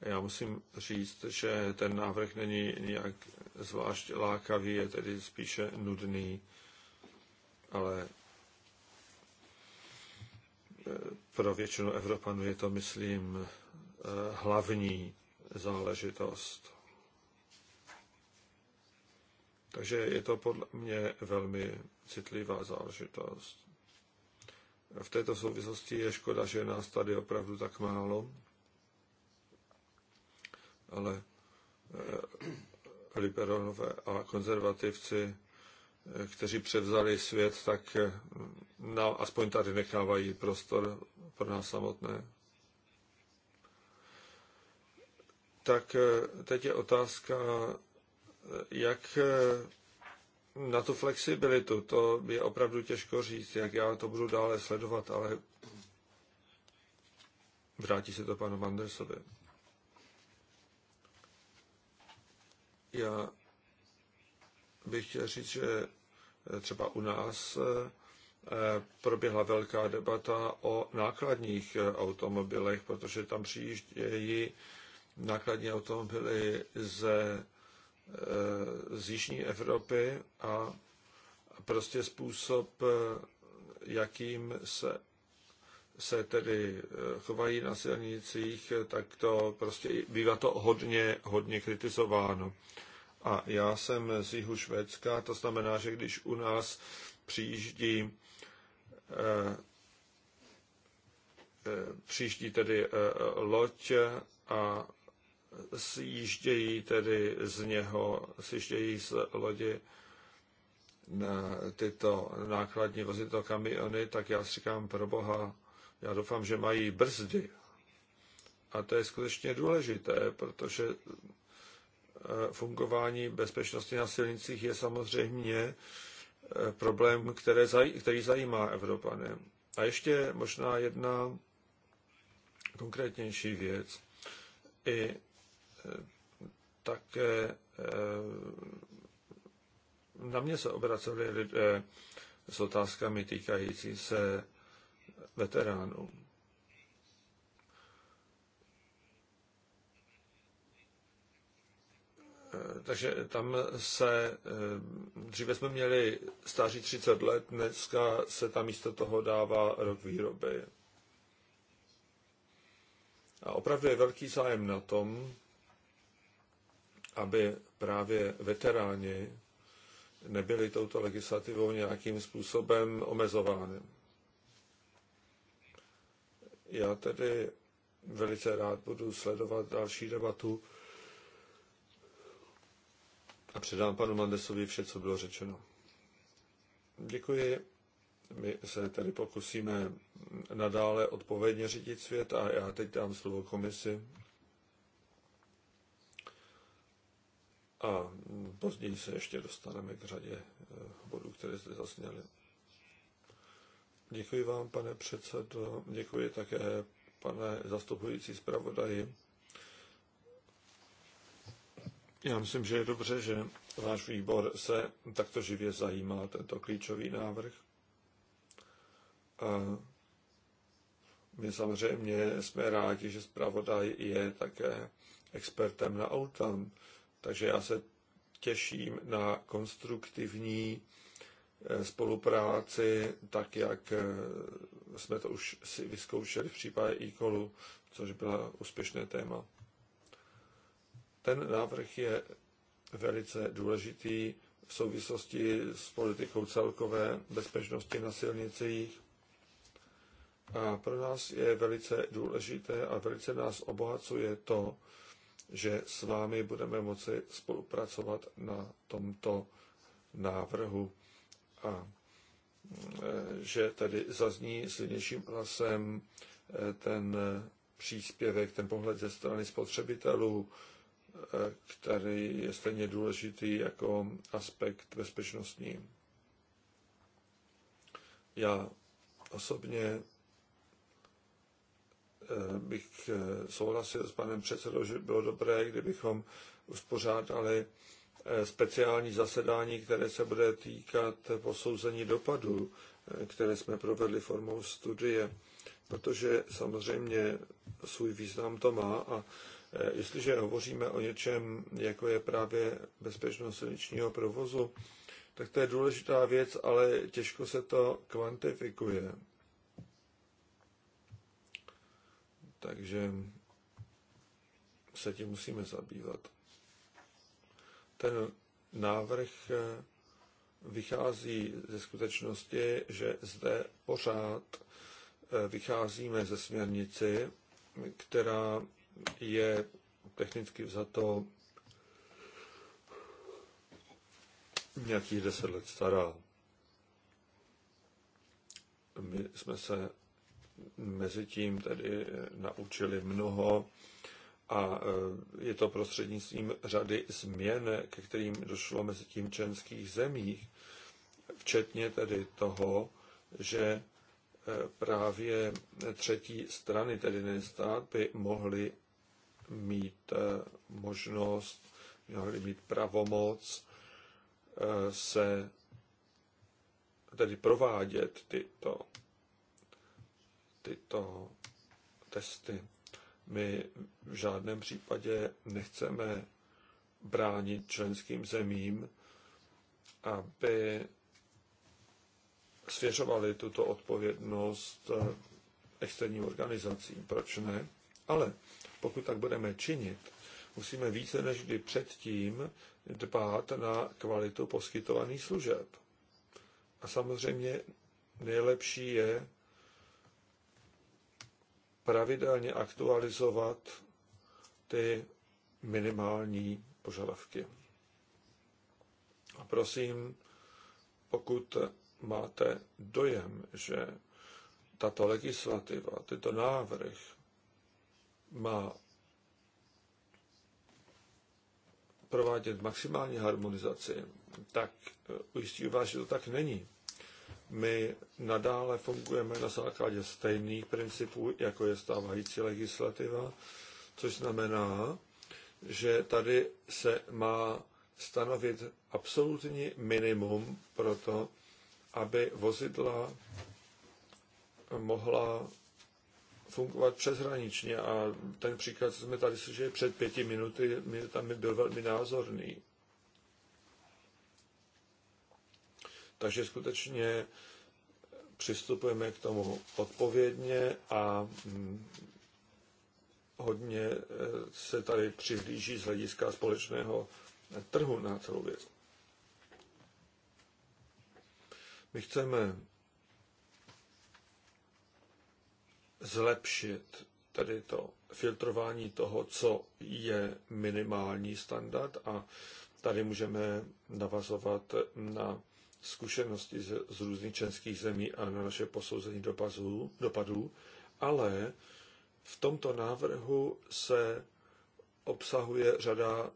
Já musím říct, že ten návrh není nějak zvlášť lákavý, je tedy spíše nudný, ale eh, pro většinu Evropanů je to, myslím, eh, hlavní záležitost. Takže je to podle mě velmi citlivá záležitost. V této souvislosti je škoda, že nás tady opravdu tak málo ale eh, liberálové a konzervativci, eh, kteří převzali svět, tak eh, nám aspoň tady nechávají prostor pro nás samotné. Tak teď je otázka, jak na tu flexibilitu, to je opravdu těžko říct, jak já to budu dále sledovat, ale vrátí se to panu Mandersovi. Já bych chtěl říct, že třeba u nás eh, proběhla velká debata o nákladních eh, automobilech, protože tam přijíždějí nákladní automobily ze, eh, z Jižní Evropy a prostě způsob, jakým se se tedy eh, chovají na silnicích, eh, tak to prostě bývá to hodně, hodně kritizováno. A já jsem z jihu Švédska, to znamená, že když u nás přijíždí eh, přijíždí tedy loď a sjíždějí tedy z něho, sjíždějí z lodi na tyto nákladní vozidlo kamiony, tak já si říkám, pro boha, já doufám, že mají brzdy. A to je skutečně důležité, protože eh, fungování bezpečnosti na silnicích je samozřejmě eh, problém, které, který zajímá Evropany. A ještě možná jedna konkrétnější věc. I eh, také na mě se obraceli lidé s otázkami týkající se veteránů. Eh, takže tam se, eh, dříve jsme měli stáří 30 let, dneska se tam místo toho dává rok výroby. A opravdu je velký zájem na tom, aby právě veteráni nebyli touto legislativou nějakým způsobem omezovány. Já tedy velice rád budu sledovat další debatu a předám panu Mandesovi vše, co bylo řečeno. Děkuji. My se tady pokusíme nadále odpovědně řídit svět a já teď dám slovo komisi. A později se ještě dostaneme k řadě eh, bodů, které zde zasněly. Děkuji vám, pane předsedo. Děkuji také, pane zastupující zpravodaji. Já myslím, že je dobře, že váš výbor se takto živě zajímá tento klíčový návrh. A my samozřejmě jsme rádi, že zpravodaj je také expertem na autem, takže já se těším na konstruktivní Eh, spolupráci, tak jak eh, jsme to už si vyzkoušeli v případě e což byla úspěšné téma. Ten návrh je velice důležitý v souvislosti s politikou celkové bezpečnosti na silnicích. A pro nás je velice důležité a velice nás obohacuje to, že s vámi budeme moci spolupracovat na tomto návrhu a e, že tedy zazní silnějším hlasem e, ten e, příspěvek, ten pohled ze strany spotřebitelů, který je stejně důležitý jako aspekt bezpečnostní. Já osobně bych souhlasil s panem předsedou, že bylo dobré, kdybychom uspořádali Eh, speciální zasedání, které se bude týkat posouzení dopadů, eh, které jsme provedli formou studie, protože samozřejmě svůj význam to má a eh, jestliže hovoříme o něčem, jako je právě bezpečnost silničního provozu, tak to je důležitá věc, ale těžko se to kvantifikuje. Takže se tím musíme zabývat. Ten návrh eh, vychází ze skutečnosti, že zde pořád eh, vycházíme ze směrnici, která je technicky vzato nějakých deset let stará. My jsme se mezi tím tedy naučili mnoho a e, je to prostřednictvím řady změn, ke kterým došlo mezi tím členských zemích, včetně tedy toho, že e, právě třetí strany, tedy ne stát, by mohly mít e, možnost, mohly mít pravomoc se tedy provádět tyto, tyto testy. My v žádném případě nechceme bránit členským zemím, aby svěřovali tuto odpovědnost eh, externím organizacím. Proč ne? Ale pokud tak budeme činit, musíme více než kdy předtím dbát na kvalitu poskytovaných služeb. A samozřejmě nejlepší je pravidelně aktualizovat ty minimální požadavky. A prosím, pokud máte dojem, že tato legislativa, tyto návrh má provádět maximální harmonizaci, tak ujistuju vás, že to tak není. My nadále fungujeme na základě stejných principů, jako je stávající legislativa, což znamená, že tady se má stanovit absolutní minimum pro to, aby vozidla mohla fungovat přeshraničně. A ten příklad, co jsme tady slyšeli před pěti minuty, mi tam byl velmi názorný. Takže skutečně přistupujeme k tomu odpovědně a mm, hodně e, se tady přihlíží z hlediska společného trhu na celou věc. My chceme zlepšit tedy to filtrování toho, co je minimální standard a tady můžeme navazovat na zkušenosti z, z různých členských zemí a na naše posouzení dopazů, dopadů, ale v tomto návrhu se obsahuje řada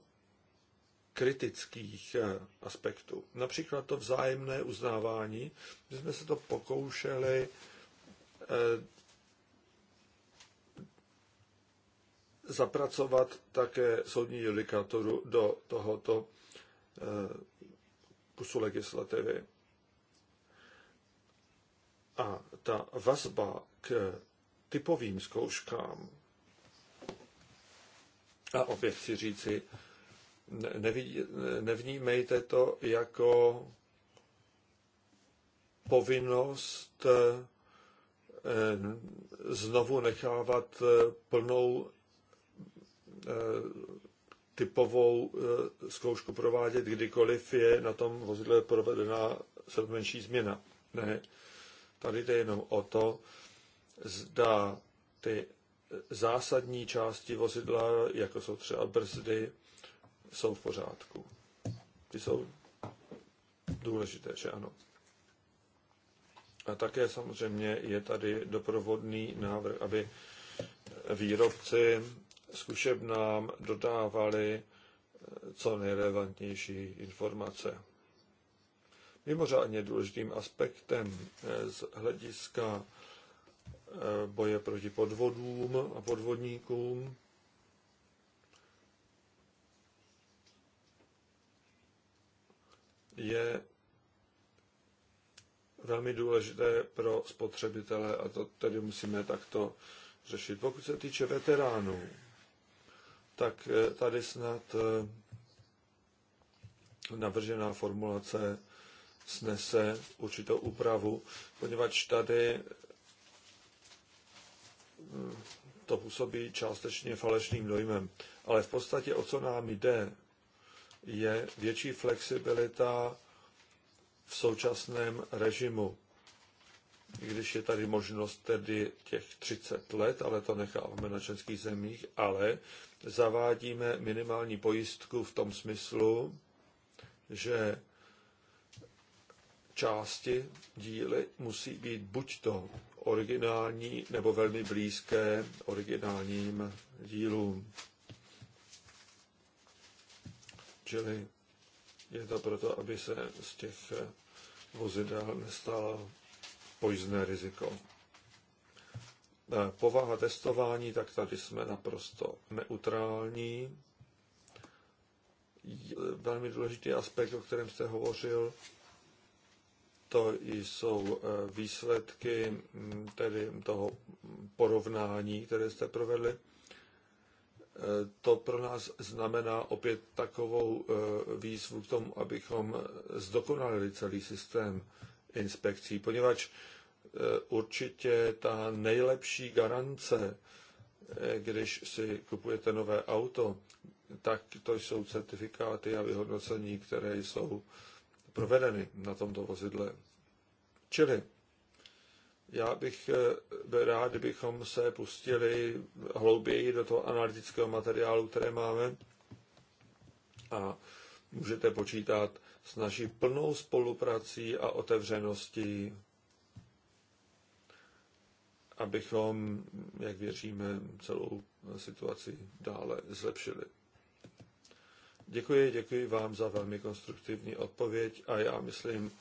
kritických eh, aspektů. Například to vzájemné uznávání, my jsme se to pokoušeli eh, zapracovat také soudní judikaturu do tohoto eh, kusu legislativy. A ta vazba k typovým zkouškám, a opět si říci, nevnímejte to jako povinnost eh, znovu nechávat eh, plnou eh, typovou eh, zkoušku provádět kdykoliv je na tom vozidle provedena menší změna. Ne. Tady jde jenom o to, zda ty zásadní části vozidla, jako jsou třeba brzdy, jsou v pořádku. Ty jsou důležité, že ano. A také samozřejmě je tady doprovodný návrh, aby výrobci služeb nám dodávaly eh, co nejrelevantnější informace. Mimořádně důležitým aspektem eh, z hlediska eh, boje proti podvodům a podvodníkům je velmi důležité pro spotřebitele a to tedy musíme takto řešit. Pokud se týče veteránů, tak eh, tady snad eh, navržená formulace snese určitou úpravu, poněvadž tady mm, to působí částečně falešným dojmem. Ale v podstatě o co nám jde, je větší flexibilita v současném režimu když je tady možnost tedy těch 30 let, ale to necháváme na členských zemích, ale zavádíme minimální pojistku v tom smyslu, že části díly musí být buď to originální nebo velmi blízké originálním dílům. Čili je to proto, aby se z těch vozidel nestalo pojízdné riziko. E, povaha testování, tak tady jsme naprosto neutrální. Velmi důležitý aspekt, o kterém jste hovořil, to jsou e, výsledky tedy toho porovnání, které jste provedli. E, to pro nás znamená opět takovou výzvu k tomu, abychom zdokonalili celý systém inspekcí, poněvadž e, určitě ta nejlepší garance, e, když si kupujete nové auto, tak to jsou certifikáty a vyhodnocení, které jsou provedeny na tomto vozidle. Čili já bych e, byl rád, kdybychom se pustili hlouběji do toho analytického materiálu, které máme a můžete počítat s naší plnou spoluprací a otevřeností, abychom, jak věříme, celou situaci dále zlepšili. Děkuji, děkuji vám za velmi konstruktivní odpověď a já myslím,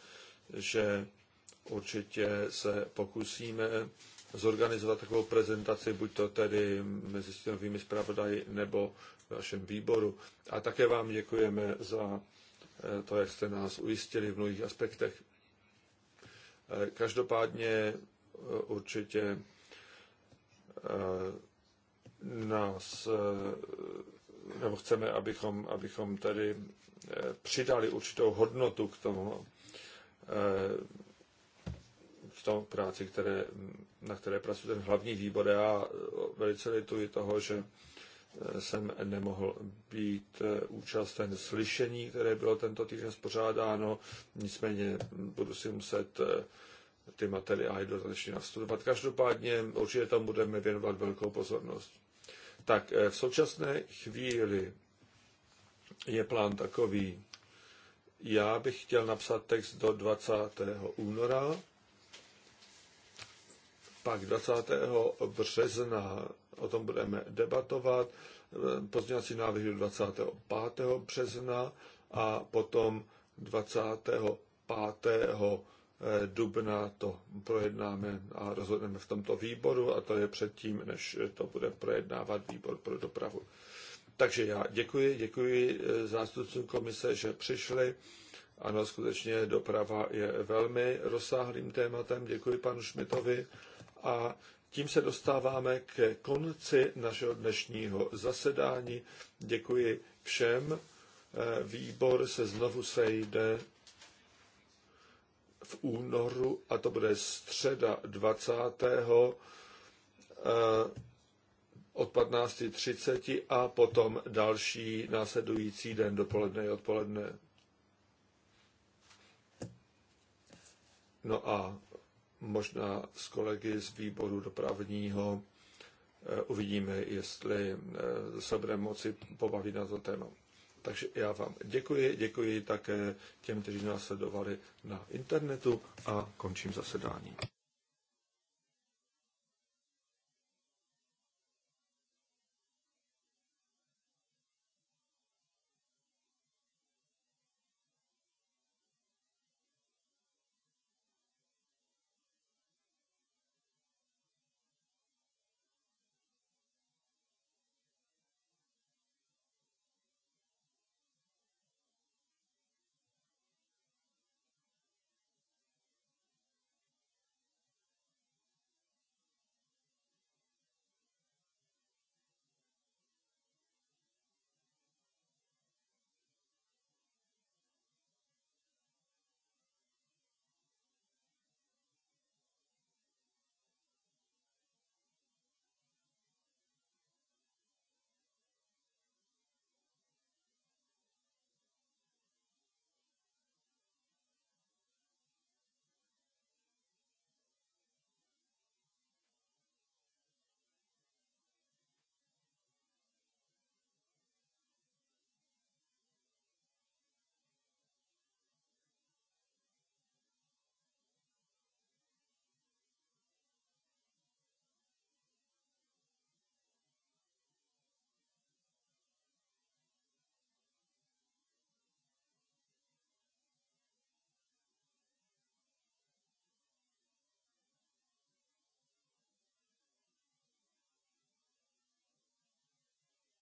že určitě se pokusíme zorganizovat takovou prezentaci, buď to tedy mezi stěnovými zpravodaji nebo v vašem výboru. A také vám děkujeme za Eh, to, jak jste nás ujistili v mnohých aspektech. Eh, každopádně eh, určitě nás, nebo chceme, abychom, abychom tady přidali určitou hodnotu k tomu, v tom práci, které, na které pracuje ten hlavní výbor. Já velice lituji toho, že Eh, jsem nemohl být eh, účasten slyšení, které bylo tento týden spořádáno, nicméně budu si muset eh, ty materiály dodatečně nastudovat. Každopádně určitě tam budeme věnovat velkou pozornost. Tak v současné chvíli je plán takový. Já bych chtěl napsat text do 20. února, pak 20. března o tom budeme debatovat. Pozdělací návrhy 25. března a potom 25. dubna to projednáme a rozhodneme v tomto výboru a to je předtím, než to bude projednávat výbor pro dopravu. Takže já děkuji, děkuji zástupcům komise, že přišli. Ano, skutečně doprava je velmi rozsáhlým tématem. Děkuji panu Šmitovi a tím se dostáváme ke konci našeho dnešního zasedání. Děkuji všem. Eh, výbor se znovu sejde v únoru, a to bude středa 20. Eh, od 15.30 a potom další následující den dopoledne i odpoledne. No a možná s kolegy z výboru dopravního eh, uvidíme, jestli eh, se bude moci pobavit na to téma. Takže já vám děkuji, děkuji také těm, kteří nás sledovali na internetu a končím zasedání.